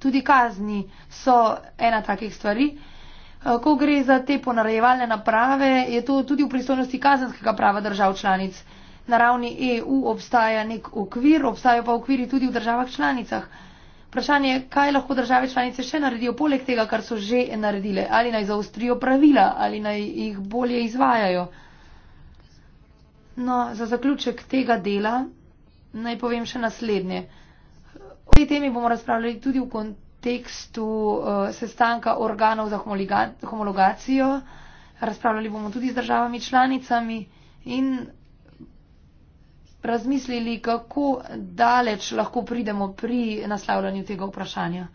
Tudi kazni so ena takih stvari. Eh, ko gre za te ponarejevalne naprave, je to tudi v pristojnosti kazenskega prava držav članic na ravni EU obstaja nek okvir, obstajajo pa okviri tudi v državah članicah. Vprašanje je, kaj lahko države članice še naredijo poleg tega, kar so že naredile, ali naj zaostrijo pravila, ali naj jih bolje izvajajo. No, za zaključek tega dela naj povem še naslednje. O tej temi bomo razpravljali tudi v kontekstu uh, sestanka organov za homologacijo. Razpravljali bomo tudi z državami članicami in razmislili, kako daleč lahko pridemo pri naslavljanju tega vprašanja.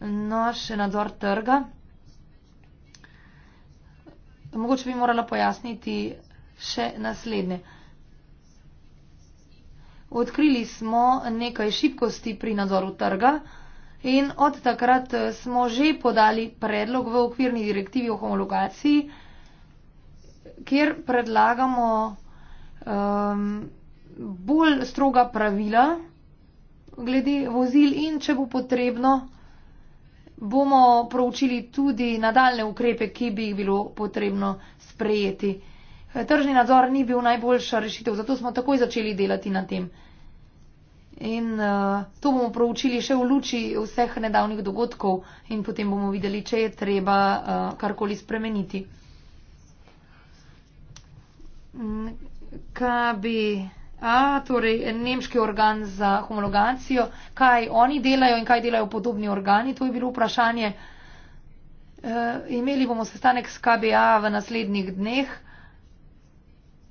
No, še nadzor trga. Mogoče bi morala pojasniti še naslednje. Odkrili smo nekaj šibkosti pri nadzoru trga. In od takrat eh, smo že podali predlog v okvirni direktivi o homologaciji, kjer predlagamo um, bolj stroga pravila glede vozil in če bo potrebno, bomo proučili tudi nadaljne ukrepe, ki bi jih bilo potrebno sprejeti. Eh, tržni nadzor ni bil najboljša rešitev, zato smo takoj začeli delati na tem. In uh, to bomo proučili še v luči vseh nedavnih dogodkov in potem bomo videli, če je treba uh, karkoli spremeniti. Mm, KBA, ka torej nemški organ za homologacijo, kaj oni delajo in kaj delajo podobni organi, to je bilo vprašanje. Uh, imeli bomo sestanek s KBA v naslednjih dneh.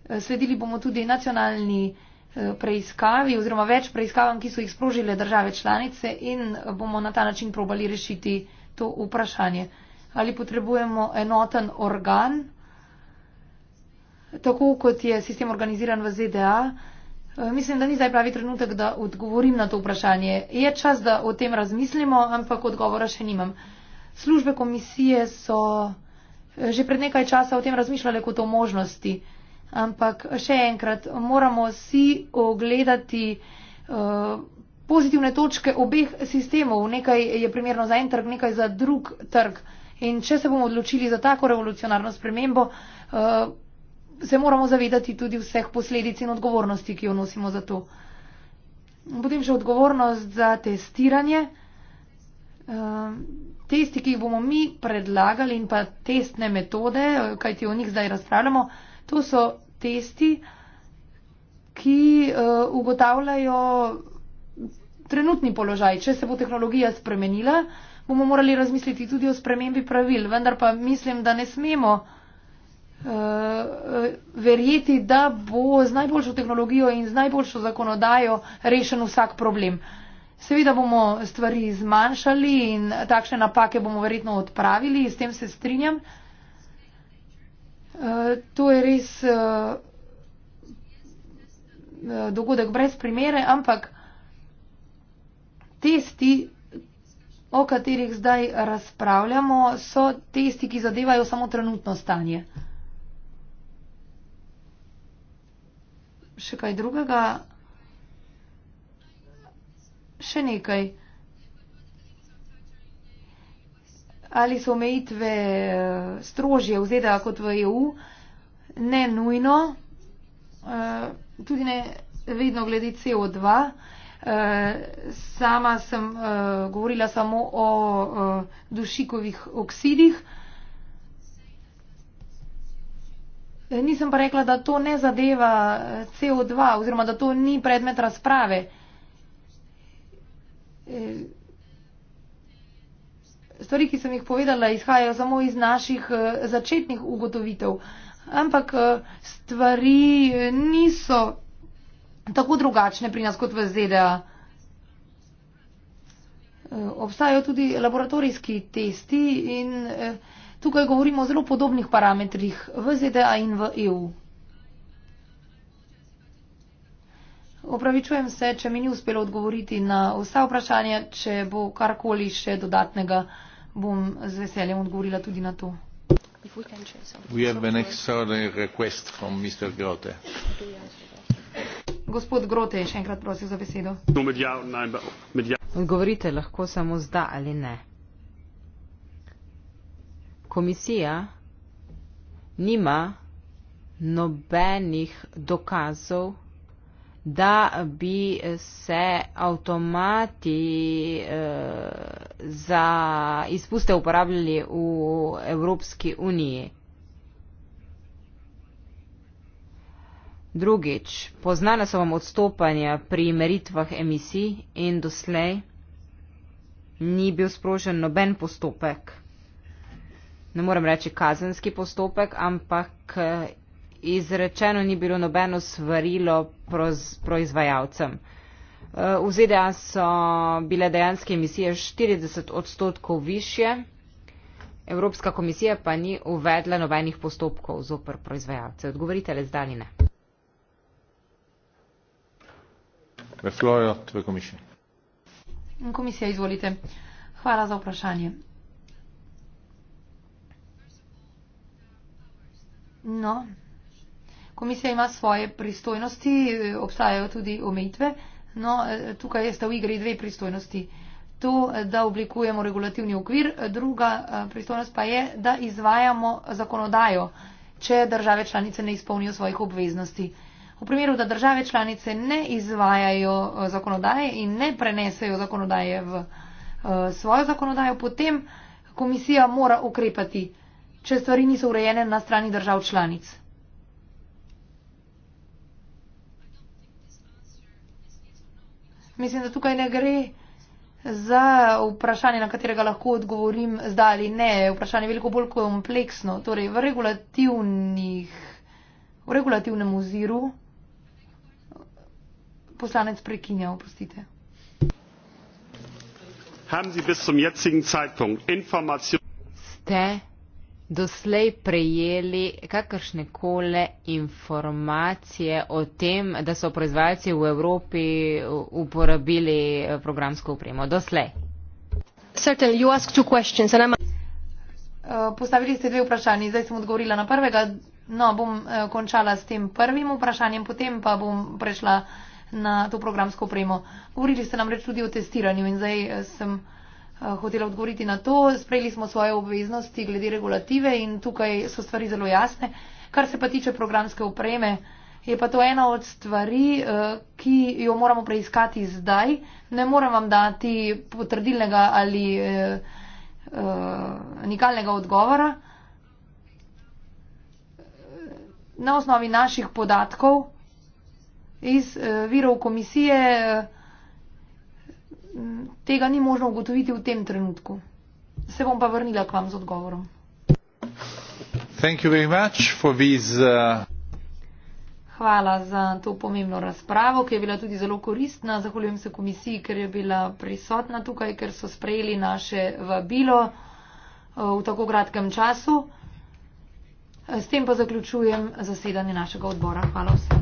Uh, sledili bomo tudi nacionalni. Eh, preiskavi oziroma več preiskavam, ki so jih sprožile države članice in bomo na ta način probali rešiti to vprašanje. Ali potrebujemo enoten organ, tako kot je sistem organiziran v ZDA? Eh, mislim, da ni zdaj pravi trenutek, da odgovorim na to vprašanje. Je čas, da o tem razmislimo, ampak odgovora še nimam. Službe komisije so eh, že pred nekaj časa o tem razmišljale kot o možnosti ampak še enkrat, moramo si ogledati uh, pozitivne točke obeh sistemov. Nekaj je primerno za en trg, nekaj za drug trg. In če se bomo odločili za tako revolucionarno spremembo, uh, se moramo zavedati tudi vseh posledic in odgovornosti, ki jo nosimo za to. Potem še odgovornost za testiranje. Uh, testi, ki jih bomo mi predlagali in pa testne metode, kajti o njih zdaj razpravljamo, uh, To so testi, ki uh, ugotavljajo trenutni položaj. Če se bo tehnologija spremenila, bomo morali razmisliti tudi o spremembi pravil. Vendar pa mislim, da ne smemo uh, verjeti, da bo z najboljšo tehnologijo in z najboljšo zakonodajo rešen vsak problem. Seveda bomo stvari zmanjšali in takšne napake bomo verjetno odpravili, s tem se strinjam. Eh, to je res uh, dogodek brez primere, ampak testi, o katerih zdaj razpravljamo, so testi, ki zadevajo samo trenutno stanje. Še kaj drugega? Še nekaj. ali so omejitve eh, strožje v ZDA kot v EU, ne nujno, eh, tudi ne vedno glede CO2. Eh, sama sem govorila samo o dušikovih oksidih. Nisem pa rekla, da to ne zadeva CO2 oziroma da to ni predmet razprave stvari, ki sem jih povedala, izhajajo samo iz naših eh, začetnih ugotovitev. Ampak eh, stvari eh, niso tako drugačne pri nas kot v ZDA. Obstajajo tudi laboratorijski testi in tukaj govorimo o zelo podobnih parametrih v ZDA in v EU. Opravičujem se, če mi ni uspelo odgovoriti na vsa vprašanja, če bo karkoli še dodatnega bom z veseljem odgovorila tudi na to. gospod grote je še enkrat prosil za besedo. odgovorite lahko samo zda ali ne. komisija nima nobenih dokazov, da bi se avtomati eh, za izpuste uporabljali v Evropski uniji. Drugič, poznane so vam odstopanja pri meritvah emisij in doslej ni bil sprožen noben postopek. Ne morem reči kazenski postopek, ampak izrečeno ni bilo nobeno svarilo proizvajalcem. Eh, v ZDA so bile dejanske emisije 40 odstotkov više, Evropska komisija pa ni uvedla nobenih postopkov zoper proizvajalce. Odgovorite le zdaj ali ne. Komisija, izvolite. Hvala za vprašanje. No, Komisija ima svoje pristojnosti, obstajajo tudi omejitve. No, eh, tukaj sta v igri dve pristojnosti. To, eh, da oblikujemo regulativni okvir, druga eh, pristojnost pa je, da izvajamo zakonodajo, če države članice ne izpolnijo svojih obveznosti. V primeru, da države članice ne izvajajo zakonodaje in ne prenesejo zakonodaje v svojo zakonodajo, potem komisija mora ukrepati, če stvari niso urejene na strani držav članic. Mislim, da tukaj ne gre za vprašanje, na katerega lahko odgovorim zdaj ali ne. Vprašanje je veliko bolj kompleksno. Torej, v, v regulativnem oziru poslanec prekinja, oprostite. Ste doslej prejeli kakršne kole informacije o tem, da so proizvajalci v Evropi uh, uporabili uh, programsko upremo? Doslej. Uh, postavili ste dve vprašanji, zdaj sem odgovorila na prvega. No, bom končala s tem prvim vprašanjem, potem pa bom prešla na to programsko upremo. Govorili ste namreč tudi o testiranju in zdaj sem. Eh, hotela odgovoriti na to. Sprejeli smo svoje obveznosti glede regulative in tukaj so stvari zelo jasne. Kar se pa tiče programske opreme, je pa to ena od stvari, eh, ki jo moramo preiskati zdaj. Ne morem vam dati potrdilnega ali eh, nikalnega odgovora. Na osnovi naših podatkov iz virov komisije tega ni možno ugotoviti v tem trenutku. Se bom pa vrnila k vam z odgovorom. Uh, Hvala za to pomembno razpravo, ki je bila tudi zelo koristna. Zahvaljujem se komisiji, ker je bila prisotna tukaj, ker so sprejeli naše vabilo uh, v tako kratkem času. S tem pa zaključujem zasedanje našega odbora. Hvala vsem.